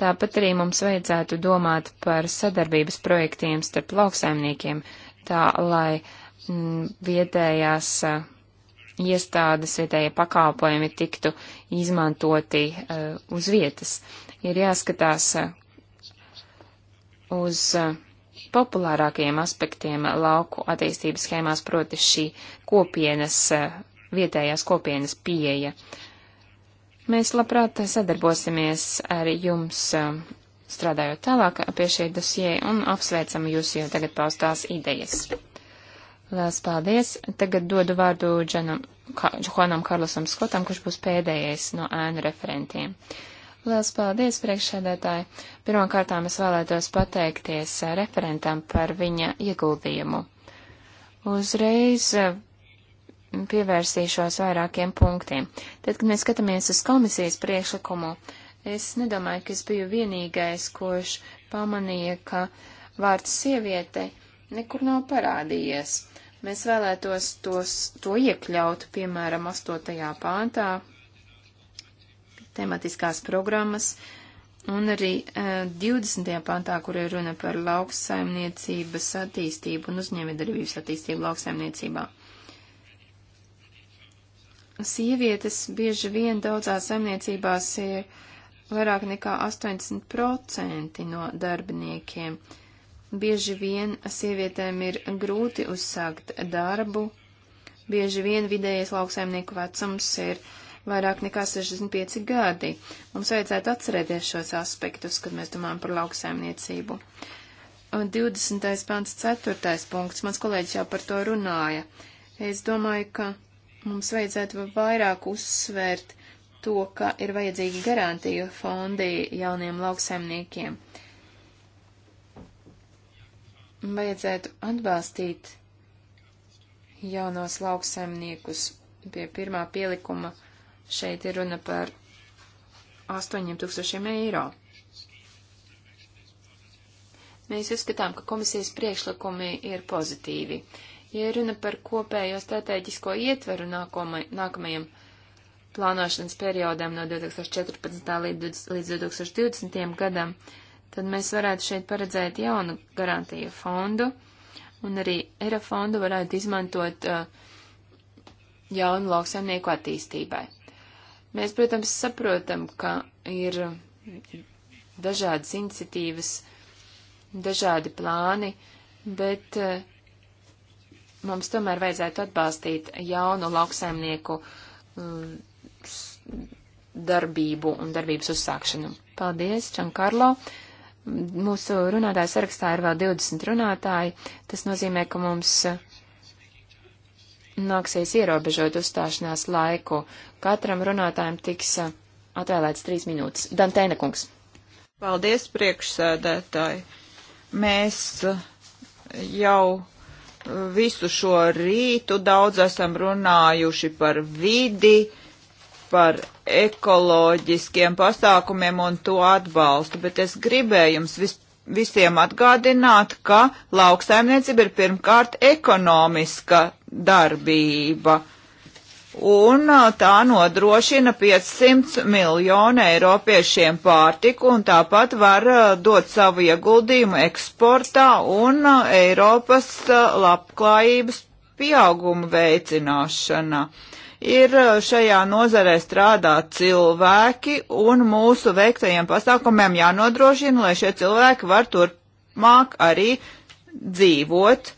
Tāpat arī mums vajadzētu domāt par sadarbības projektiem starp lauksaimniekiem, tā lai m, mm, vietējās uh, iestādes, vietējie pakalpojumi tiktu izmantoti uh, uz vietas. Ir jāskatās, uh, uz eh, populārākajiem aspektiem lauku attīstības schēmās, proti šī kopienas, eh, vietējās kopienas pieeja. Mēs labprāt sadarbosimies ar jums eh, strādājot tālāk pie šī dosie un apsveicam jūs jau tagad paustās idejas. Lielas paldies! Tagad dodu vārdu Džanam, Juanam Karlosam Skotam, kurš būs pēdējais no ēnu referentiem. Uh, Lielas paldies, priekšsēdētāji! Pirmkārtām es vēlētos pateikties eh, referentam par viņa ieguldījumu. Uzreiz eh, pievērsīšos vairākiem punktiem. Tad, kad mēs skatāmies uz komisijas priekšlikumu, es nedomāju, ka es biju vienīgais, kurš pamanīja, ka vārds sieviete nekur nav parādījies. Mēs vēlētos tos, to iekļaut, piemēram, 8. pāntā tematiskās programmas, un arī 20. Eh, pantā, kur ir runa par lauksaimniecības attīstību un uzņēmējdarbības attīstību lauksaimniecībā. Sievietes bieži vien daudzās saimniecībās ir vairāk nekā 80% no darbiniekiem. Bieži vien sievietēm ir grūti uzsākt darbu, bieži vien vidējais lauksaimnieku vecums ir vairāk nekā 65 gadi. Mums vajadzētu atcerēties šos aspektus, kad mēs domājam par lauksaimniecību. 20. pants 4. punkts. Mans kolēģis jau par to runāja. Es domāju, ka mums vajadzētu vairāk uzsvērt to, ka ir vajadzīgi garantiju fondi jauniem lauksaimniekiem. Vajadzētu atbalstīt jaunos lauksaimniekus pie pirmā pielikuma Šeit ir runa par 8000 eiro. Mēs uzskatām, ka komisijas priekšlikumi ir pozitīvi. Ja runa par kopējo strateģisko ietveru nākoma, nākamajam plānošanas periodam no 2014. Līdz, līdz 2020. gadam, tad mēs varētu šeit paredzēt jaunu garantiju fondu, un arī ERA fondu varētu izmantot uh, jaunu lauksaimnieku attīstībai. Mēs, protams, saprotam, ka ir dažādas iniciatīvas, dažādi plāni, bet eh, mums tomēr vajadzētu atbalstīt jaunu lauksaimnieku eh, darbību un darbības uzsākšanu. Paldies, Čankarlo! Mūsu runātāju sarakstā ir vēl 20 runātāji. Tas nozīmē, ka mums eh, nāksies ierobežot uzstāšanās laiku. Katram runātājam tiks uh, atvēlēts trīs minūtes. Dantēna kungs. Paldies, priekšsēdētāji. Mēs uh, jau uh, visu šo rītu daudz esam runājuši par vidi, par ekoloģiskiem pasākumiem un to atbalstu, bet es gribēju jums vis visiem atgādināt, ka lauksaimniecība ir pirmkārt ekonomiska darbība. Un tā nodrošina 500 miljonu eiropiešiem pārtiku un tāpat var dot savu ieguldījumu eksportā un Eiropas labklājības pieauguma veicināšanā. Uh, ir eh, šajā nozarē strādā cilvēki, un mūsu veiktajiem pasākumiem jānodrošina, lai šie cilvēki var turpmāk arī dzīvot.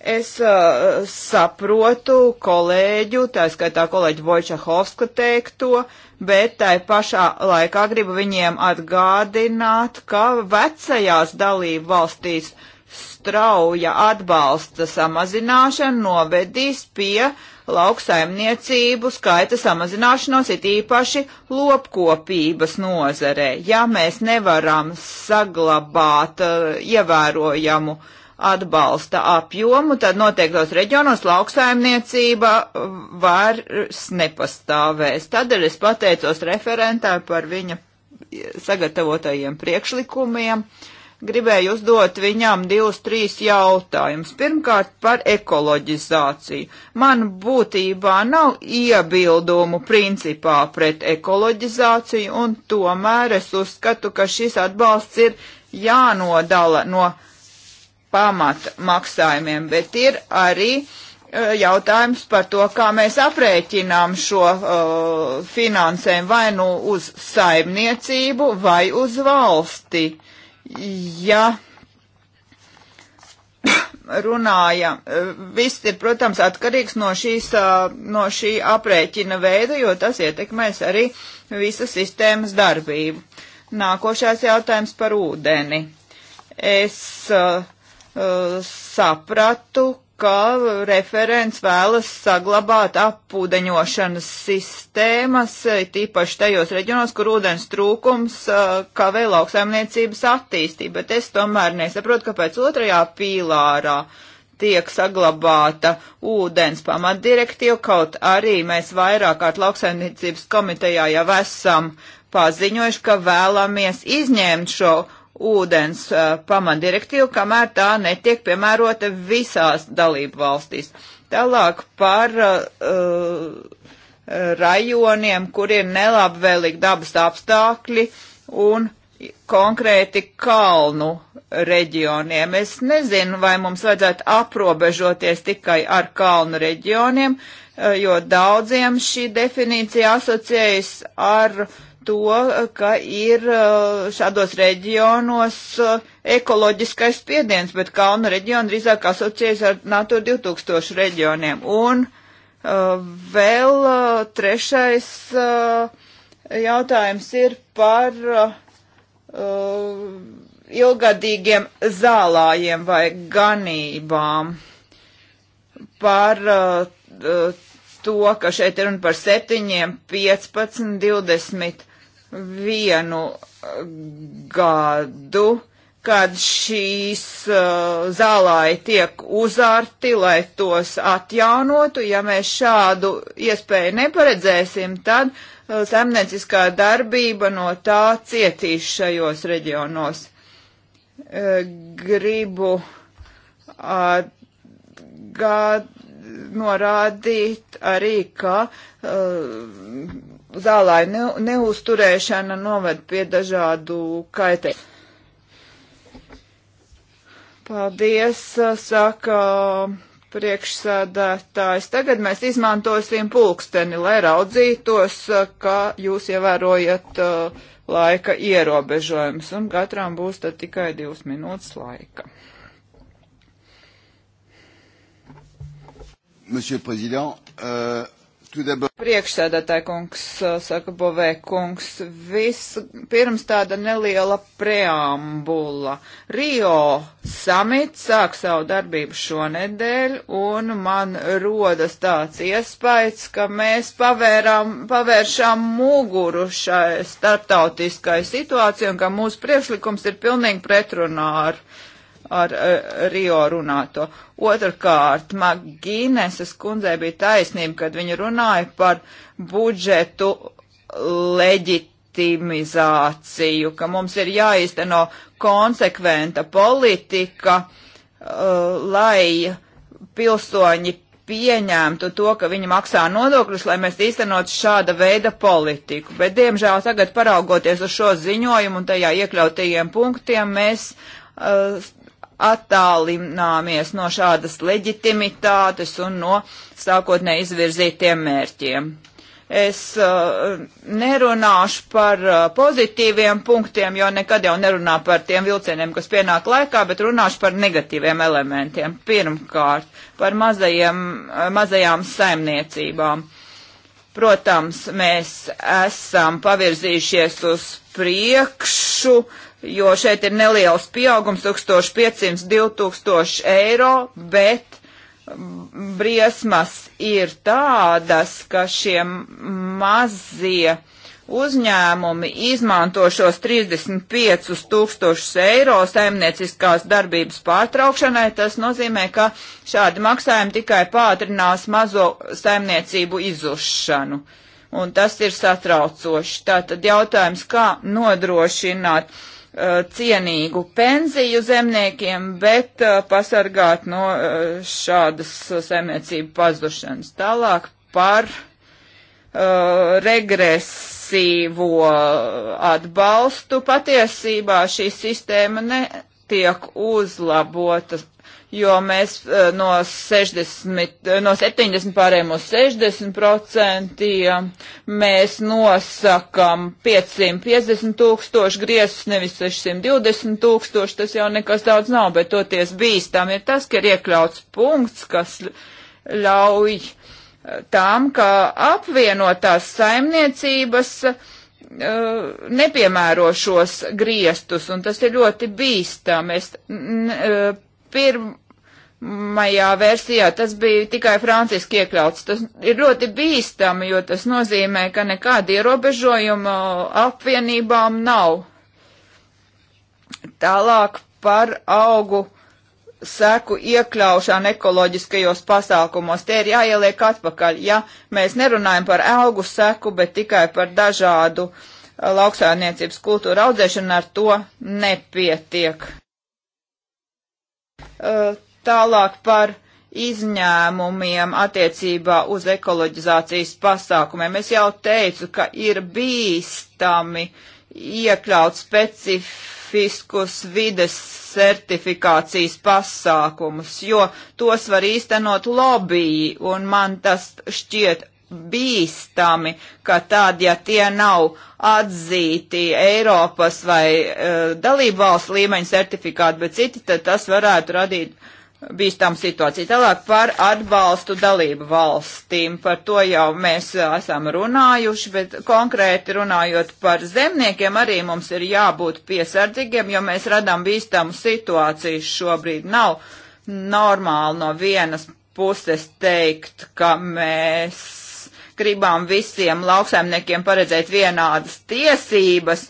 Es uh, saprotu kolēģu, tā skaitā kolēģu Vojčahovska teikto, bet tai pašā laikā gribu viņiem atgādināt, ka vecajās dalību valstīs strauja atbalsta samazināšana novedīs pie uh, lauksaimniecību skaita samazināšanos, it īpaši lopkopības nozarē. Ja mēs nevaram saglabāt uh, ievērojamu atbalsta apjomu, tad noteiktos reģionos lauksaimniecība eh, vairs nepastāvēs. Tādēļ es pateicos referentā par viņa eh, sagatavotajiem priekšlikumiem. Uh, gribēju uzdot viņam divus, trīs jautājumus. Pirmkārt, par ekoloģizāciju. Man būtībā nav iebildumu principā pret ekoloģizāciju, un tomēr es uzskatu, ka šis atbalsts ir jānodala no pamata maksājumiem, bet ir arī e, jautājums par to, kā mēs aprēķinām šo uh, finansēm vai nu uz saimniecību vai uz valsti. Uh, ja runāja. Viss ir, protams, atkarīgs no, šīs, no šī aprēķina veida, jo tas ietekmēs arī visas sistēmas darbību. Nākošais jautājums par ūdeni. Es uh, sapratu, ka referents vēlas saglabāt apūdeņošanas sistēmas, eh, tīpaši tajos reģionos, kur ūdens trūkums eh, kavē lauksaimniecības attīstību, bet es tomēr nesaprotu, kāpēc otrajā pīlārā tiek saglabāta ūdens pamatdirektīva, kaut arī mēs vairāk kārt lauksaimniecības komitejā jau esam paziņojuši, ka vēlamies izņemt šo ūdeni ūdens pamatdirektīva, kamēr tā netiek piemērota visās dalību valstīs. Tālāk par uh, rajoniem, kur ir nelabvēlīgi dabas apstākļi un konkrēti kalnu reģioniem. Es nezinu, vai mums vajadzētu aprobežoties tikai ar kalnu reģioniem, jo daudziem šī definīcija asociējas ar uh, to, ka ir uh, šādos reģionos uh, ekoloģiskais spiediens, bet Kauna reģiona drīzāk asociējas ar NATO 2000 reģioniem. Un uh, vēl trešais jautājums ir par ilgadīgiem zālājiem vai ganībām. Par to, ka šeit ir runa par 7, 15, 20 vienu gadu, kad šīs uh, zālāji tiek uzārti, lai tos atjaunotu. Ja mēs šādu iespēju neparedzēsim, tad zemnieciskā uh, darbība no tā cietīs šajos reģionos. Uh, gribu norādīt arī, ka uh, zālāju ne, neuzturēšana noved pie dažādu kaitē. Paldies, saka priekšsēdētājs. Tagad mēs izmantosim pulksteni, lai raudzītos, ka jūs ievērojat uh, laika ierobežojumus, un katram būs tad tikai divas minūtes laika. Monsieur le Président, euh, Priekšsēdētāji kungs, saka Bovē kungs, vispirms tāda neliela preambula. Rio samits sāk savu darbību šonedēļ, un man rodas tāds iespējas, ka mēs pavērām, pavēršām muguru šai startautiskai situācijai, un ka mūsu priekšlikums ir pilnīgi pretrunā ar ar eh, Rio runāto. Otrakārt, Magineses kundzei bija taisnība, kad viņa runāja par budžetu leģitimizāciju, ka mums ir jāizteno konsekventa politika, uh, lai pilsoņi pieņemtu to, ka viņi maksā nodokļus, lai mēs īstenotu šāda veida politiku. Bet, diemžēl, tagad paraugoties uz šo ziņojumu un tajā iekļautajiem punktiem, mēs uh, attālināmies no šādas leģitimitātes un no sākotnē izvirzītiem mērķiem. Es uh, nerunāšu par uh, pozitīviem punktiem, jo nekad jau nerunā par tiem vilcieniem, kas pienāk laikā, bet runāšu par negatīviem elementiem. Pirmkārt, par mazajiem, uh, mazajām saimniecībām. Protams, mēs esam pavirzījušies uz priekšu, uh, jo šeit ir neliels pieaugums 1500-2000 eiro, bet briesmas ir tādas, ka šie mazie uzņēmumi izmanto šos 35 tūkstošus eiro saimnieciskās darbības pārtraukšanai. Tas nozīmē, ka šādi maksājumi tikai pātrinās mazo saimniecību izušanu. Un tas ir satraucoši. Tātad jautājums, kā nodrošināt uh, Uh, cienīgu pensiju zemniekiem, bet uh, pasargāt no uh, šādas zemniecību pazušanas. Tālāk par uh, regresīvo atbalstu patiesībā šī sistēma netiek uzlabota jo mēs eh, no, 60, eh, no 70 pārējiem uz 60 procentiem mēs nosakam 550 tūkstoši griezus, nevis 620 tūkstoši, tas jau nekas daudz nav, bet toties bīstam ir tas, ka ir iekļauts punkts, kas ļauj eh, tām, ka apvienotās saimniecības nepiemēro šos griestus, un tas ir ļoti bīstami. Es pirmajā versijā tas bija tikai franciski iekļauts. Tas ir ļoti bīstami, jo tas nozīmē, ka nekāda ierobežojuma apvienībām nav. Tālāk par augu seku iekļaušanu ekoloģiskajos pasākumos. Tie ir jāieliek atpakaļ. Ja mēs nerunājam par augu seku, bet tikai par dažādu uh, lauksaimniecības kultūru audzēšanu, ar to nepietiek. Eh, tālāk par izņēmumiem attiecībā uz ekoloģizācijas pasākumiem. Es jau teicu, ka ir bīstami iekļaut specifiskus vides certifikācijas pasākumus, jo tos var īstenot lobby, un man tas šķiet bīstami, ka tad, ja tie nav atzīti Eiropas vai uh, e, dalībvalsts līmeņa certifikāti, bet citi, tad tas varētu radīt bīstam situāciju. Tālāk par atbalstu dalību valstīm. Par to jau mēs uh, esam runājuši, bet konkrēti runājot par zemniekiem, arī mums ir jābūt piesardzīgiem, jo mēs radām bīstamu situāciju šobrīd. Nav normāli no vienas puses teikt, ka mēs gribam visiem lauksaimniekiem paredzēt vienādas tiesības,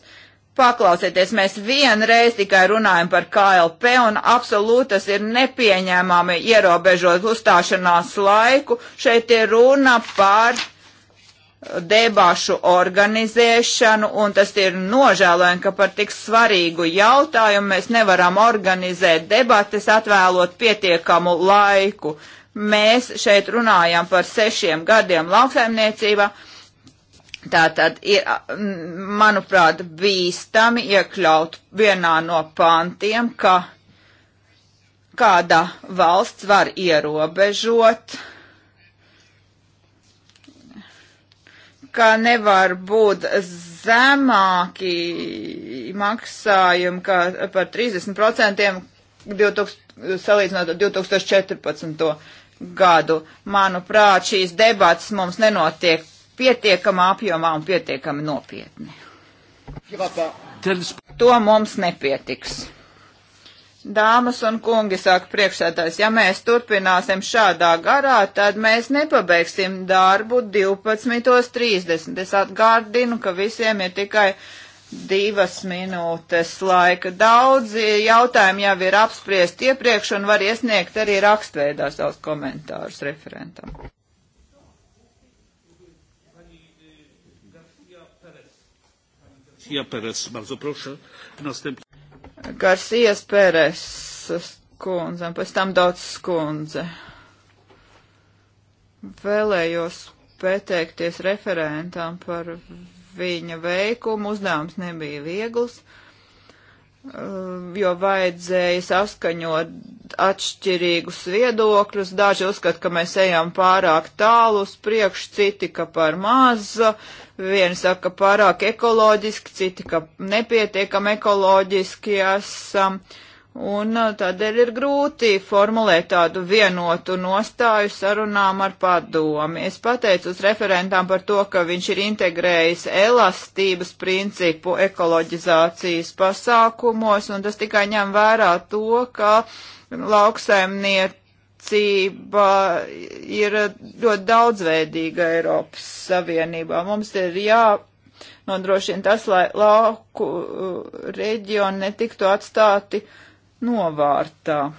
paklausieties, mēs vienreiz tikai runājam par KLP un absolūti tas ir nepieņēmami ierobežot uzstāšanās laiku. Šeit ir runa par debašu organizēšanu, un tas ir nožēlojami, ka par tik svarīgu jautājumu mēs nevaram organizēt debates, atvēlot pietiekamu laiku. Uh, Mēs šeit runājam par sešiem gadiem lauksaimniecībā. Tātad ir, manuprāt, bīstami iekļaut vienā no pantiem, ka kāda valsts var ierobežot, ka nevar būt zemāki maksājumi par 30% 2000, salīdzinot ar 2014 gadu. Manuprāt, šīs debats mums nenotiek pietiekamā apjomā un pietiekami nopietni. To mums nepietiks. Dāmas un kungi, saka priekšsētājs, ja mēs turpināsim šādā garā, tad mēs nepabeigsim darbu 12.30. Es atgārdinu, ka visiem ir tikai divas minūtes laika. Daudzi jautājumi jau ir apspriest iepriekš un var iesniegt arī rakstveidā savus komentārus referentam. Garcia Perez, bardzo proszę. Następnie. Garcia Perez, skundze, pēc tam daudz skundze. Vēlējos pateikties referentām par viņa veikumu. Uzdevums nebija viegls, um, jo vajadzēja saskaņot atšķirīgus viedokļus. Daži uzskata, ka mēs ejam pārāk tālu uz priekšu, citi, ka par maza. Vieni saka, ka pārāk ekoloģiski, citi, ka nepietiekam ekoloģiski esam. Um, Un uh, tādēļ ir grūti formulēt tādu vienotu nostāju sarunām ar padomi. Es pateicu uz referentām par to, ka viņš ir integrējis elastības principu ekoloģizācijas pasākumos, un tas tikai ņem vērā to, ka lauksaimniecība ir ļoti daudzveidīga Eiropas Savienībā. Mums ir jā nodrošina tas, lai lauku uh, reģioni netiktu atstāti uh, novārtā.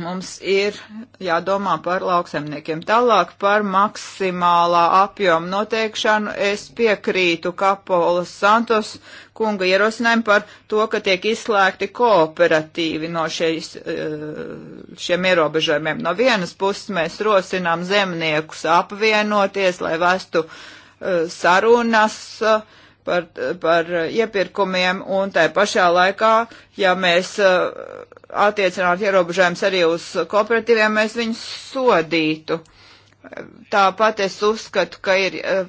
Mums ir jādomā par lauksemniekiem. Tālāk par maksimālā apjoma noteikšanu es piekrītu Kapolas Santos kunga ierosinājumu par to, ka tiek izslēgti kooperatīvi no šeis, eh, šiem ierobežojumiem. No vienas puses mēs rosinām zemniekus apvienoties, lai vestu eh, sarunas. Uh, par, par iepirkumiem, un tai pašā laikā, ja mēs uh, attiecinātu ierobežojumus arī uz kooperatīviem, mēs viņus sodītu. Tāpat es uzskatu, ka ir uh,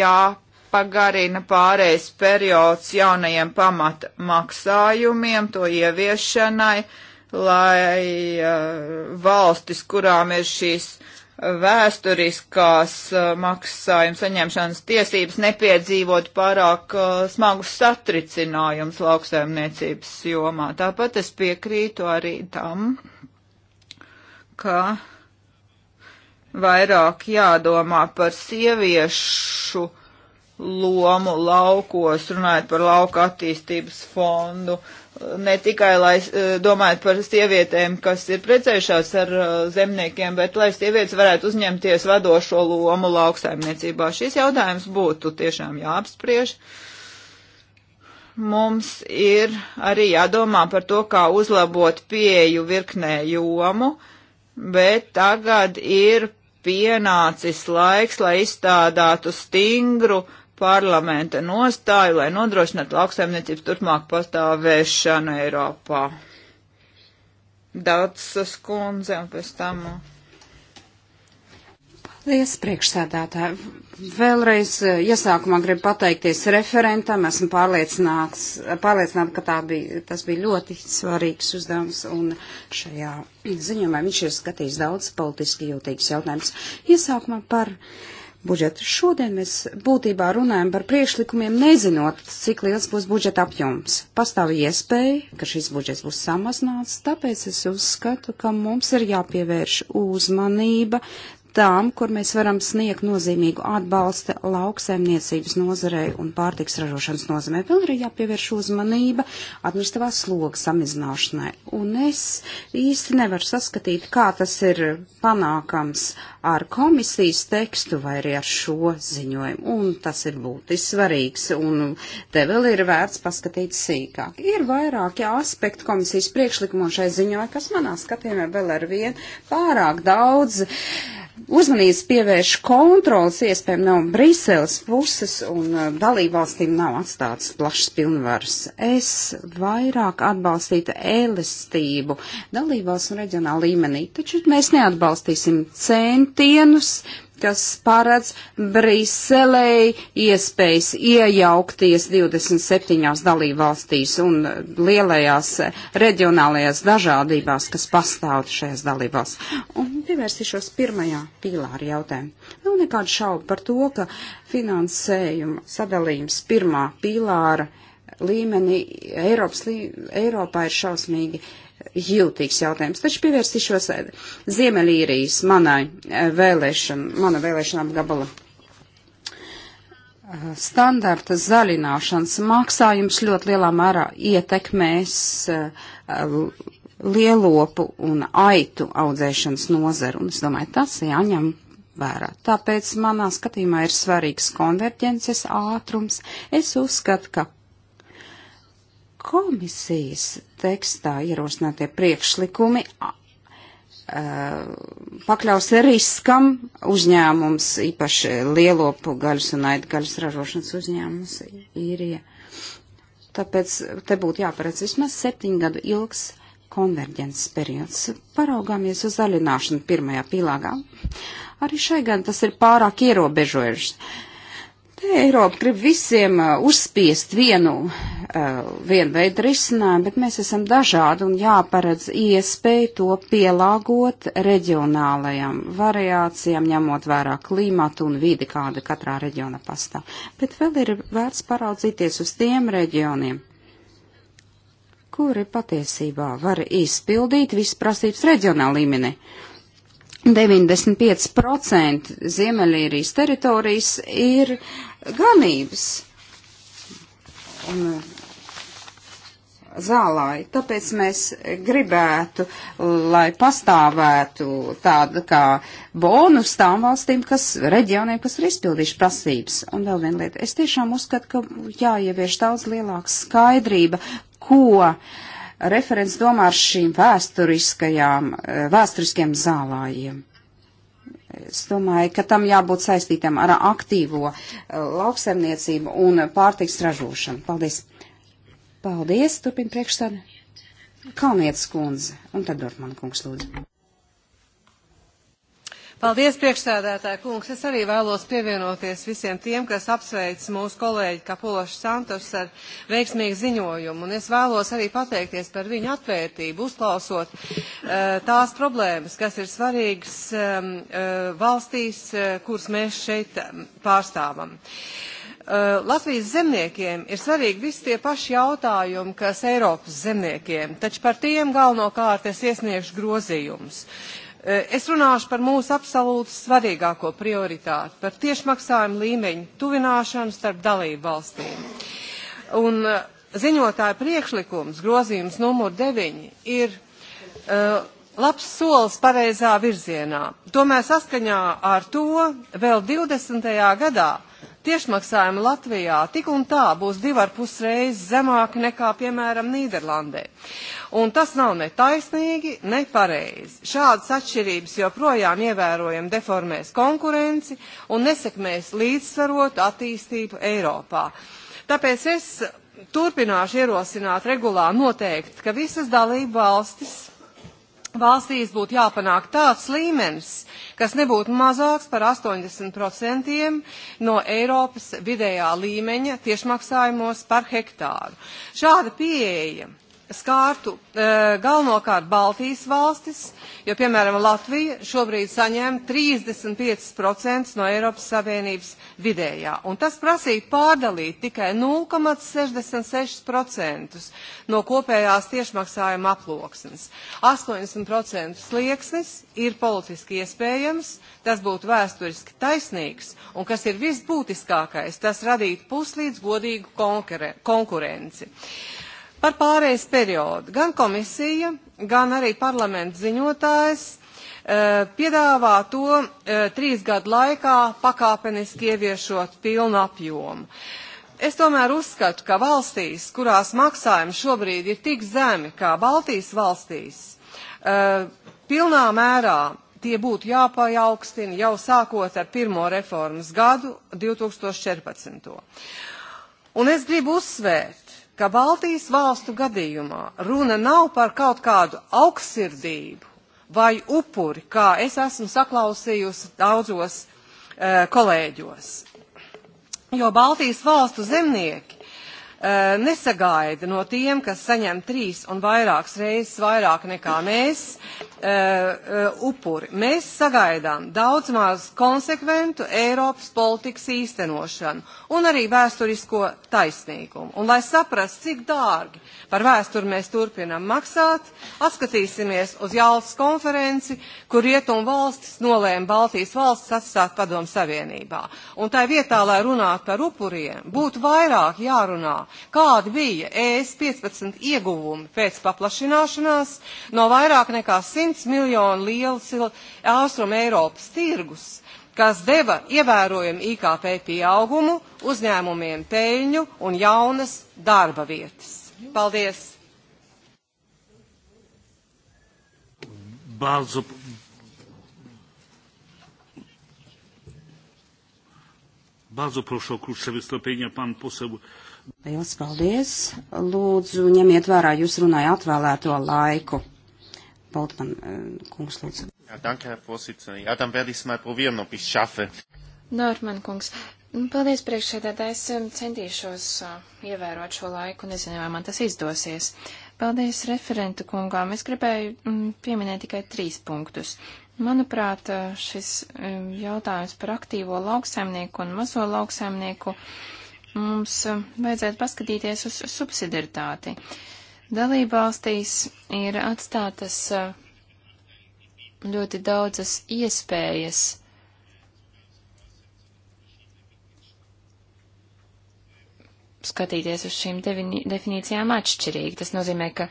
jāpagarina pārējais periods jaunajiem pamata maksājumiem, to ieviešanai, lai uh, valstis, kurām ir šīs uh, vēsturiskās uh, maksājuma saņemšanas tiesības nepiedzīvot pārāk uh, smagus satricinājumus lauksaimniecības jomā. Tāpat es piekrītu arī tam, ka vairāk jādomā par sieviešu lomu laukos, runājot par lauka attīstības fondu. Uh, ne tikai lai eh, domājat par sievietēm, kas ir precējušās ar eh, zemniekiem, bet lai sievietes varētu uzņemties vadošo lomu lauksaimniecībā. Šis jautājums būtu tiešām jāapspriež. Mums ir arī jādomā par to, kā uzlabot pieju virknē jomu, bet tagad ir pienācis laiks, lai izstādātu stingru uh, parlamenta nostāju, lai nodrošinātu lauksaimniecības turpmāk pastāvēšanu Eiropā. Daudzas kundze un pēc tam. Paldies, priekšsēdētāji. Vēlreiz eh, iesākumā gribu pateikties referentam. Esmu pārliecināta, ka tā bija, tas bija ļoti svarīgs uzdevums un šajā ziņumā viņš ir skatījis daudz politiski jūtīgs jautājums. Iesākumā par. Uh, budžetu. Šodien mēs būtībā runājam par priekšlikumiem, nezinot, cik liels būs budžeta apjoms. Pastāv iespēja, ka šis budžets būs samazināts, tāpēc es uzskatu, ka mums ir jāpievērš uzmanība tām, kur mēs varam sniegt nozīmīgu atbalstu lauksaimniecības nozarei un pārtiks ražošanas nozarei. Vēl ir jāpievērš uzmanība administratīvā sloga samazināšanai. Un es īsti nevaru saskatīt, kā tas ir panākams ar komisijas tekstu vai arī ar šo ziņojumu. Un tas ir būtiski svarīgs. Un te vēl ir vērts paskatīt sīkāk. Ir vairāki aspekti komisijas priekšlikumā šai ziņojumā, kas manā skatījumā vēl ar vienu pārāk daudz. Uh, uzmanības pievērš kontrols iespējami no Briseles puses un uh, dalībvalstīm nav atstātas plašas pilnvaras. Es vairāk atbalstītu elastību dalībvalsts un reģionāla līmenī, taču mēs neatbalstīsim centienus kas paredz Briselei iespējas iejaukties 27 dalībvalstīs un lielajās reģionālajās dažādībās, kas pastāv šajās dalībās. Un pievērsīšos pirmajā pīlāra jautājumu. Nav nu, nekādu šaubu par to, ka finansējuma sadalījums pirmā pīlāra līmenī Eiropas, lī, Eiropā ir šausmīgi jūtīgs jautājums. Taču pievērsīšos eh, Ziemeļīrijas manai eh, vēlēšana, mana vēlēšanām gabala. Eh, standarta zaļināšanas maksājums ļoti lielā mērā ietekmēs lielopu un aitu audzēšanas nozeru, un es domāju, tas jāņem vērā. Tāpēc manā skatījumā ir svarīgs konverģences ātrums. Es uzskatu, ka Komisijas tekstā ierosinātie priekšlikumi pakļaus riskam uzņēmums, īpaši lielopu gaļas un aitgaļas ražošanas uzņēmums īrija. Tāpēc te būtu jāparedz vismaz septiņu gadu ilgs konverģences periods. Paraugāmies uz zaļināšanu pirmajā pīlāgā. Arī šai gan tas ir pārāk ierobežojuši. Te Eiropa grib visiem uh, uzspiest vienu, uh, vienu veidu risinājumu, bet mēs esam dažādi un jāparedz iespēju to pielāgot reģionālajām variācijām, ņemot vērā klimatu un vidi, kāda katrā reģiona pastāv. Bet vēl ir vērts paraudzīties uz tiem reģioniem, kuri patiesībā var izpildīt visas prasības reģionāla līmenī. 95% Ziemeļīrijas teritorijas ir uh, ganības un zālāji. Tāpēc mēs gribētu, lai pastāvētu tāda kā bonus tām valstīm, kas reģioniem, kas ir izpildījuši prasības. Un vēl viena lieta. Es tiešām uzskatu, ka jāievieš daudz lielāka skaidrība, ko referents domā ar šīm vēsturiskajām, vēsturiskiem zālājiem. Es domāju, ka tam jābūt saistītam ar aktīvo uh, lauksaimniecību un pārtiks ražošanu. Paldies! Paldies, turpina priekšstāde. Kalnietis kundze, un tad Dortmana kungs lūdzu. Paldies, priekšsēdētāja kungs. Es arī vēlos pievienoties visiem tiem, kas apsveic mūsu kolēģi Kapulašu Santos ar veiksmīgu ziņojumu. Un es vēlos arī pateikties par viņu atvērtību, uzklausot uh, tās problēmas, kas ir svarīgas um, uh, valstīs, uh, kuras mēs šeit ehm, pārstāvam. Latvijas zemniekiem ir svarīgi visi tie paši jautājumi, kas Eiropas zemniekiem, taču par tiem galvenokārt es iesniegšu grozījumus. Eh, es runāšu par mūsu absolūti svarīgāko prioritāti, par tiešmaksājumu līmeņu tuvināšanu starp dalību valstīm. Un eh, ziņotāja priekšlikums, grozījums numur 9, ir uh, labs solis pareizā virzienā. Tomēr saskaņā ar to vēl 20. gadā Tiešmaksājumi Latvijā tik un tā būs divi ar pus reizes zemāki nekā, piemēram, Nīderlandē. Un tas nav ne taisnīgi, ne pareizi. Šādas atšķirības joprojām ievērojami deformēs konkurenci un nesekmēs līdzsvarotu attīstību Eiropā. Tāpēc es turpināšu ierosināt regulā noteikt, ka visas dalību valstis valstīs būtu jāpanāk tāds līmenis, kas nebūtu mazāks par 80% no Eiropas vidējā līmeņa tiešmaksājumos par hektāru. Šāda pieeja skārtu e, galvenokārt Baltijas valstis, jo, piemēram, Latvija šobrīd saņem 35% no Eiropas Savienības vidējā. Un tas prasīja pārdalīt tikai 0,66% no kopējās tiešmaksājuma aploksnes. 80% slieksnis ir politiski iespējams, tas būtu vēsturiski taisnīgs, un kas ir visbūtiskākais, tas radītu puslīdz godīgu konkurenci. Par pārējais periodu gan komisija, gan arī parlaments ziņotājs eh, piedāvā to eh, trīs gadu laikā pakāpeniski ieviešot pilnu apjomu. Es tomēr uzskatu, ka valstīs, kurās maksājumi šobrīd ir tik zemi kā Baltijas valstīs, eh, pilnā mērā tie būtu jāpajaukstina jau sākot ar pirmo reformas gadu 2014. Un es gribu uzsvērt, ka Baltijas valstu gadījumā runa nav par kaut kādu augstsirdību vai upuri, kā es esmu saklausījusi daudzos e, kolēģos. Jo Baltijas valstu zemnieki Eh, nesagaida no tiem, kas saņem trīs un vairākas reizes vairāk nekā mēs, eh, eh, upuri. Mēs sagaidām daudz maz konsekventu Eiropas politikas īstenošanu un arī vēsturisko taisnīgumu. Un lai saprast, cik dārgi par vēsturi mēs turpinam maksāt, atskatīsimies uz Jāltas konferenci, kur rietumu valstis nolēma Baltijas valsts atstāt padomu savienībā. Un tā vietā, lai runātu par upuriem, būtu vairāk jārunā kādi bija ES 15 ieguvumi pēc paplašināšanās no vairāk nekā 100 miljonu lielas Austrum Eiropas tirgus, kas deva ievērojumu IKP pieaugumu, uzņēmumiem peļņu un jaunas darba vietas. Paldies! Bardzo Bardzo proszę o krótsze wystąpienia. Pan poseł Liels paldies! Lūdzu, ņemiet vērā, jūs runāja atvēlēto laiku. Boltman, eh, kungs, lūdzu. Jā, danke, Herr Vorsitzende. Jā, tam werde ich es mal probieren, ob ich schaffe. Norman, kungs. Mm, paldies, priekšsēdētājs. Mm, centīšos mm, ievērot šo laiku, nezinu, vai man tas izdosies. Paldies referentu kungām. Es gribēju pieminēt tikai trīs punktus. Manuprāt, šis jautājums par aktīvo lauksaimnieku un mazo lauksaimnieku uh, mums eh, vajadzētu paskatīties uz subsidiaritāti. Dalībvalstīs ir atstātas eh, ļoti daudzas iespējas. Skatīties uz šīm definīcijām atšķirīgi. Tas nozīmē, ka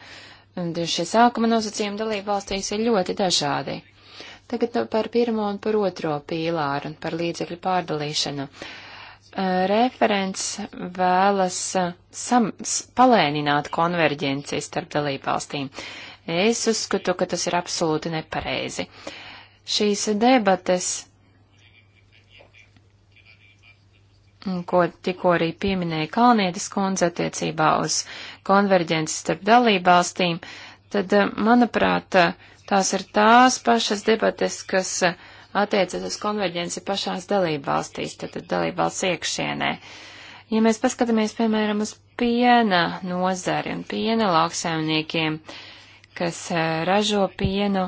mm, šie sākuma nosacījumi dalībvalstīs ir ļoti dažādi. Tagad nu, par pirmo un par otro pīlāru un par līdzekļu pārdalīšanu. Uh, Eh, referents vēlas eh, sam, palēnināt konverģenciju starp dalībvalstīm. Es uzskatu, ka tas ir absolūti nepareizi. Šīs debates, mm, ko tikko arī pieminēja Kalnietis kundze attiecībā uz konverģenci starp dalībvalstīm, tad, eh, manuprāt, tās ir tās pašas debates, kas uh, attiecas uz konverģenci pašās dalībvalstīs, tātad dalībvalsts iekšienē. Ja mēs paskatāmies, piemēram, uz piena nozari un piena lauksaimniekiem, kas eh, ražo pienu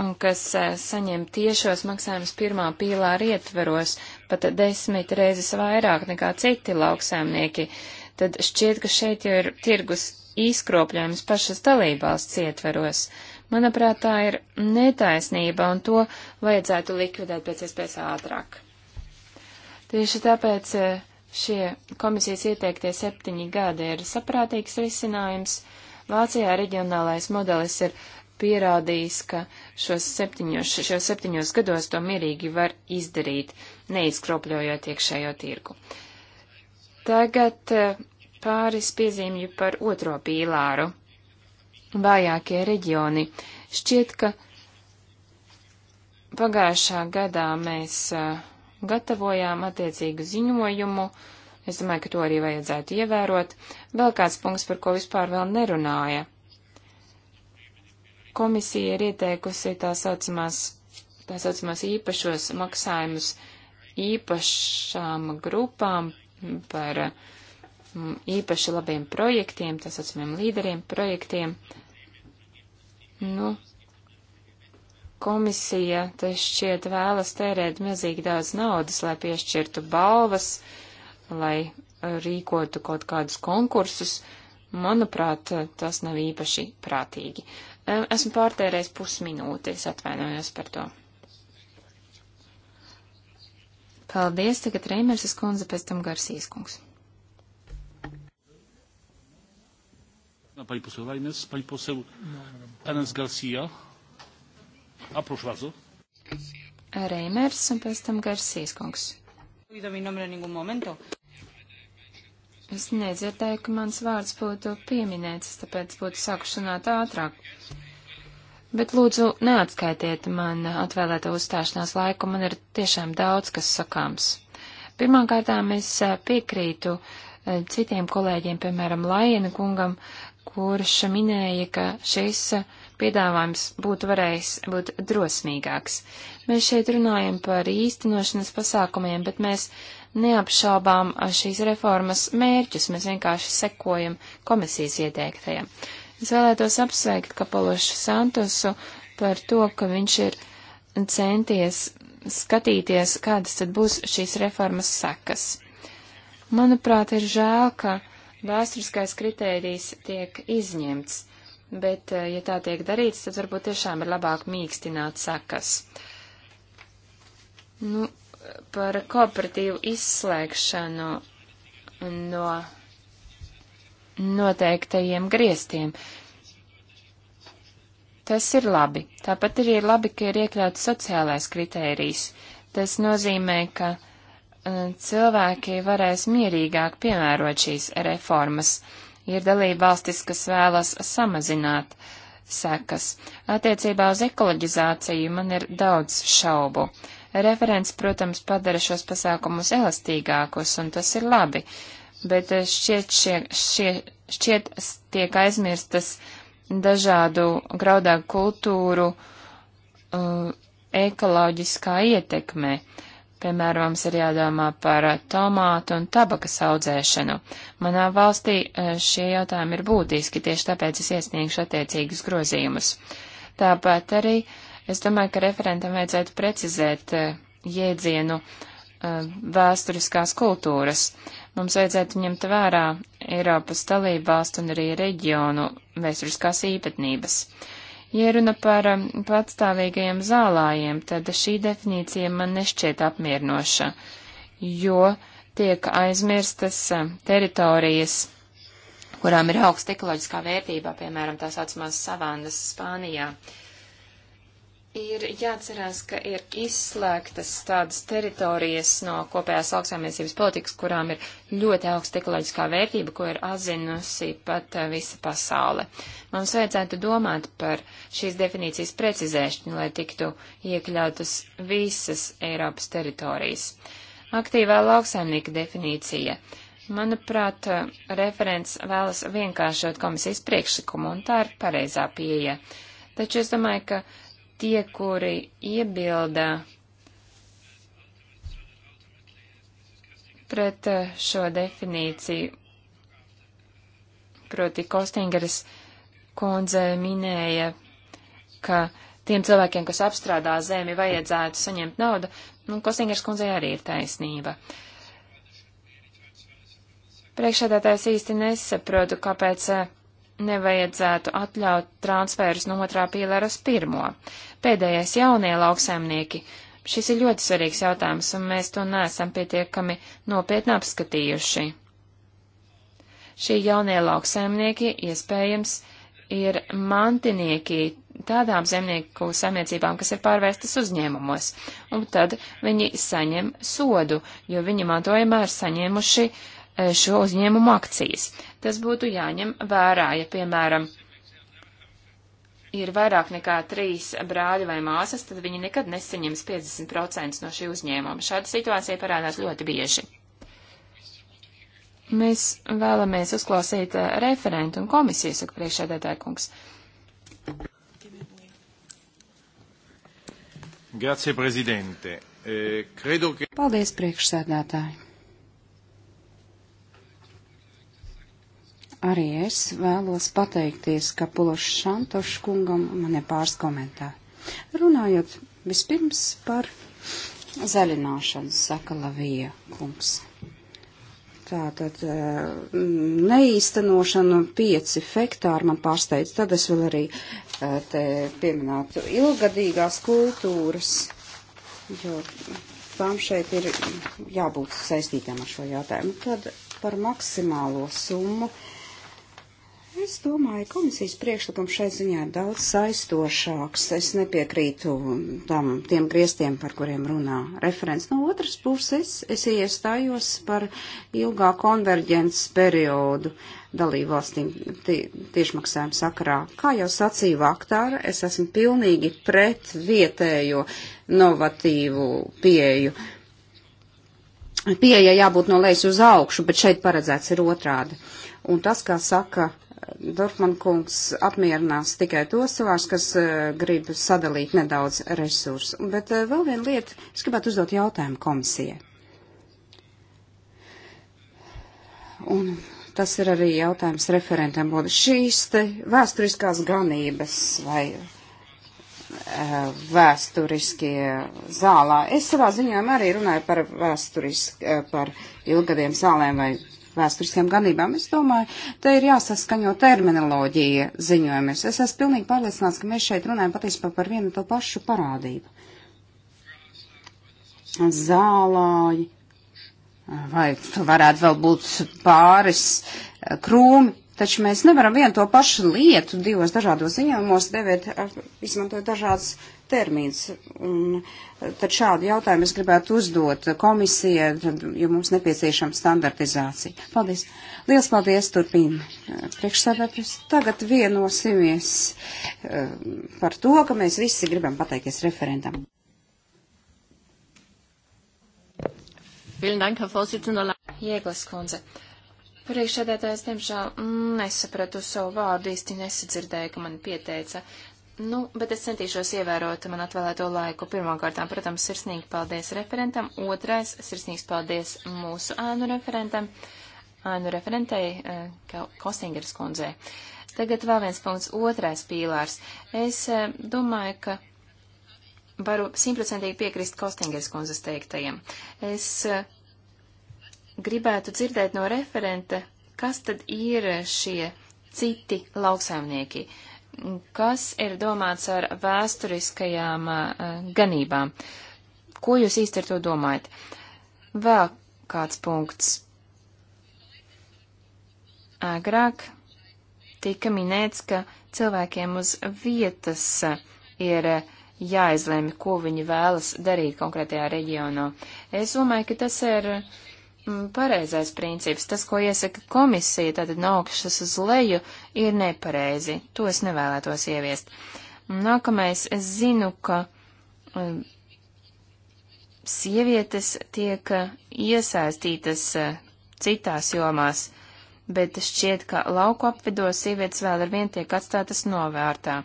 un kas eh, saņem tiešos maksājumus pirmā pīlā ietveros pat desmit reizes vairāk nekā citi lauksaimnieki, tad šķiet, ka šeit jau ir tirgus izkropļojums pašas dalībvalsts ietveros. Uh, Manuprāt, tā ir netaisnība, un to vajadzētu likvidēt pēc iespējas ātrāk. Tieši tāpēc eh, šie komisijas ieteiktie septiņi gadi ir saprātīgs risinājums. Vācijā reģionālais modelis ir pierādījis, ka šos septiņos, šos septiņos gados to mierīgi var izdarīt, neizkropļojot iekšējo tirgu. Tagad eh, pāris piezīmju par otro pīlāru vājākie reģioni. Šķiet, ka pagājušā gadā mēs gatavojām attiecīgu ziņojumu. Es domāju, ka to arī vajadzētu ievērot. Vēl kāds punkts, par ko vispār vēl nerunāja. Komisija ir ieteikusi tā saucamās, tā saucamās īpašos maksājumus īpašām grupām par īpaši labiem projektiem, tā saucamiem līderiem projektiem. Uh, Nu, komisija te šķiet vēlas tērēt milzīgi daudz naudas, lai piešķirtu balvas, lai rīkotu kaut kādus konkursus. Manuprāt, tas nav īpaši prātīgi. Esmu pārtērējis pusminūti, es atvainojos par to. Paldies, tagad Reimerses kundze, pēc tam Garsīs kungs. na pani poseł Reimers, pani poseł Enes Garcia. A proszę bardzo. Reimers un pēc tam Garcijas kungs. Es nedzirdēju, ka mans vārds būtu pieminēts, tāpēc būtu sākuši runāt ātrāk. Bet lūdzu, neatskaitiet man atvēlēto uzstāšanās laiku, man ir tiešām daudz, kas sakāms. Pirmkārtām es piekrītu uh, citiem kolēģiem, piemēram, Lajena kungam, kurš minēja, ka šis piedāvājums būtu varējis būt drosmīgāks. Mēs šeit runājam par īstenošanas pasākumiem, bet mēs neapšaubām šīs reformas mērķus, mēs vienkārši sekojam komisijas ieteiktajam. Es vēlētos apsveikt Kapološu Santosu par to, ka viņš ir centies skatīties, kādas tad būs šīs reformas sekas. Manuprāt, ir žēl, ka vēsturiskais kritērijs tiek izņemts, bet, eh, ja tā tiek darīts, tad varbūt tiešām ir labāk mīkstināt sakas. Nu, par kooperatīvu izslēgšanu no noteiktajiem griestiem. Tas ir labi. Tāpat arī ir labi, ka ir iekļauts sociālais kritērijs. Tas nozīmē, ka E, cilvēki varēs mierīgāk piemērot šīs reformas. Ir dalība valstis, kas vēlas samazināt sekas. Attiecībā uz ekoloģizāciju man ir daudz šaubu. Referents, protams, padara šos pasākumus elastīgākus, un tas ir labi, bet šķiet, šie, šie, šķiet tiek aizmirstas dažādu graudāku kultūru uh, ekoloģiskā ietekmē. Uh, Piemēram, mums ir jādomā par tomātu un tabakas audzēšanu. Manā valstī e, šie jautājumi ir būtiski, tieši tāpēc es iesniegšu attiecīgus grozījumus. Tāpat arī es domāju, ka referentam vajadzētu precizēt e, jēdzienu e, vēsturiskās kultūras. Mums vajadzētu ņemt vērā Eiropas dalību valstu un arī reģionu vēsturiskās īpatnības. Uh, Ja runa par um, patstāvīgajiem zālājiem, tad šī definīcija man nešķiet apmierinoša, jo tiek aizmirstas um, teritorijas, kurām ir augsta ekoloģiskā vērtība, piemēram, tās atsmās savandas Spānijā. Uh, Ir jāatcerās, ka ir izslēgtas tādas teritorijas no kopējās lauksaimniecības politikas, kurām ir ļoti augsta ekoloģiskā vērtība, ko ir atzinusi pat eh, visa pasaule. Mums vajadzētu domāt par šīs definīcijas precizēšanu, lai tiktu iekļautas visas Eiropas teritorijas. Aktīvā lauksaimnieka definīcija. Manuprāt, eh, referents vēlas vienkāršot komisijas priekšlikumu, un tā ir pareizā pieeja. Taču es domāju, ka tie, kuri iebilda pret eh, šo definīciju. Proti, Kostingeris kundze minēja, ka tiem cilvēkiem, kas apstrādā zemi, vajadzētu saņemt naudu. Nu, Kostingers kundzei arī ir taisnība. Priekšādātājs īsti nesaprotu, kāpēc uh, nevajadzētu atļaut transferus no otrā pīlēra uz pirmo. Pēdējais jaunie lauksaimnieki. Šis ir ļoti svarīgs jautājums, un mēs to neesam pietiekami nopietni apskatījuši. Šie jaunie lauksaimnieki iespējams ir mantinieki tādām zemnieku saimniecībām, kas ir pārvērstas uzņēmumos, un tad viņi saņem sodu, jo viņi mantojumā ir saņēmuši uh, E, šo uzņēmumu akcijas. Tas būtu jāņem vērā, ja, piemēram, ir vairāk nekā trīs brāļi vai māsas, tad viņi nekad nesaņems 50% no šī uzņēmuma. Šāda situācija parādās ļoti bieži. Mēs vēlamies uzklausīt e, referentu un komisiju, saka priekšēdētāja kungs. Grazie, prezidente. E, credo, ka... Paldies, priekšsēdētāji. arī es vēlos pateikties, ka Pulošs Šantošs kungam man ir pāris komentāri. Runājot vispirms par zaļināšanu, saka Lavija kungs. Tātad eh, neīstenošana pieci hektāri man pārsteidz. Tad es vēl arī eh, te pieminētu ilgadīgās kultūras, jo tām šeit ir jābūt saistītām ar šo jautājumu. Tad par maksimālo summu Es domāju, komisijas priekšlikums šai ziņā ir daudz saistošāks. Es nepiekrītu tam, tiem griestiem, par kuriem runā referents. No otras puses, es iestājos par ilgā konverģences periodu dalībvalstīm tiešmaksājuma sakarā. Kā jau sacīja Vaktāra, es esmu pilnīgi pret vietējo novatīvu pieju. Pieeja jābūt no lejas uz augšu, bet šeit paredzēts ir otrādi. Un tas, kā saka Dorfman kungs apmierinās tikai tos cilvēkus, kas uh, grib sadalīt nedaudz resursu. Bet uh, vēl viena lieta, es gribētu uzdot jautājumu komisijai. Un tas ir arī jautājums referentam. Būtu šīs te vēsturiskās ganības vai uh, vēsturiskie zālā. Es savā ziņām arī runāju par vēsturiski, par ilgadiem zālēm vai vēsturiskajām ganībām. Es domāju, te ir jāsaskaņo terminoloģija ziņojumus. Es esmu pilnīgi pārliecināts, ka mēs šeit runājam patiesībā par vienu to pašu parādību. Zālāji, vai varētu vēl būt pāris eh, krūmi, taču mēs nevaram vienu to pašu lietu divos dažādos ziņojumos devēt, izmantojot dažādas termīns. Un eh, tad šādu jautājumu es gribētu uzdot komisijai, jo mums nepieciešama standartizācija. Paldies! Liels paldies, turpina eh, priekšsēdētājs. Tagad vienosimies eh, par to, ka mēs visi gribam pateikties referentam. Jēglas kundze. Priekšsēdētājs, diemžēl, nesapratu savu vārdu, īsti nesadzirdēju, ka man pieteica. Uh, Nu, bet es centīšos ievērot man atvēlēto laiku. Pirmkārtām, protams, sirsnīgi paldies referentam. Otrais, sirsnīgs paldies mūsu ēnu referentam, ēnu referentei eh, Kostingeras kundzei. Tagad vēl viens punkts, otrais pīlārs. Es eh, domāju, ka varu simtprocentīgi piekrist Kostingeres kundzes teiktajiem. Es eh, gribētu dzirdēt no referenta, kas tad ir šie citi lauksaimnieki. Uh, kas ir domāts ar vēsturiskajām uh, ganībām. Ko jūs īsti ar to domājat? Vēl kāds punkts. Agrāk tika minēts, ka cilvēkiem uz vietas eh, ir eh, jāizlēma, ko viņi vēlas darīt konkrētajā reģionā. Es domāju, ka tas ir uh, Mm, pareizais princips. Tas, ko iesaka komisija, tātad no augšas uz leju, ir nepareizi. To es nevēlētos ieviest. Nākamais, es zinu, ka mm, sievietes tiek iesaistītas mm, citās jomās bet šķiet, ka lauku apvidos sievietes vēl ar vien tiek atstātas novērtā.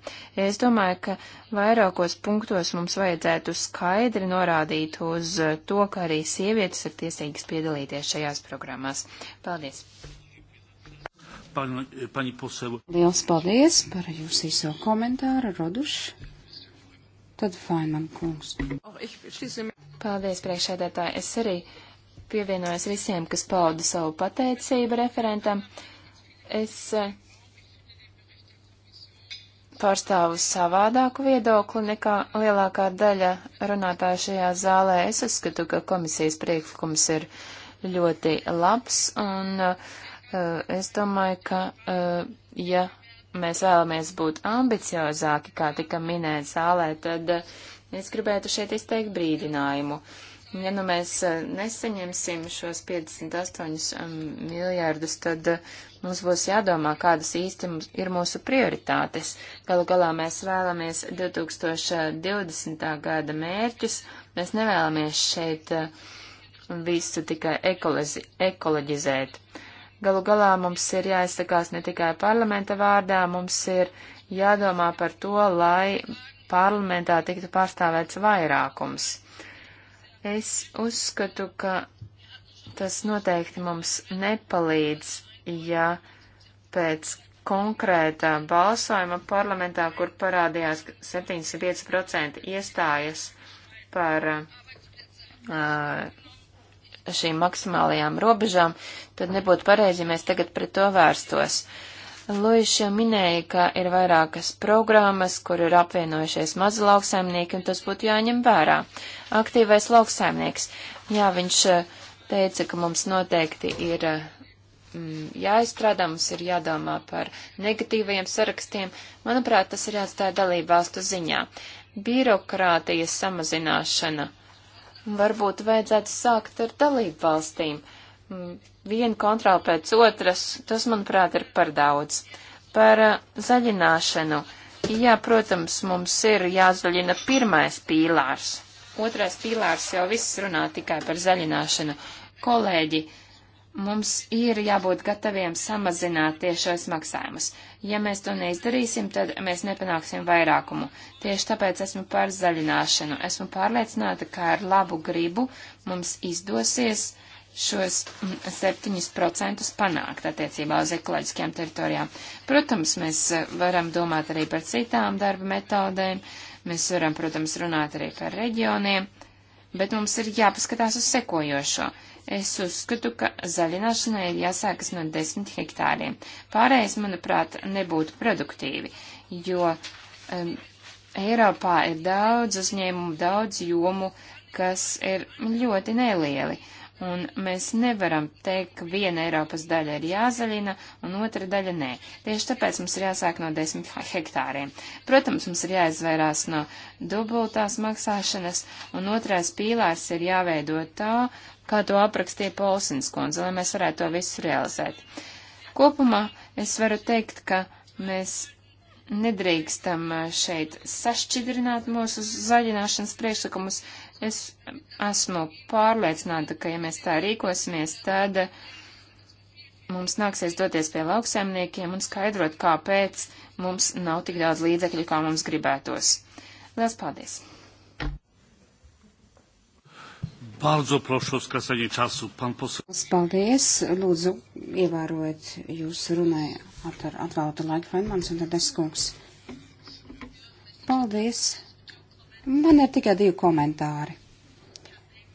Es domāju, ka vairākos punktos mums vajadzētu skaidri norādīt uz to, ka arī sievietes ir tiesīgas piedalīties šajās programmās. Paldies! Liels paldies par jūsu īso komentāru, Roduši! Tad Faiman kungs. Oh, paldies, priekšēdētāji. Es arī pievienojos visiem, kas pauda savu pateicību referentam. Es eh, pārstāvu savādāku viedokli nekā lielākā daļa runātāju šajā zālē. Es uzskatu, ka komisijas priekšlikums ir ļoti labs, un uh, es domāju, ka, uh, ja mēs vēlamies būt ambiciozāki, kā tika minēts zālē, tad uh, es gribētu šeit izteikt brīdinājumu. Uh, Ja nu mēs e, nesaņemsim šos 58 e, miljārdus, tad e, mums būs jādomā, kādas īsti ir mūsu prioritātes. Galu galā mēs vēlamies 2020. gada mērķus, mēs nevēlamies šeit visu tikai ekolozi, ekoloģizēt. Galu galā mums ir jāizsakās ne tikai parlamenta vārdā, mums ir jādomā par to, lai parlamentā tiktu pārstāvēts vairākums. Es uzskatu, ka tas noteikti mums nepalīdz, ja pēc konkrētā balsojuma parlamentā, kur parādījās 75% iestājas par uh, šīm maksimālajām robežām, tad nebūtu pareizi, ja mēs tagad pret to vērstos. Uh, Luis jau minēja, ka ir vairākas programmas, kur ir apvienojušies mazi lauksaimnieki, un tas būtu jāņem vērā. Aktīvais lauksaimnieks. Jā, viņš eh, teica, ka mums noteikti ir eh, mm, jāizstrādā, mums ir jādomā par negatīvajiem sarakstiem. Manuprāt, tas ir jāatstāja dalību valstu ziņā. Birokrātijas samazināšana. Varbūt vajadzētu sākt ar dalību valstīm. Uh, vienu kontroli pēc otras, tas, manuprāt, ir par daudz. Par eh, zaļināšanu. Jā, protams, mums ir jāzaļina pirmais pīlārs. Otrais pīlārs jau viss runā tikai par zaļināšanu. Kolēģi, mums ir jābūt gataviem samazināt tiešos maksājumus. Ja mēs to neizdarīsim, tad mēs nepanāksim vairākumu. Tieši tāpēc esmu par zaļināšanu. Esmu pārliecināta, ka ar labu gribu mums izdosies šos 7% mm, panākt attiecībā uz ekoloģiskajām teritorijām. Protams, mēs eh, varam domāt arī par citām darba metodēm, mēs varam, protams, runāt arī par reģioniem, bet mums ir jāpaskatās uz sekojošo. Es uzskatu, ka zaļināšanai ir jāsākas no 10 hektāriem. Pārējais, manuprāt, nebūtu produktīvi, jo um, Eiropā ir daudz uzņēmumu, daudz jomu, kas ir ļoti nelieli Un mēs nevaram teikt, ka viena Eiropas daļa ir jāzaļina un otra daļa nē. Tieši tāpēc mums ir jāsāk no desmit hektāriem. Protams, mums ir jāizvairās no dubultās maksāšanas, un otrais pīlārs ir jāveido tā, kā to aprakstīja Polsins kundze, lai mēs varētu to visu realizēt. Kopumā es varu teikt, ka mēs nedrīkstam šeit sašķidrināt mūsu zaļināšanas priekšlikumus, Es esmu pārliecināta, ka ja mēs tā rīkosimies, tad mums nāksies doties pie lauksaimniekiem un skaidrot, kāpēc mums nav tik daudz līdzekļu, kā mums gribētos. Lielas paldies! Bardzo prošu skrasēģi času, pan posēdz. Paldies, lūdzu, ievērojiet jūs runāja ar atvēlētu laiku Fenmans un tad es kungs. Paldies! Man ir tikai divi komentāri.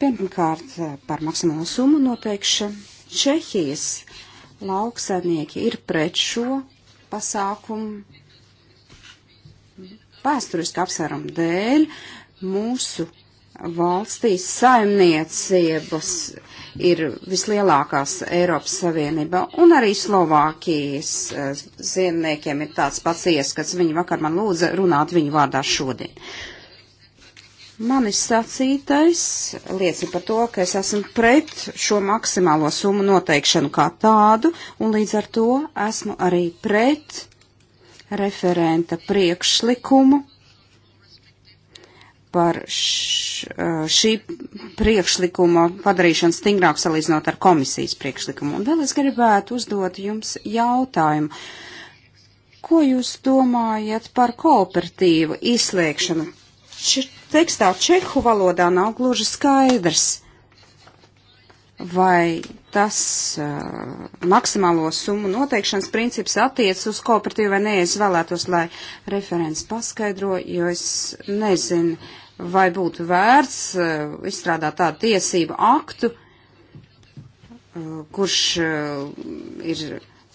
Pirmkārt, eh, par maksimālo summu noteikšanu. Čehijas lauksaimnieki ir pret šo pasākumu vēsturiski apsvērumu dēļ mūsu valstīs saimniecības ir vislielākās Eiropas Savienībā, un arī Slovākijas eh, ziemniekiem ir tāds pats ieskats. Viņi vakar man lūdza runāt viņu vārdā šodien. Uh, Manis sacītais liecina par to, ka es esmu pret šo maksimālo summu noteikšanu kā tādu, un līdz ar to esmu arī pret referenta priekšlikumu par š, šī priekšlikuma padarīšanu stingrāk salīdzinot ar komisijas priekšlikumu. Un vēl es gribētu uzdot jums jautājumu. Ko jūs domājat par kooperatīvu izslēgšanu? Šit tekstā čehu valodā nav gluži skaidrs, vai tas uh, maksimālo summu noteikšanas princips attiec uz kooperatīvu vai nē. Es vēlētos, lai referents paskaidro, jo es nezinu, vai būtu vērts uh, izstrādāt tādu tiesību aktu, uh, kurš uh, ir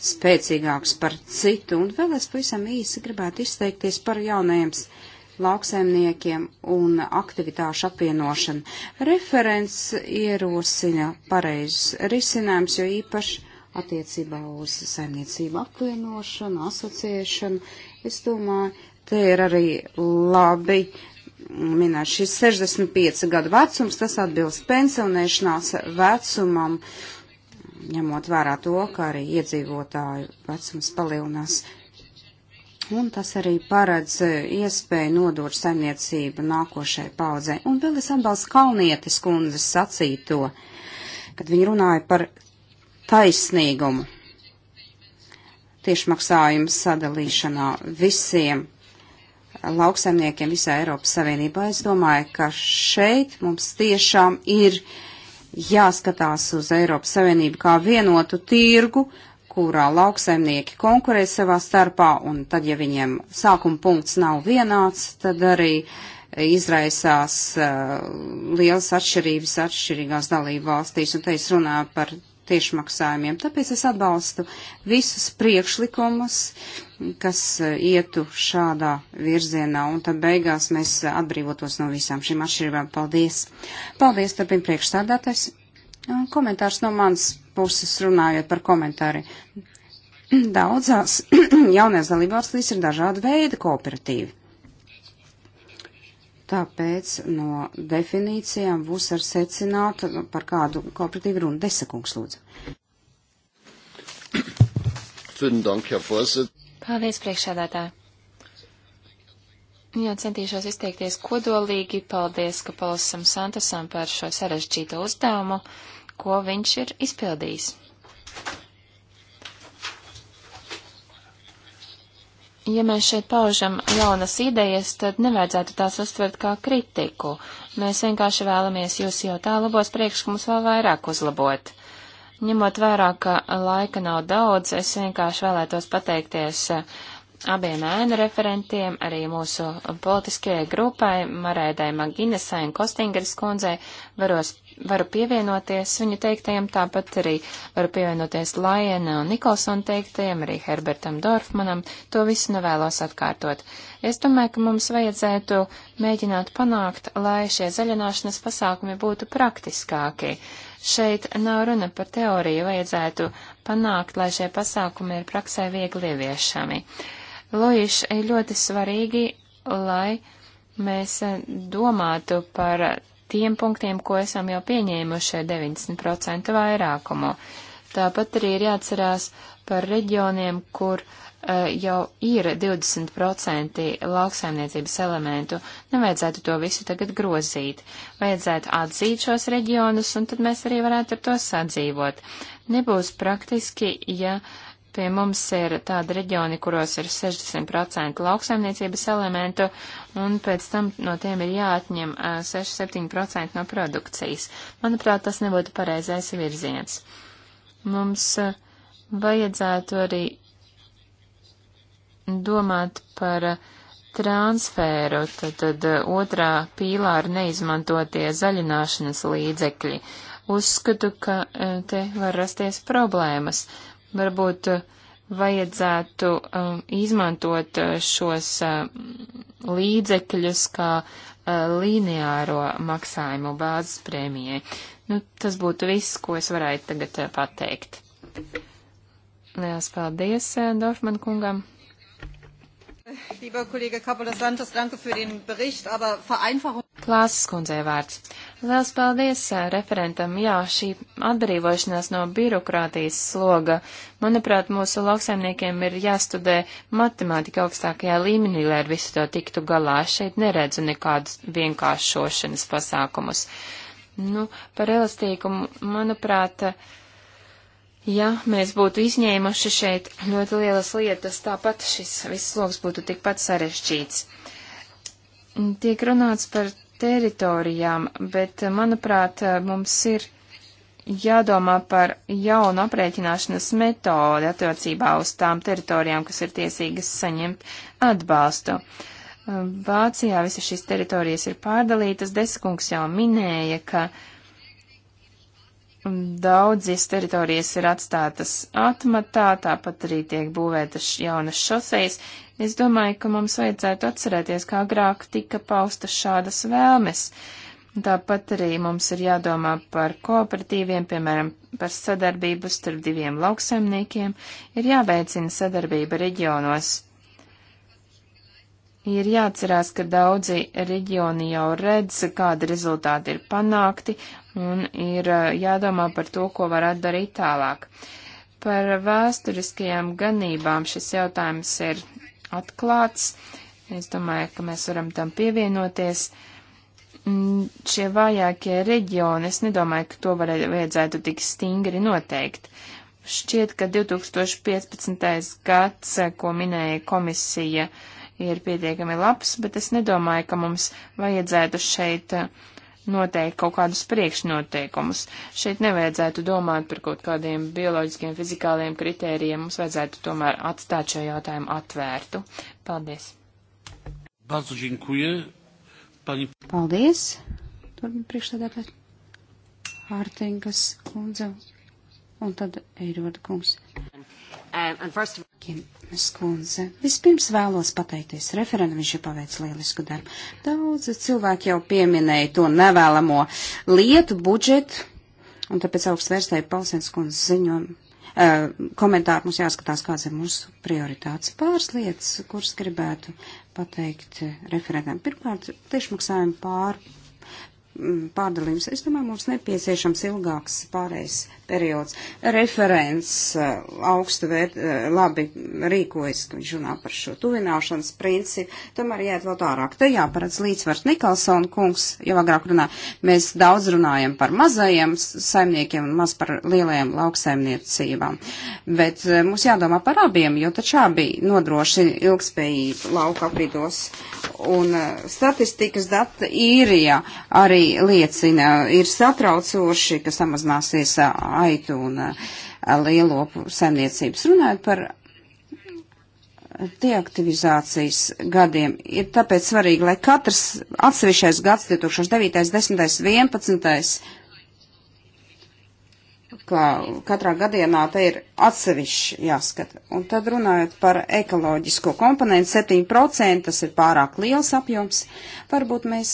spēcīgāks par citu, un vēl es pavisam īsi gribētu izteikties par jaunajiem lauksaimniekiem un aktivitāšu apvienošanu. Referents ierosina pareizus risinājums, jo īpaši attiecībā uz saimniecību apvienošanu, asociēšanu. Es domāju, te ir arī labi minēt šis 65 gadu vecums, tas atbilst pensionēšanās vecumam, ņemot vērā to, ka arī iedzīvotāju vecums palielinās. Un tas arī paredz e, iespēju nodot saimniecību nākošai paudzei. Un vēl es atbalstu Kalnietis kundzes sacīto, kad viņa runāja par taisnīgumu tiešmaksājumu sadalīšanā visiem lauksaimniekiem visā Eiropas Savienībā. Es domāju, ka šeit mums tiešām ir jāskatās uz Eiropas Savienību kā vienotu tirgu, kurā lauksaimnieki konkurē savā starpā, un tad, ja viņiem sākuma punkts nav vienāds, tad arī izraisās uh, lielas atšķirības atšķirīgās dalību valstīs, un te es runāju par tiešmaksājumiem. Tāpēc es atbalstu visus priekšlikumus, kas eh, ietu šādā virzienā, un tad beigās mēs atbrīvotos no visām šīm atšķirībām. Paldies! Paldies, turpin priekšstādātais! Komentārs no mans puses runājot par komentāri. Daudzās jaunajās dalībvalstīs ir dažādi veidi kooperatīvi. Tāpēc no definīcijām būs ar secināt, par kādu kooperatīvu runu desakungs lūdzu. Paldies, priekšādātāji. Jā, centīšos izteikties kodolīgi. Paldies, ka palasam Santosam par šo sarežģīto uzdevumu. Uh, ko viņš ir izpildījis. ja mēs šeit paužam jaunas idejas, tad nevajadzētu tās uztvert kā kritiku. Mēs vienkārši vēlamies jūs jau tā labos priekšlikumus vēl vairāk uzlabot. Ņemot vērā, ka laika nav daudz, es vienkārši vēlētos pateikties eh, abiem ēnu referentiem, arī mūsu politiskajai grupai, Marēdai Maginesai un Kostingeris kundzei, varos varu pievienoties viņa teiktajam, tāpat arī varu pievienoties Lajena un Nikolsona teiktajam, arī Herbertam Dorfmanam, to visu nevēlos atkārtot. Es domāju, ka mums vajadzētu mēģināt panākt, lai šie zaļināšanas pasākumi būtu praktiskāki. Šeit nav runa par teoriju, vajadzētu panākt, lai šie pasākumi ir praksē viegli ieviešami. Lojiš, ir ļoti svarīgi, lai mēs domātu par tiem punktiem, ko esam jau pieņēmuši ar 90% vairākumu. Tāpat arī ir jāatcerās par reģioniem, kur uh, jau ir 20% lauksaimniecības elementu. Nevajadzētu to visu tagad grozīt. Vajadzētu atzīt šos reģionus, un tad mēs arī varētu ar to sadzīvot. Nebūs praktiski, ja uh, Pie mums ir tādi reģioni, kuros ir 60% lauksaimniecības elementu, un pēc tam no tiem ir jāatņem 6-7% no produkcijas. Manuprāt, tas nebūtu pareizais virziens. Mums vajadzētu arī domāt par transferu, tad, tad otrā pīlā ir neizmantotie zaļināšanas līdzekļi. Uzskatu, ka te var rasties problēmas. Varbūt eh, vajadzētu um, izmantot eh, šos um, līdzekļus kā lineāro maksājumu bāzes prēmijai. Nu, tas būtu viss, ko es varētu tagad pateikt. Lielas paldies Dorfman kungam. Lieber kolēģe Kapolas Santos, danke für den Bericht, aber Vereinfachung. Klāsas kundzei vārds. Liels paldies referentam. Jā, šī atbrīvošanās no birokrātijas sloga. Manuprāt, mūsu lauksaimniekiem ir jāstudē matemātika augstākajā līmenī, lai ar visu to tiktu galā. Šeit neredzu nekādus vienkāršošanas pasākumus. Nu, par elastīkumu, manuprāt, ja mēs būtu izņēmuši šeit ļoti lielas lietas, tāpat šis viss sloks būtu tikpat sarežģīts. Tiek runāts par teritorijām, bet, eh, manuprāt, eh, mums ir jādomā par jaunu aprēķināšanas metodi attiecībā uz tām teritorijām, kas ir tiesīgas saņemt atbalstu. Eh, Vācijā visas šīs teritorijas ir pārdalītas, Deskungs jau minēja, ka uh, Daudzies teritorijas ir atstātas atmatā, tāpat arī tiek būvētas jaunas šosejas. Es domāju, ka mums vajadzētu atcerēties, kā agrāk tika paustas šādas vēlmes. Tāpat arī mums ir jādomā par kooperatīviem, piemēram, par sadarbību starp diviem lauksaimniekiem, ir jāveicina sadarbība reģionos. Ir jāatcerās, ka daudzi reģioni jau redz, kādi rezultāti ir panākti, un ir jādomā par to, ko varētu darīt tālāk. Par vēsturiskajām ganībām šis jautājums ir atklāts. Es domāju, ka mēs varam tam pievienoties. Mm, šie vājākie reģioni, es nedomāju, ka to varētu, vajadzētu tik stingri noteikt. Šķiet, ka 2015. gads, ko minēja komisija, ir pietiekami labs, bet es nedomāju, ka mums vajadzētu šeit uh, noteikt kaut kādus priekšnoteikumus. Šeit nevajadzētu domāt par kaut kādiem bioloģiskiem, fizikāliem kritērijiem. Mums vajadzētu tomēr atstāt šo jautājumu atvērtu. Paldies. Pani... Paldies. Tur priekšstādātājs Hārtingas kundze un tad Eirvada kungs. Um, Harkin skundze. Vispirms vēlos pateikties referendam, viņš ir paveicis lielisku darbu. Daudz cilvēki jau pieminēja to nevēlamo lietu budžetu, un tāpēc augstvērstēju Palsens skundze ziņojumu. Uh, eh, komentāri mums jāskatās, kāds ir mūsu prioritātes. Pāris lietas, kuras gribētu pateikt referentam. Pirmkārt, tiešmaksājumu pār Mm, pārdalījums. Es domāju, mums nepieciešams ilgāks pārējais periods. Referents eh, augstu vērt, eh, labi rīkojas, ka viņš runā par šo tuvināšanas principu. Tomēr jāiet vēl tālāk. Te jāparedz līdzsvars Nikolsona kungs, jau agrāk runā, mēs daudz runājam par mazajiem saimniekiem un maz par lielajiem lauksaimniecībām. Bet eh, mums jādomā par abiem, jo taču abi nodrošina ilgspējību lauka apridos. Un statistikas data īrijā arī li, liecina, ir satraucoši, ka samazināsies aitu un lielopu saimniecības. Runājot par deaktivizācijas gadiem, ir tāpēc svarīgi, lai katrs atsevišķais gads, 2009, 10, 11, ka katrā gadienā te ir atsevišķi jāskata. Un tad runājot par ekoloģisko komponentu, 7% tas ir pārāk liels apjoms. Varbūt mēs,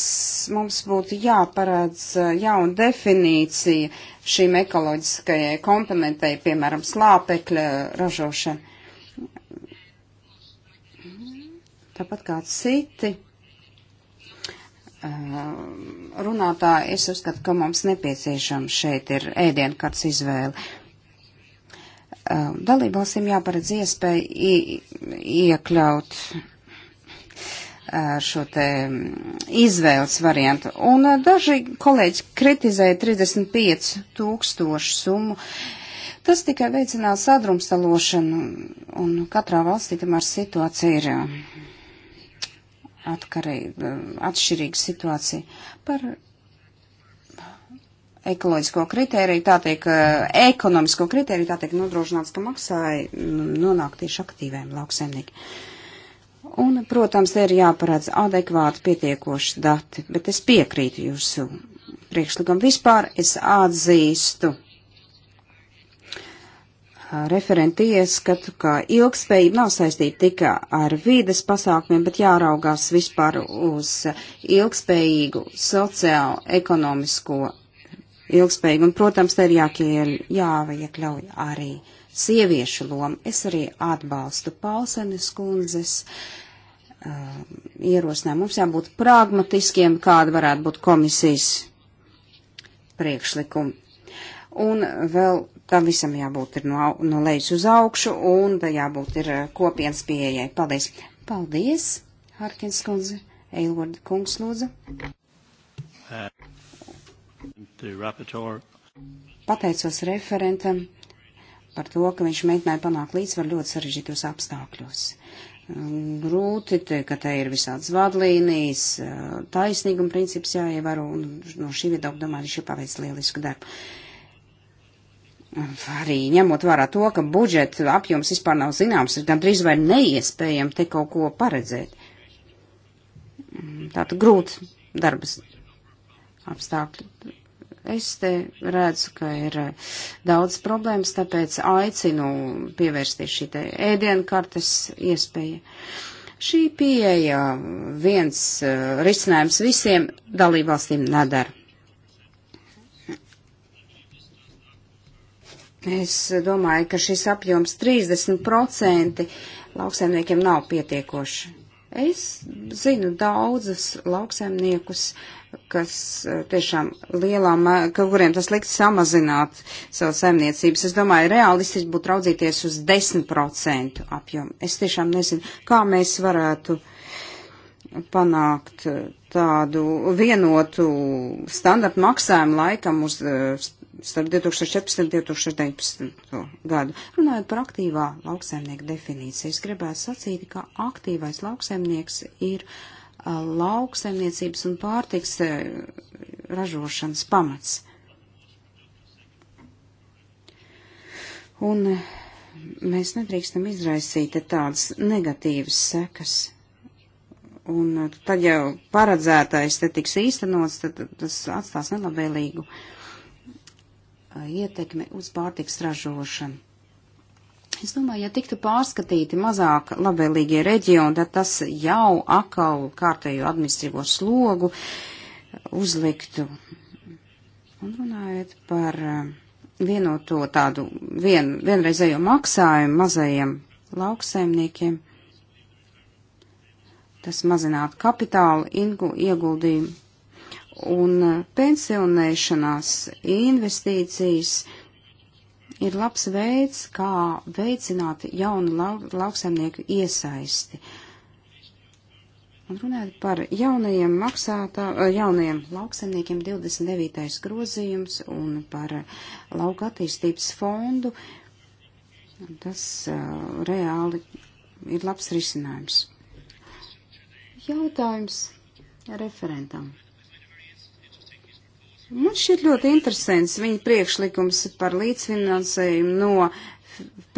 mums būtu jāparādz eh, jauna definīcija šīm ekoloģiskajai komponentei, piemēram, slāpekļa ražošana. Tāpat kā citi. Um, runātāji, es uzskatu, ka mums nepieciešams šeit ir ēdienkarts izvēle. Dalībvalstīm jāparedz iespēja iekļaut šo te izvēles variantu. Un daži kolēģi kritizēja 35 tūkstošu summu. Tas tikai veicinās sadrumstalošanu, un katrā valstī tomēr situācija ir atkarīga, atšķirīga situācija. Par ekoloģisko kritēriju, tā tiek, eh, ekonomisko kritēriju, tā tiek nodrošināts, ka maksāja nu, nonāk tieši aktīviem lauksaimniekiem. Un, protams, te ir jāparedz adekvāti pietiekoši dati, bet es piekrītu jūsu priekšlikumu. Vispār es atzīstu referenti ieskatu, ka ilgspējība nav saistīta tikai ar vīdes pasākumiem, bet jāraugās vispār uz ilgspējīgu sociālo-ekonomisko ilgspējīgu. Un, protams, te ir jākļieļ, jāiekļauj arī sieviešu loma. Es arī atbalstu Pausenes kundzes uh, ierosinājumu. Mums jābūt pragmatiskiem, kāda varētu būt komisijas priekšlikuma. Un vēl Tam visam jābūt ir no, no lejas uz augšu un jābūt ir eh, kopienas pieejai. Paldies! Paldies, Harkins kundze! Eilvard kungs lūdzu. Pateicos referentam par to, ka viņš mēģināja panākt līdzsvaru ļoti sarežģītos apstākļos. Mm, grūti, te, ka te ir visādas vadlīnijas, eh, taisnīguma princips jāievēro, un no šī viedokļa domāju, viņš ir paveicis lielisku darbu. Arī ņemot vērā to, ka budžeta apjoms vispār nav zināms, ir gandrīz vai neiespējami te kaut ko paredzēt. Tātad grūti darbas apstākļi. Es te redzu, ka ir eh, daudz problēmas, tāpēc aicinu pievērsties šī te ēdienkartes iespēja. Šī pieeja viens eh, risinājums visiem dalībvalstīm nedara Es domāju, ka šis apjoms 30% lauksaimniekiem nav pietiekoši. Es zinu daudzus lauksaimniekus, kas eh, tiešām lielām, ka kuriem tas likt samazināt savu saimniecības. Es domāju, realistiski būtu raudzīties uz 10% apjomu. Es tiešām nezinu, kā mēs varētu panākt eh, tādu vienotu standartu maksājumu laikam uz eh, starp 2014 un 2019 gadu. Runājot par aktīvā lauksaimnieka definīciju, es gribētu sacīt, ka aktīvais lauksaimnieks ir uh, lauksaimniecības un pārtiks uh, ražošanas pamats. Un uh, mēs nedrīkstam izraisīt tādas negatīvas sekas. Un tad jau paredzētais te tiks īstenots, tad tas atstās nelabvēlīgu uh, ietekmi uz pārtiks ražošanu. Es domāju, ja tiktu pārskatīti mazāk labvēlīgie reģioni, tad tas jau atkal kārtējo administrīvo slogu uzliktu. Un runājot par eh, vienoto tādu vien, vienreizējo maksājumu mazajiem lauksaimniekiem, tas mazinātu kapitālu ieguldījumu un uh, pensionēšanās investīcijas ir labs veids, kā veicināt jaunu lauksaimnieku iesaisti. Un runājot par jaunajiem maksātā, uh, jaunajiem lauksaimniekiem 29. grozījums un par uh, lauka attīstības fondu, tas uh, reāli ir labs risinājums. Jautājums referentam. Man šķiet ļoti interesants viņa priekšlikums par līdzfinansējumu no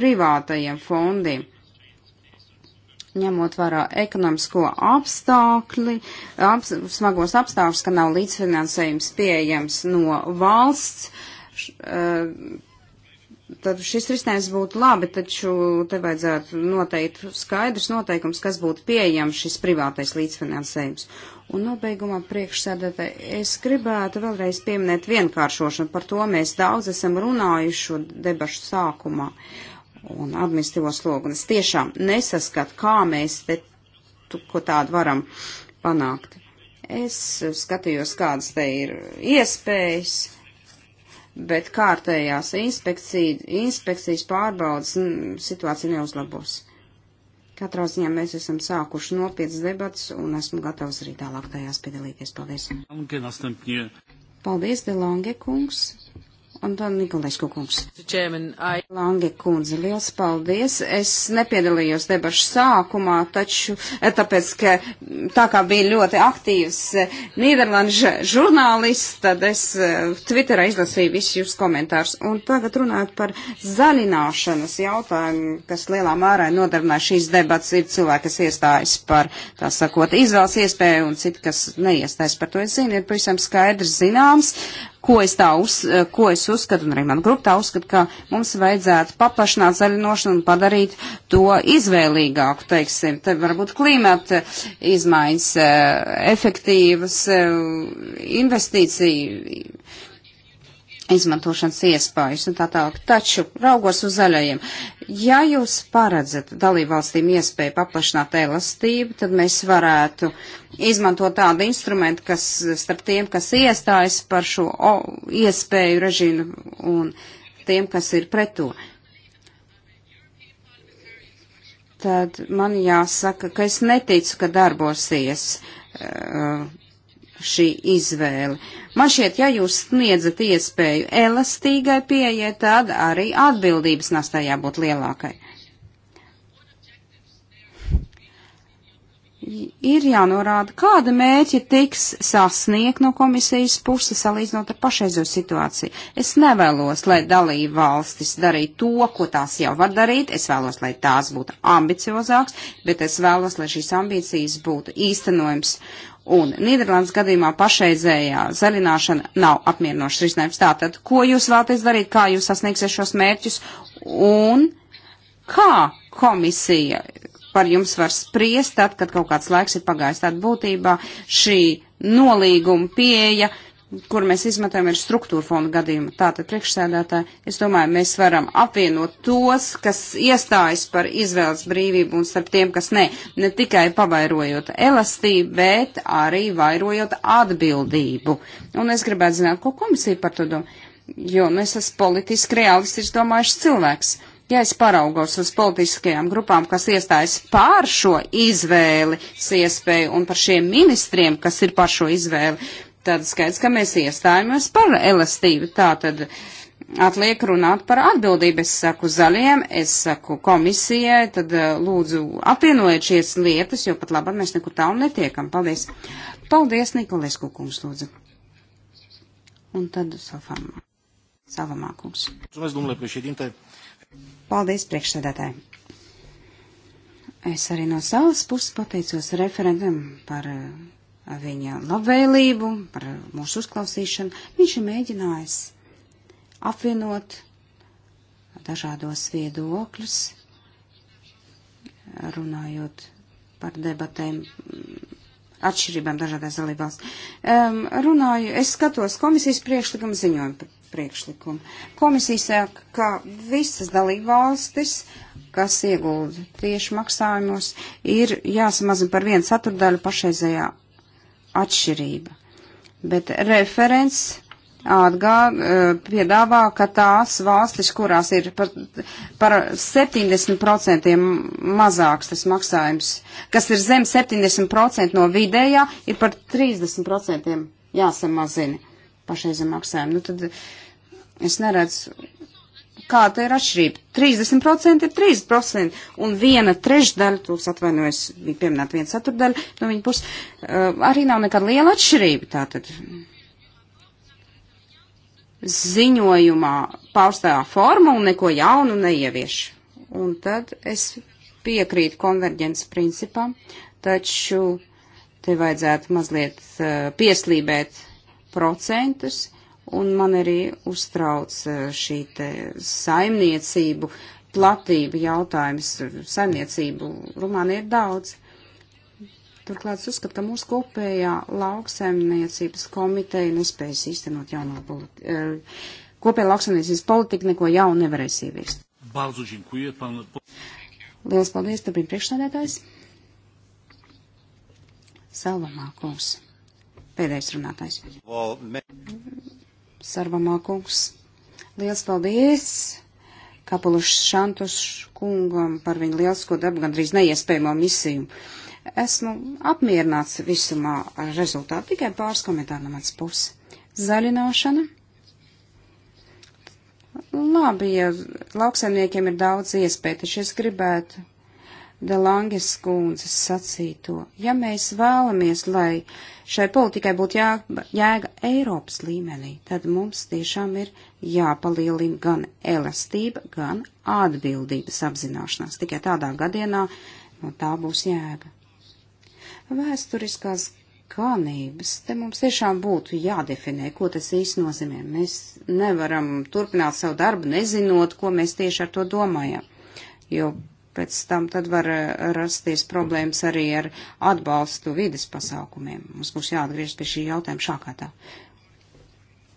privātajiem fondiem. Ņemot vērā ekonomisko apstākļi, ap, smagos apstākļus, ka nav līdzfinansējums pieejams no valsts, š, uh, tad šis risinājums būtu labi, taču te vajadzētu noteikt skaidrs noteikums, kas būtu pieejams šis privātais līdzfinansējums. Un nobeigumā priekšsēdētāji, es gribētu vēlreiz pieminēt vienkāršošanu, par to mēs daudz esam runājuši debašu sākumā un administratīvo slogu. Un es tiešām nesaskatu, kā mēs te ko tādu varam panākt. Es skatījos, kādas te ir iespējas bet kārtējās inspekcijas pārbaudas mm, situācija neuzlabos. Katrā ziņā mēs esam sākuši nopietnas debatas un esmu gatavs arī tālāk tajās piedalīties. Paldies! Paldies, Delonge kungs! un tad Nikolaisko kungs. Lange kundze, liels paldies. Es nepiedalījos debašu sākumā, taču eh, tāpēc, ka mm, tā kā bija ļoti aktīvs eh, Nīderlandes žurnālists, tad es eh, Twitterā izlasīju visus jūs komentārus. Un tagad runājot par zaļināšanas jautājumu, kas lielā mērā nodarbināja šīs debats, ir cilvēki, kas iestājas par, tā sakot, izvēles iespēju un citi, kas neiestājas par to. Es zinu, ir pavisam skaidrs zināms ko es tā uz, eh, ko es uzskatu, un arī man grupa tā uzskata, ka mums vajadzētu paplašināt zaļinošanu un padarīt to izvēlīgāku, teiksim, te varbūt klimata izmaiņas, eh, efektīvas eh, investīciju izmantošanas iespējas un tā tālāk. Taču raugos uz zaļajiem. Ja jūs paredzat dalībvalstīm iespēju paplašināt elastību, tad mēs varētu izmantot tādu instrumentu, kas starp tiem, kas iestājas par šo o, iespēju režīmu un tiem, kas ir pret to. Tad man jāsaka, ka es neticu, ka darbosies. Uh, šī izvēle. Man šķiet, ja jūs sniedzat iespēju elastīgai pieejai, tad arī atbildības nastai jābūt lielākai. Ir jānorāda, kāda mērķa tiks sasniegt no komisijas puses salīdzinot ar pašreizo situāciju. Es nevēlos, lai dalība valstis darītu to, ko tās jau var darīt. Es vēlos, lai tās būtu ambiciozāks, bet es vēlos, lai šīs ambīcijas būtu īstenojums Un Nīderlandes gadījumā pašreizējā zaļināšana nav apmierinošs risinājums. Tātad, ko jūs vēlaties darīt, kā jūs sasniegsiet šos mērķus un kā komisija par jums var spriest, tad, kad kaut kāds laiks ir pagājis. Tātad būtībā šī nolīguma pieeja kur mēs izmantojam, ir struktūra fonda gadījuma. Tātad, priekšsēdētāji, es domāju, mēs varam apvienot tos, kas iestājas par izvēles brīvību un starp tiem, kas nē, ne tikai pavairojot elastību, bet arī vairojot atbildību. Un es gribētu zināt, ko komisija par to domā, jo nu, es esmu politiski realistisks domājušs cilvēks. Ja es paraugos uz politiskajām grupām, kas iestājas pār šo izvēli, iespēju un par šiem ministriem, kas ir par šo izvēli, tad skaidrs, ka mēs iestājamies par elastību. Tātad atliek runāt par atbildību. Es saku zaļiem, es saku komisijai, tad eh, lūdzu apvienojiet šīs lietas, jo pat labāk mēs nekur tālu netiekam. Paldies. Paldies, Nikolais Kukums, lūdzu. Un tad Safam. Savamā kungs. Paldies, priekšsēdētāji. Es arī no savas puses pateicos referendam par eh, viņa labvēlību, par mūsu uzklausīšanu. Viņš ir mēģinājis apvienot dažādos viedokļus, runājot par debatēm atšķirībām dažādās dalībās. Um, runāju, es skatos komisijas priekšlikumu ziņojumu priekšlikumu. Komisija saka, ka visas dalībvalstis, kas iegulda tieši maksājumos, ir jāsamazina par vienu ceturdaļu pašreizējā atšķirība. Bet referents atgā, e, piedāvā, ka tās valstis, kurās ir par, par 70% mazāks tas maksājums, kas ir zem 70% no vidējā, ir par 30% jāsamazina pašreizam maksājumu. Nu, tad es neredzu kāda ir atšķirība. 30% ir 30%, un viena trešdaļa, tūks atvainojas, bija pieminēta viena ceturdaļa no viņa puses, uh, arī nav nekāda liela atšķirība. Tātad ziņojumā paustā forma un neko jaunu neievieš. Un tad es piekrītu konverģences principam, taču te vajadzētu mazliet uh, pieslībēt procentus, un man arī uztrauc eh, šī te saimniecību platība jautājums. Saimniecību Rumānija ir daudz. Turklāt es uzskatu, ka mūsu kopējā lauksaimniecības komiteja nespējas īstenot jauno politiku. Eh, kopējā lauksaimniecības politika neko jaunu nevarēs ieviest. Lielas paldies, turpina priekšsēdētājs. Salvamā kungs, pēdējais runātājs. Sarvamā kungs. Liels paldies! Kapulušs Šantus kungam par viņu lielisko darbu, gandrīz neiespējamo misiju. Esmu apmierināts visumā ar rezultātu, tikai pāris komentāru no mans puses. Zaļināšana. Labi, ja lauksaimniekiem ir daudz iespēju, taču es gribētu Delanges kundzes sacīto. Ja mēs vēlamies, lai šai politikai būtu jā, jēga Eiropas līmenī, tad mums tiešām ir jāpalielina gan elastība, gan atbildības apzināšanās. Tikai tādā gadienā no tā būs jēga. Vēsturiskās ganības, te mums tiešām būtu jādefinē, ko tas īsti nozīmē. Mēs nevaram turpināt savu darbu, nezinot, ko mēs tieši ar to domājam. Jo pēc tam tad var eh, rasties problēmas arī ar atbalstu vides pasākumiem. Mums būs jāatgriežas pie šī jautājuma šākā tā.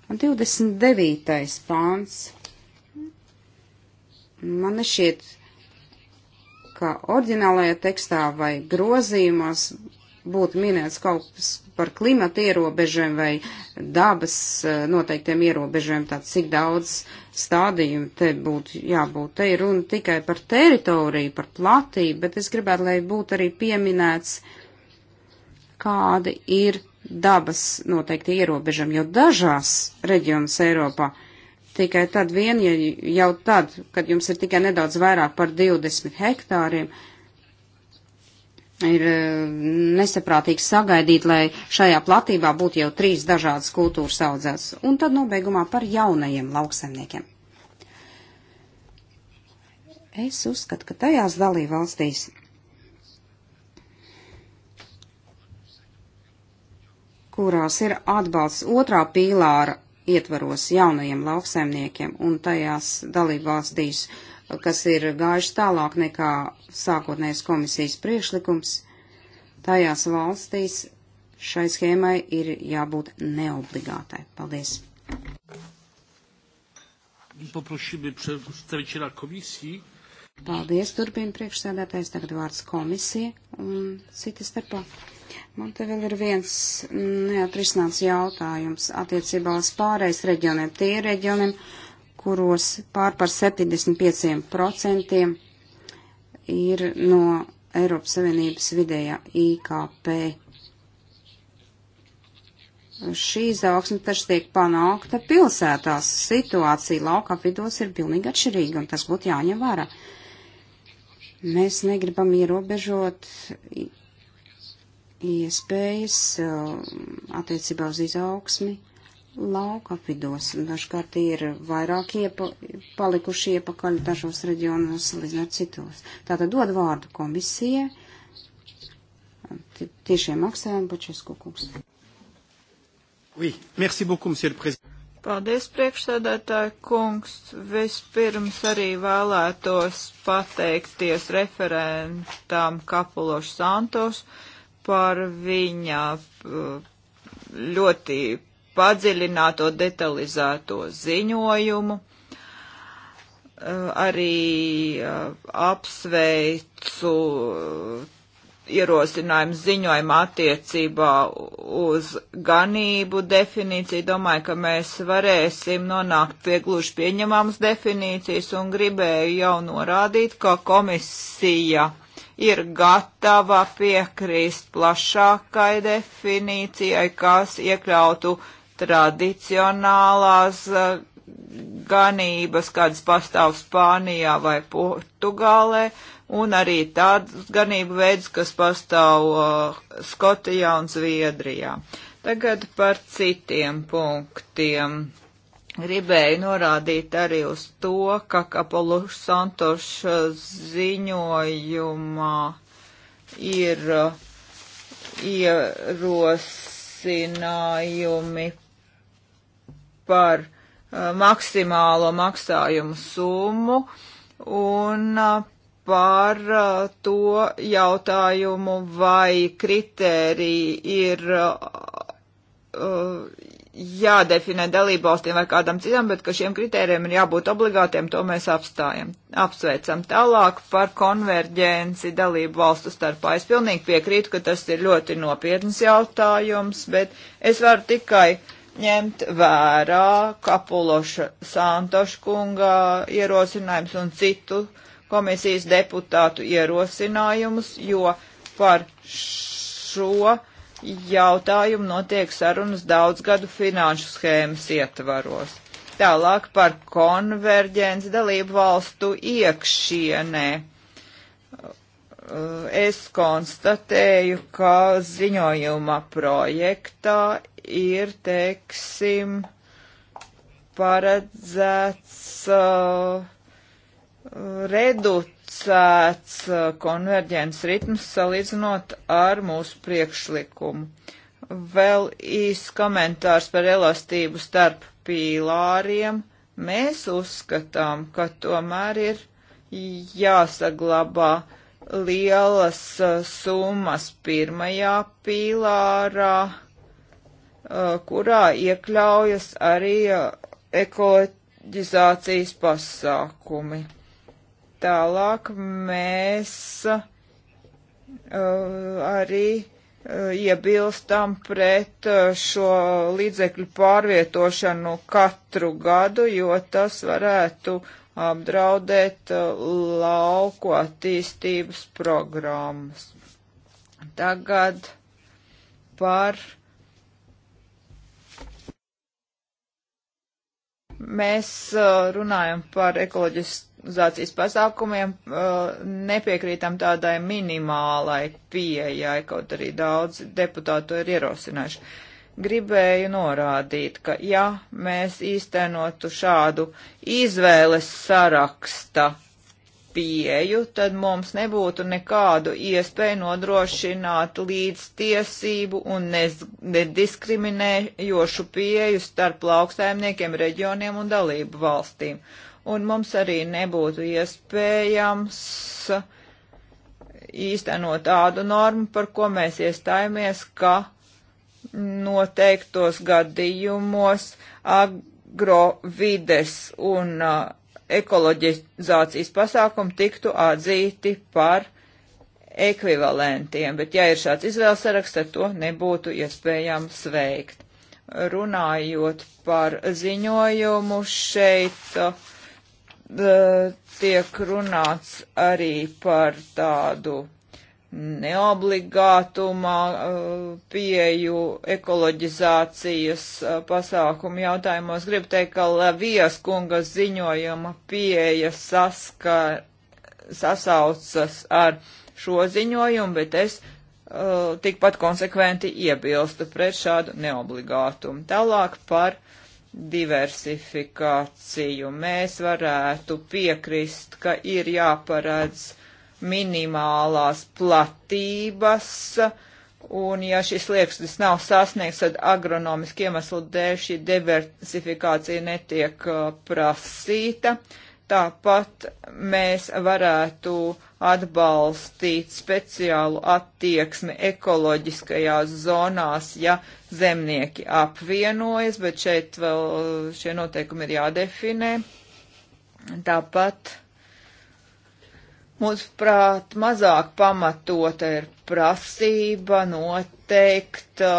Un 29. pāns. Man nešķiet, ka oriģinālajā tekstā vai grozījumos būtu minēts kaut kas, par klimata ierobežiem vai dabas eh, noteiktiem ierobežiem, tad cik daudz stādījumu te būtu jābūt. Te ir runa tikai par teritoriju, par platību, bet es gribētu, lai būtu arī pieminēts, kādi ir dabas noteikti ierobežami, jo dažās reģionas Eiropā tikai tad vien, ja jau tad, kad jums ir tikai nedaudz vairāk par 20 hektāriem, uh, ir e, nesaprātīgi sagaidīt, lai šajā platībā būtu jau trīs dažādas kultūras audzēs. Un tad nobeigumā par jaunajiem lauksaimniekiem. Es uzskatu, ka tajās dalībvalstīs, kurās ir atbalsts otrā pīlāra ietvaros jaunajiem lauksaimniekiem un tajās dalībvalstīs, valstīs, kas ir gājuši tālāk nekā sākotnējais komisijas priekšlikums, tajās valstīs šai schēmai ir jābūt neobligātai. Paldies! Poprosimy przedstawiciela komisji. Paldies, turpina priekšsēdētājs, tagad vārds komisija un citi starpā. Man te vēl ir viens neatrisināts jautājums attiecībā uz pārējais reģioniem. Tie reģioniem, kuros pār par 75% ir no Eiropas Savienības vidējā IKP. Šī izaugsme taču tiek panākta pilsētās. Situācija lauka vidos ir pilnīgi atšķirīga, un tas būtu jāņem vērā. Mēs negribam ierobežot iespējas uh, attiecībā uz izaugsmi lauka apvidos. Dažkārt ir vairāk iepa, palikuši iepakaļ dažos reģionos līdz ar citos. Tātad dod vārdu komisija. Tiešiem maksājumiem Pačesku kungs. Oui, merci beaucoup, monsieur le président. Paldies, priekšsēdētāji kungs. Vispirms arī vēlētos pateikties referentam Kapulošu Santos par viņa uh, ļoti padziļināto detalizēto ziņojumu. Eh, arī eh, apsveicu eh, ierosinājumu ziņojumu attiecībā uz ganību definīciju. Domāju, ka mēs varēsim nonākt pie gluži pieņemamas definīcijas un gribēju jau norādīt, ka komisija ir gatava piekrīst plašākai definīcijai, kas iekļautu uh, tradicionālās eh, ganības, kādas pastāv Spānijā vai Portugālē, un arī tādas ganību veids, kas pastāv uh, Skotijā un Zviedrijā. Tagad par citiem punktiem. Gribēju norādīt arī uz to, ka Kapoluša Santoša eh, ziņojumā ir ierosinājumi par uh, maksimālo maksājumu summu un uh, par uh, to jautājumu, vai kritēriji ir uh, uh, jādefinē dalībvalstīm vai kādam citam, bet ka šiem kritērijiem ir jābūt obligātiem, to mēs apstājam, apsveicam. Tālāk par konverģenci dalību valstu starpā. Es pilnīgi piekrītu, ka tas ir ļoti nopietns jautājums, bet es varu tikai uh, ņemt vērā Kapuloša Santoškunga ierosinājums un citu komisijas deputātu ierosinājumus, jo par šo jautājumu notiek sarunas daudzgadu finanšu schēmas ietvaros. Tālāk par konverģents dalību valstu iekšienē Eh, es konstatēju, ka ziņojuma projektā ir, teiksim, paredzēts uh, reducēts eh, konverģents ritms salīdzinot ar mūsu priekšlikumu. Vēl īs komentārs par elastību starp pīlāriem. Mēs uzskatām, ka tomēr ir jāsaglabā uh, lielas uh, summas pirmajā pīlārā, uh, kurā iekļaujas arī uh, ekoloģizācijas pasākumi. Tālāk mēs arī iebilstam pret šo līdzekļu pārvietošanu katru gadu, jo tas varētu apdraudēt uh, lauku attīstības programmas. Tagad par mēs uh, runājam par ekoloģizācijas pasākumiem, uh, nepiekrītam tādai minimālai pieejai, kaut arī daudz deputātu ir ierosinājuši gribēju norādīt, ka ja mēs īstenotu šādu izvēles saraksta pieju, tad mums nebūtu nekādu iespēju nodrošināt līdztiesību un nediskriminējošu pieju starp lauksaimniekiem, reģioniem un dalību valstīm. Un mums arī nebūtu iespējams īstenot tādu normu, par ko mēs iestājāmies, ka noteiktos gadījumos agrovides un ekoloģizācijas pasākumi tiktu atzīti par ekvivalentiem, bet ja ir šāds izvēles saraksts, tad to nebūtu iespējams veikt. Runājot par ziņojumu, šeit uh, tiek runāts arī par tādu neobligātumā eh, pieju ekoloģizācijas eh, pasākumu jautājumos. Gribu teikt, ka Levijas kunga ziņojuma pieeja saska, sasaucas ar šo ziņojumu, bet es uh, tikpat konsekventi iebilstu pret šādu neobligātumu. Tālāk par diversifikāciju. Mēs varētu piekrist, ka ir jāparādz uh, minimālās platības, un ja šis liekas nav sasniegts, tad agronomiski iemeslu dēļ šī diversifikācija netiek uh, prasīta. Tāpat mēs varētu atbalstīt speciālu attieksmi ekoloģiskajās zonās, ja zemnieki apvienojas, bet šeit vēl uh, šie noteikumi ir jādefinē. Tāpat Mūsuprāt, mazāk pamatota ir prasība noteikt uh,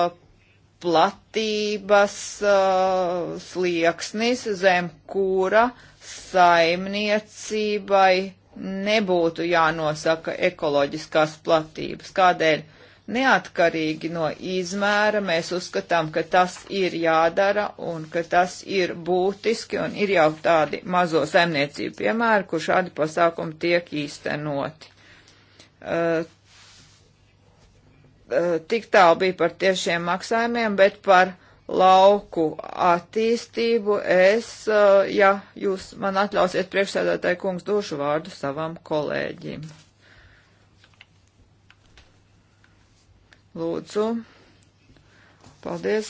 platības uh, slieksnis, zem kura saimniecībai nebūtu jānosaka ekoloģiskās platības. Kādēļ? Neatkarīgi no izmēra mēs uzskatām, ka tas ir jādara un ka tas ir būtiski un ir jau tādi mazo saimniecību piemēri, kur šādi pasākumi tiek īstenoti. Uh, tik tālu bija par tiešiem maksājumiem, bet par lauku attīstību es, eh, ja jūs man atļausiet priekšsēdētāji kungs, došu vārdu savam kolēģim. Lūdzu. Paldies,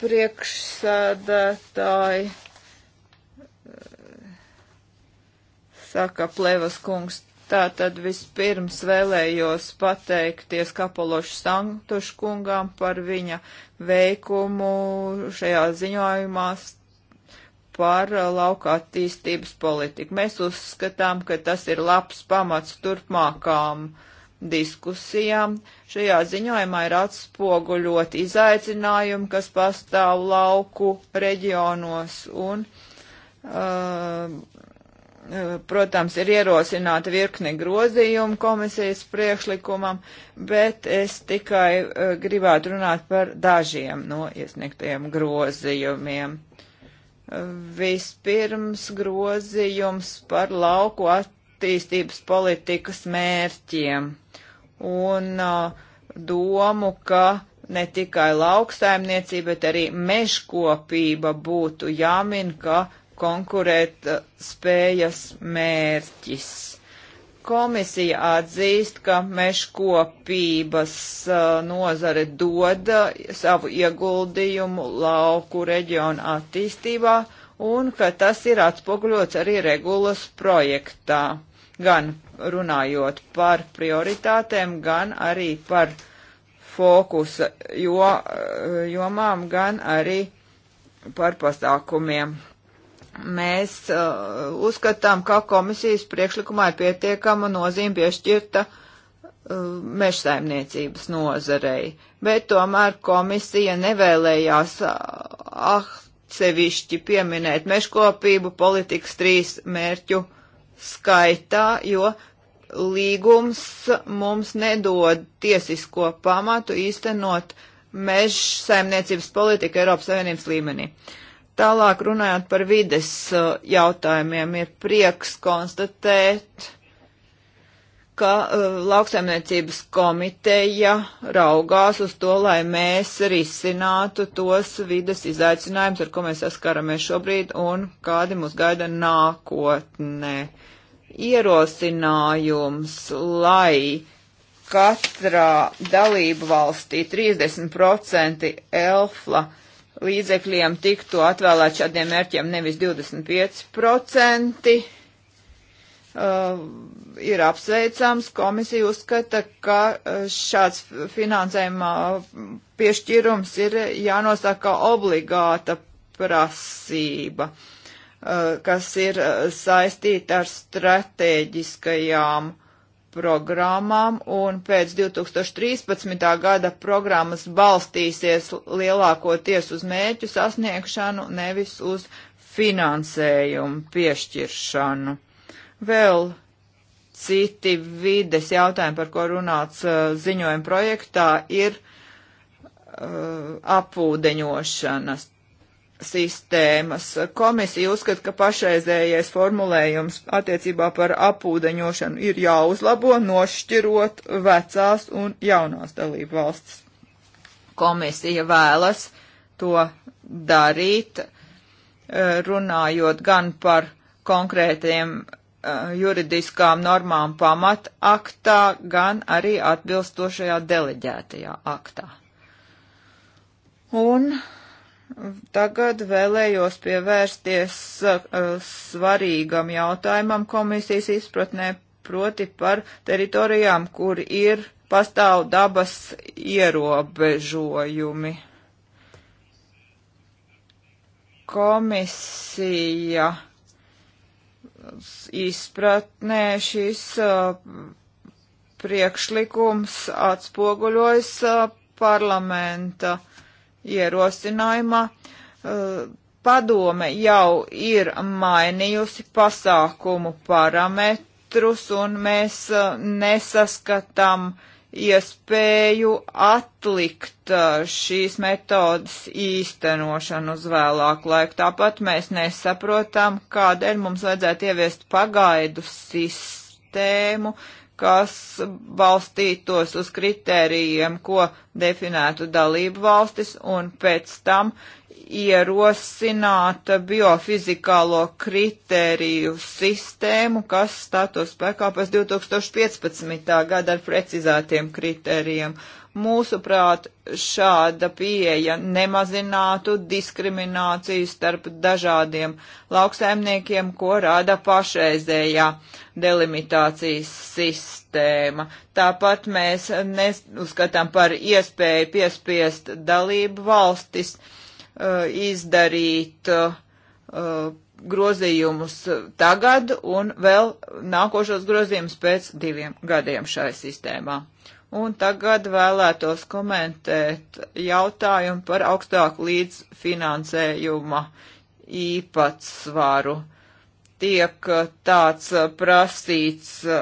priekšsēdētāji. Saka Plevas kungs. Tātad vispirms vēlējos pateikties Kapološu Santušu kungām par viņa veikumu šajā ziņojumā par lauka attīstības politiku. Mēs uzskatām, ka tas ir labs pamats turpmākām uh, diskusijām. Šajā ziņojumā ir atspoguļot izaicinājumi, kas pastāv lauku reģionos un, uh, uh protams, ir ierosināta virkni grozījumu komisijas priekšlikumam, bet es tikai uh, gribētu runāt par dažiem no iesniegtajiem grozījumiem. Uh, vispirms grozījums par lauku attīstības politikas mērķiem un uh, domu, ka ne tikai lauksaimniecība, bet arī mežkopība būtu jāmin, ka konkurēt uh, spējas mērķis komisija atzīst, ka meškopības uh, nozare dod savu ieguldījumu lauku reģionu attīstībā un ka tas ir atspoguļots arī regulas projektā. Gan runājot par prioritātēm, gan arī par fokusa jo, jomām, gan arī par pasākumiem. Mēs uh, uzskatām, ka komisijas priekšlikumā ir pietiekama nozīme piešķirta uh, mežsaimniecības nozarei, bet tomēr komisija nevēlējās uh, atsevišķi pieminēt meškopību politikas trīs mērķu skaitā, jo līgums mums nedod tiesisko pamatu īstenot meža saimniecības politiku Eiropas Savienības līmenī. Tālāk runājot par vides uh, jautājumiem, ir prieks konstatēt, ka uh, lauksaimniecības komiteja raugās uz to, lai mēs risinātu tos vides izaicinājumus, ar ko mēs saskaramies šobrīd un kādi mūs gaida nākotnē. Uh, ierosinājums, lai katrā dalību valstī 30% elfla līdzekļiem tiktu atvēlēt šādiem mērķiem nevis 25%, uh, ir apsveicams. Komisija uzskata, ka uh, šāds finansējuma uh, piešķirums ir jānosaka obligāta prasība. Uh, Eh, kas ir eh, saistīti ar stratēģiskajām programmām, un pēc 2013. gada programmas balstīsies lielākoties uz mērķu sasniegšanu, nevis uz finansējumu piešķiršanu. Vēl citi vides jautājumi, par ko runāts eh, ziņojuma projektā, ir uh, apūdeņošanas sistēmas. Komisija uzskata, ka pašreizējais formulējums attiecībā par apūdeņošanu ir jāuzlabo, nošķirot vecās un jaunās dalību valstis. Komisija vēlas to darīt, runājot gan par konkrētiem eh, juridiskām normām pamat aktā, gan arī atbilstošajā deleģētajā aktā. Un Tagad vēlējos pievērsties uh, uh, svarīgam jautājumam komisijas izpratnē, proti par teritorijām, kur ir pastāv dabas ierobežojumi. Komisija izpratnē šis uh, priekšlikums atspoguļojas uh, parlamenta uh, ierosinājumā. Eh, padome jau ir mainījusi pasākumu parametrus un mēs eh, nesaskatām iespēju atlikt eh, šīs metodas īstenošanu uz vēlāku laiku. Tāpat mēs nesaprotam, kādēļ mums vajadzētu ieviest pagaidu sistēmu, uh, kas balstītos uz kritērijiem, ko definētu dalību valstis, un pēc tam ierosināt biofizikālo kritēriju sistēmu, kas status spēkā pēc 2015. gada ar precizētiem kritērijiem. Mūsuprāt, šāda pieeja nemazinātu diskrimināciju starp dažādiem lauksaimniekiem, ko rada pašreizējā delimitācijas sistēma. Tāpat mēs neuzskatām par iespēju piespiest dalību valstis uh, izdarīt uh, grozījumus tagad un vēl nākošos grozījumus pēc diviem gadiem šai sistēmā. Un tagad vēlētos komentēt jautājumu par augstāku līdzfinansējuma īpatsvaru. Tiek uh, tāds uh, prasīts uh,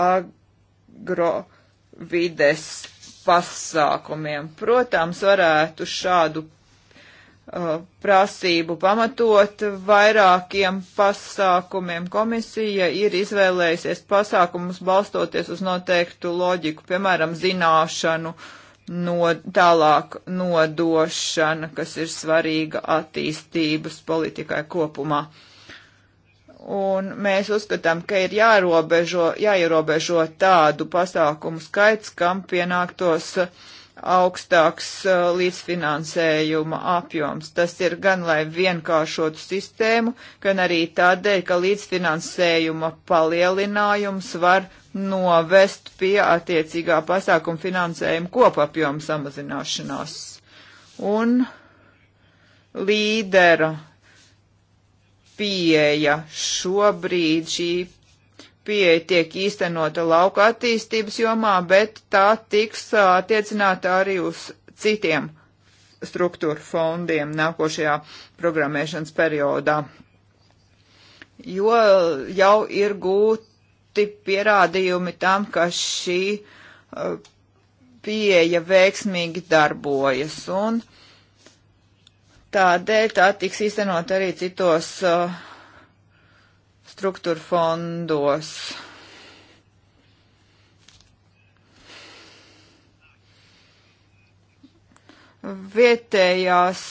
agrovides pasākumiem. Protams, varētu šādu Uh, prasību pamatot vairākiem pasākumiem. Komisija ir izvēlējusies pasākumus balstoties uz noteiktu loģiku, piemēram, zināšanu, no, tālāk nodošana, kas ir svarīga attīstības politikai kopumā. Un mēs uzskatām, ka ir jāierobežo tādu pasākumu skaits, kam pienāktos uh, augstāks uh, līdzfinansējuma apjoms. Tas ir gan, lai vienkāršotu sistēmu, gan arī tādēļ, ka līdzfinansējuma palielinājums var novest pie attiecīgā pasākuma finansējuma kopapjoma samazināšanās. Un līdera pieeja šobrīd šī pieeja tiek īstenota lauka attīstības jomā, bet tā tiks attiecināta arī uz citiem struktūra fondiem nākošajā programmēšanas periodā. Jo jau ir gūti pierādījumi tam, ka šī pieeja veiksmīgi darbojas un tādēļ tā tiks īstenot arī citos uh, struktūra fondos. Vietējās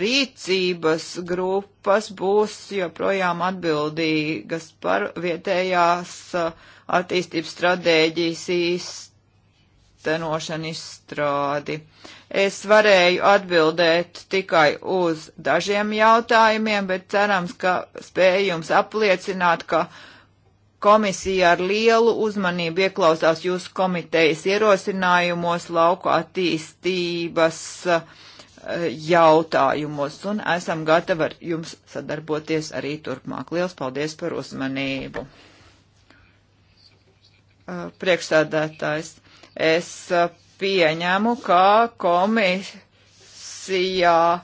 rīcības grupas būs joprojām atbildīgas par vietējās uh, attīstības stratēģijas īstenošanu izstrādi. Uh, Es varēju atbildēt tikai uz dažiem jautājumiem, bet cerams, ka spēju jums apliecināt, ka komisija ar lielu uzmanību ieklausās jūsu komitejas ierosinājumos lauku attīstības eh, jautājumos un esam gatavi ar jums sadarboties arī turpmāk. Liels paldies par uzmanību! Eh, priekšsēdētājs. Es eh, pieņemu, ka komisijā eh,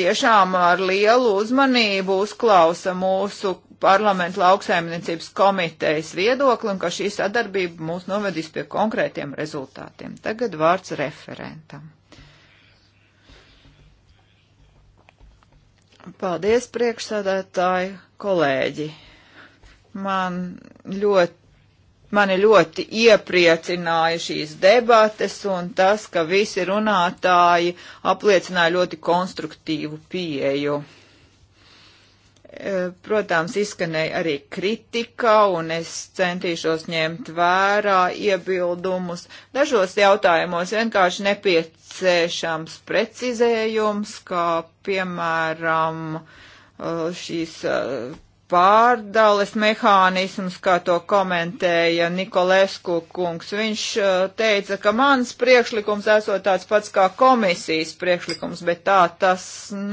tiešām ar lielu uzmanību uzklausa mūsu parlamentu lauksaimniecības komitejas viedokli un ka šī sadarbība mūs novedīs pie konkrētiem rezultātiem. Tagad vārds referentam. Paldies, priekšsādātāji, kolēģi. Man ļoti Mani ļoti iepriecināja šīs debates un tas, ka visi runātāji apliecināja ļoti konstruktīvu pieeju. Eh, protams, izskanēja arī kritika, un es centīšos ņemt vērā iebildumus. Dažos jautājumos vienkārši nepieciešams precizējums, kā piemēram eh, šīs eh, pārdales mehānisms, kā to komentēja Nikolesku kungs. Viņš uh, teica, ka mans priekšlikums esot tāds pats kā komisijas priekšlikums, bet tā tas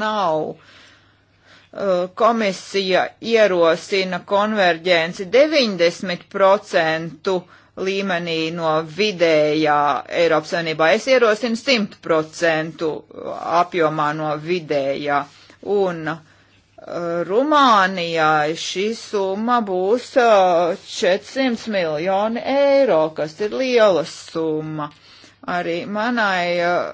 nav. Uh, komisija ierosina konverģenci 90% līmenī no vidējā Eiropas Savienībā. Es ierosinu 100% apjomā no vidējā. Un uh, Rumānijai šī summa būs 400 uh, miljoni eiro, kas ir liela summa. Arī manai uh,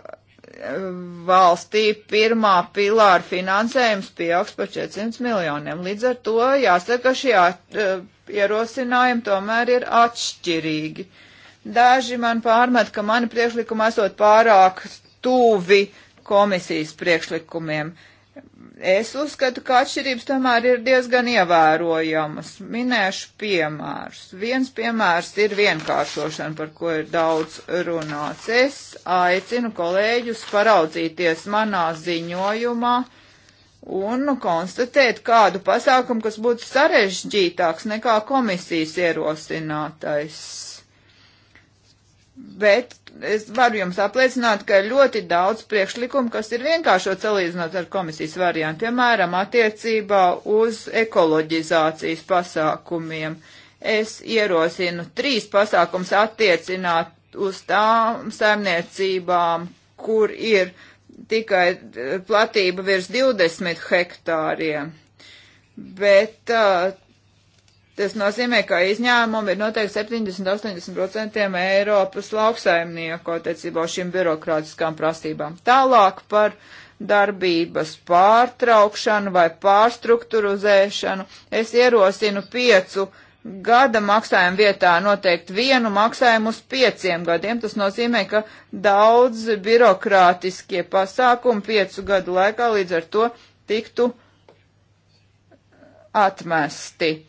valstī pirmā pilāra finansējums pieaugs par 400 miljoniem. Līdz ar to jāsaka, šie uh, ierosinājumi tomēr ir atšķirīgi. Daži man pārmet, ka mani priekšlikumi esot pārāk tuvi komisijas priekšlikumiem. Uh, Es uzskatu, ka atšķirības tomēr ir diezgan ievērojamas. Minēšu piemērus. Viens piemērs ir vienkāršošana, par ko ir daudz runāts. Es aicinu kolēģus paraudzīties manā ziņojumā un konstatēt kādu pasākumu, kas būtu sarežģītāks nekā komisijas ierosinātais Bet es varu jums apliecināt, ka ir ļoti daudz priekšlikumu, kas ir vienkāršot salīdzinot ar komisijas variantu, piemēram, attiecībā uz ekoloģizācijas pasākumiem. Es ierosinu trīs pasākums attiecināt uz tām saimniecībām, kur ir tikai eh, platība virs 20 hektāriem. Bet uh, Tas nozīmē, ka izņēmumi ir noteikti 70-80% Eiropas lauksaimnieku attiecībā uz šīm birokrātiskām prasībām. Tālāk par darbības pārtraukšanu vai pārstruktūrizēšanu es ierosinu piecu gada maksājuma vietā noteikti vienu maksājumu uz pieciem gadiem. Tas nozīmē, ka daudz birokrātiskie pasākumi piecu gadu laikā līdz ar to tiktu atmesti.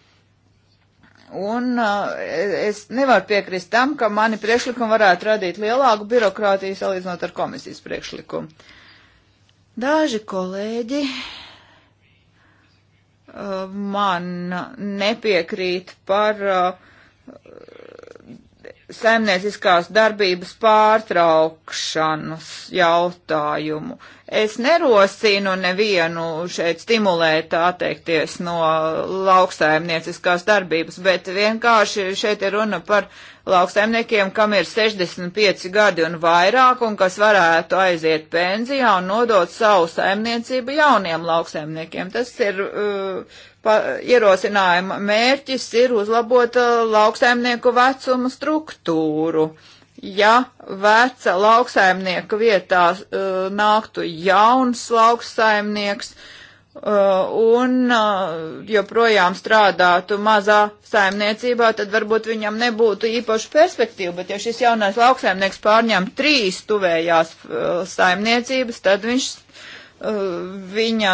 Un uh, es nevaru piekrist tam, ka mani priekšlikumi varētu radīt lielāku birokrātiju salīdzinot ar komisijas priekšlikumu. Daži kolēģi uh, man nepiekrīt par uh, saimnieciskās darbības pārtraukšanas jautājumu. Es nerosinu nevienu šeit stimulēt atteikties no lauksaimnieciskās darbības, bet vienkārši šeit ir runa par lauksaimniekiem, kam ir 65 gadi un vairāk, un kas varētu aiziet pensijā un nodot savu saimniecību jauniem lauksaimniekiem. Tas ir uh, pa, ierosinājuma mērķis ir uzlabot uh, lauksaimnieku vecumu struktūru. Ja veca lauksaimnieka vietā uh, nāktu jauns lauksaimnieks uh, un uh, joprojām strādātu mazā saimniecībā, tad varbūt viņam nebūtu īpaši perspektīva, bet ja šis jaunais lauksaimnieks pārņem trīs tuvējās uh, saimniecības, tad viņš viņa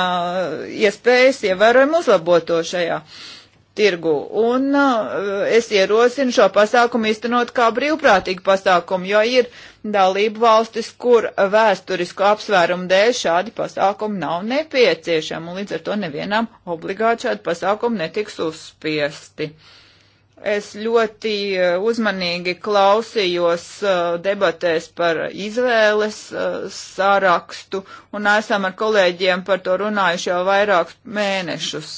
iespējas ievērojami uzlaboto šajā tirgu. Un eh, es ierosinu šo pasākumu iztenot kā brīvprātīgu pasākumu, jo ir dalību valstis, kur vēsturisku apsvērumu dēļ šādi pasākumi nav nepieciešami, un līdz ar to nevienam obligāti šādi pasākumi netiks uzspiesti. Uh, Es ļoti eh, uzmanīgi klausījos eh, debatēs par izvēles eh, sārakstu un esam ar kolēģiem par to runājuši jau vairākus mēnešus.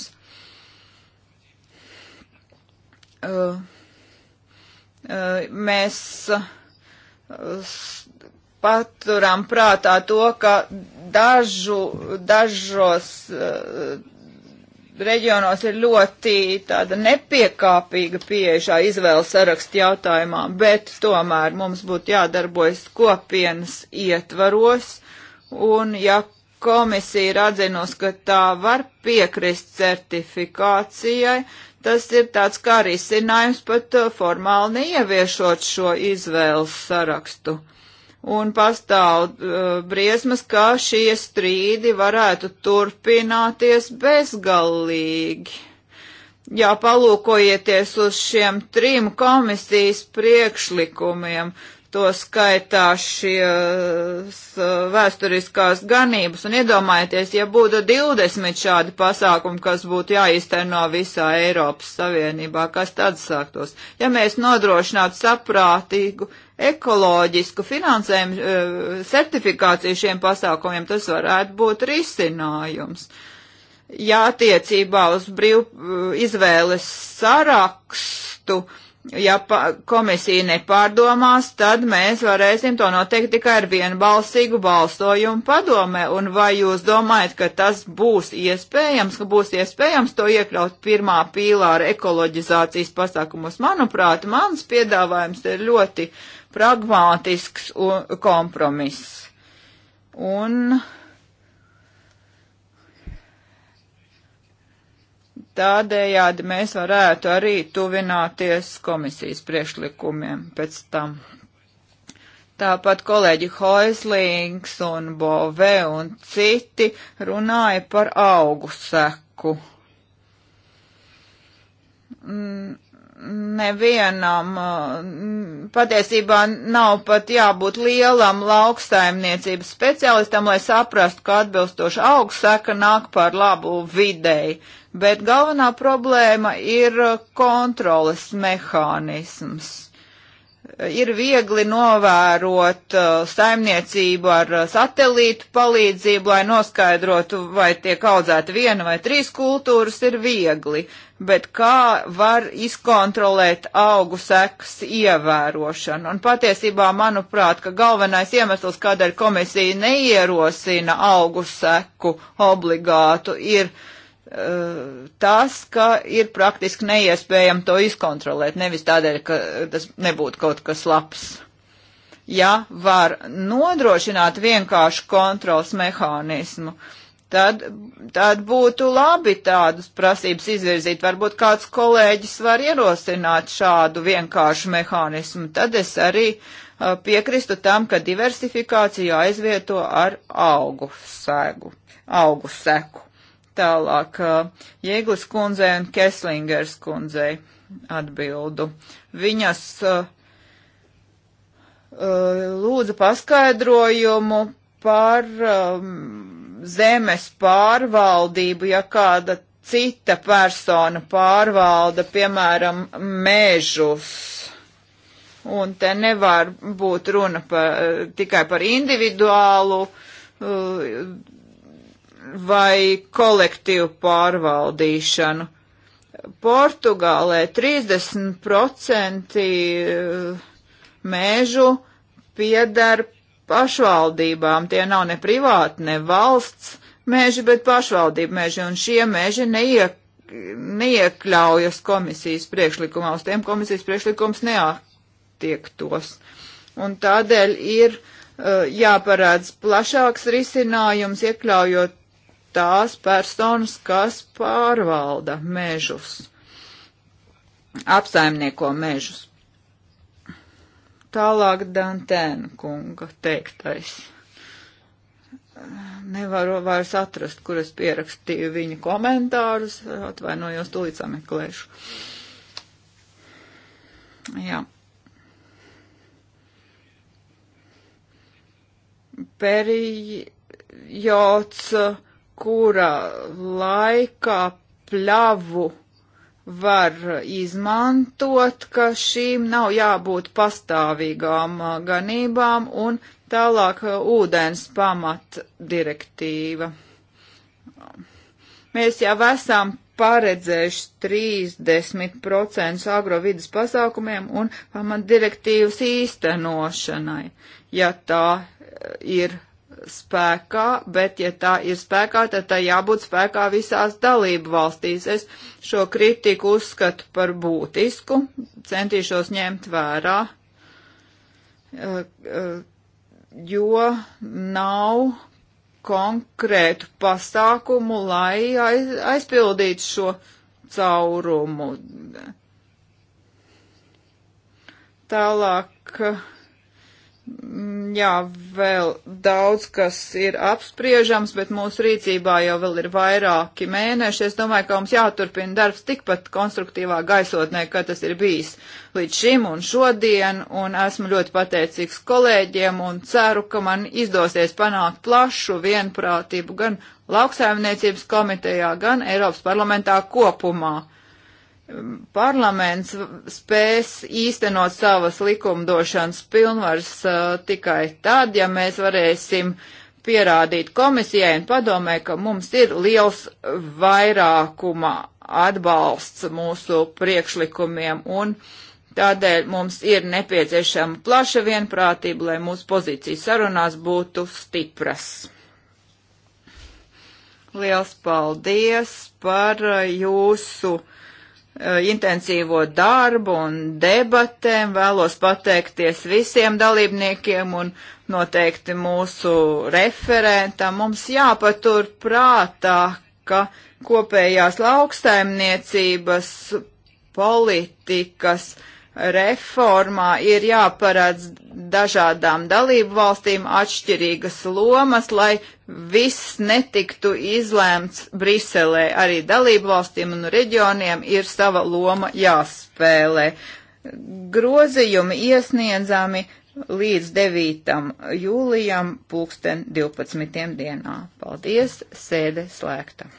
Mēs paturam prātā to, ka dažu, dažos reģionos ir ļoti tāda nepiekāpīga pieeja šā izvēles sarakstu jautājumā, bet tomēr mums būtu jādarbojas kopienas ietvaros, un ja komisija ir atzinusi, ka tā var piekrist certifikācijai, tas ir tāds kā risinājums pat formāli neieviešot šo izvēles sarakstu. Uh, un pastāv uh, briesmas, ka šie strīdi varētu turpināties bezgalīgi. Jā, palūkojieties uz šiem trim komisijas priekšlikumiem, to skaitā šīs uh, vēsturiskās ganības, un iedomājieties, ja būtu 20 šādi pasākumi, kas būtu jāīsteno visā Eiropas Savienībā, kas tad sāktos? Ja mēs nodrošinātu saprātīgu ekoloģisku finansējumu eh, certifikāciju šiem pasākumiem, tas varētu būt risinājums. Ja attiecībā uz brīv eh, izvēles sarakstu, ja komisija nepārdomās, tad mēs varēsim to noteikt tikai ar vienbalsīgu balsojumu padomē. Un vai jūs domājat, ka tas būs iespējams, ka būs iespējams to iekļaut pirmā pīlā ar ekoloģizācijas pasākumus? Manuprāt, mans piedāvājums ir ļoti uh, pragmātisks kompromiss. Un tādējādi mēs varētu arī tuvināties komisijas priekšlikumiem pēc tam. Tāpat kolēģi Hoislings un Bove un citi runāja par augu seku. Mm nevienam uh, patiesībā nav pat jābūt lielam lauksaimniecības speciālistam, lai saprastu, ka atbilstoši augstsaka nāk par labu videi. Bet galvenā problēma ir kontroles mehānisms ir viegli novērot uh, saimniecību ar uh, satelītu palīdzību, lai noskaidrotu, vai tiek audzēta viena vai trīs kultūras, ir viegli, bet kā var izkontrolēt augu sekas ievērošanu. Un patiesībā, manuprāt, ka galvenais iemesls, kādēļ komisija neierosina augu seku obligātu, ir, uh, tas, ka ir praktiski neiespējami to izkontrolēt, nevis tādēļ, ka tas nebūtu kaut kas labs. Ja var nodrošināt vienkāršu kontrols mehānismu, tad, tad būtu labi tādas prasības izvirzīt. Varbūt kāds kolēģis var ierosināt šādu vienkāršu mehānismu. Tad es arī uh, piekristu tam, ka diversifikāciju aizvieto ar augu segu. Augu seku. Tālāk uh, Jēglis kundzei un Keslingers kundzei atbildu. Viņas uh, uh, lūdza paskaidrojumu par um, zemes pārvaldību, ja kāda cita persona pārvalda, piemēram, mežus. Un te nevar būt runa par, tikai par individuālu uh, vai kolektīvu pārvaldīšanu. Portugālē 30% eh, mēžu pieder pašvaldībām. Tie nav ne privāti, ne valsts meži, bet pašvaldību meži, un šie meži neiek, neiekļaujas komisijas priekšlikumā, uz tiem komisijas priekšlikums neatiektos. Un tādēļ ir uh, eh, jāparāds plašāks risinājums, iekļaujot tās personas, kas pārvalda mežus, apsaimnieko mežus. Tālāk Dantēna kunga teiktais. Nevaru vairs atrast, kur es pierakstīju viņa komentārus, atvainojos, tūlīt sameklēšu. Jā. Perijots. Uh, kura laikā pļavu var izmantot, ka šīm nav jābūt pastāvīgām uh, ganībām un tālāk uh, ūdens pamat direktīva. Mēs jau esam paredzējuši 30% agrovidas pasākumiem un pamat direktīvas īstenošanai, ja tā uh, ir spēkā, bet ja tā ir spēkā, tad tā jābūt spēkā visās dalību valstīs. Es šo kritiku uzskatu par būtisku, centīšos ņemt vērā, eh, eh, jo nav konkrētu pasākumu, lai aizpildītu šo caurumu. Tālāk. Uh, Mm, jā, vēl daudz kas ir apspriežams, bet mūsu rīcībā jau vēl ir vairāki mēneši. Es domāju, ka mums jāturpina darbs tikpat konstruktīvā gaisotnē, kā tas ir bijis līdz šim un šodien, un esmu ļoti pateicīgs kolēģiem un ceru, ka man izdosies panākt plašu vienprātību gan lauksaimniecības komitejā, gan Eiropas parlamentā kopumā parlaments spēs īstenot savas likumdošanas pilnvaras uh, tikai tad, ja mēs varēsim pierādīt komisijai un padomē, ka mums ir liels vairākuma atbalsts mūsu priekšlikumiem un tādēļ mums ir nepieciešama plaša vienprātība, lai mūsu pozīcijas sarunās būtu stipras. Liels paldies par jūsu Uh, intensīvo darbu un debatēm. Vēlos pateikties visiem dalībniekiem un noteikti mūsu referentam. Mums jāpatur prātā, ka kopējās lauksaimniecības politikas uh, reformā ir jāparāds dažādām dalību valstīm atšķirīgas lomas, lai viss netiktu izlēmts Briselē. Arī dalību valstīm un reģioniem ir sava loma jāspēlē. Grozījumi iesniedzami līdz 9. jūlijam pulksten 12. dienā. Paldies, sēde slēgta.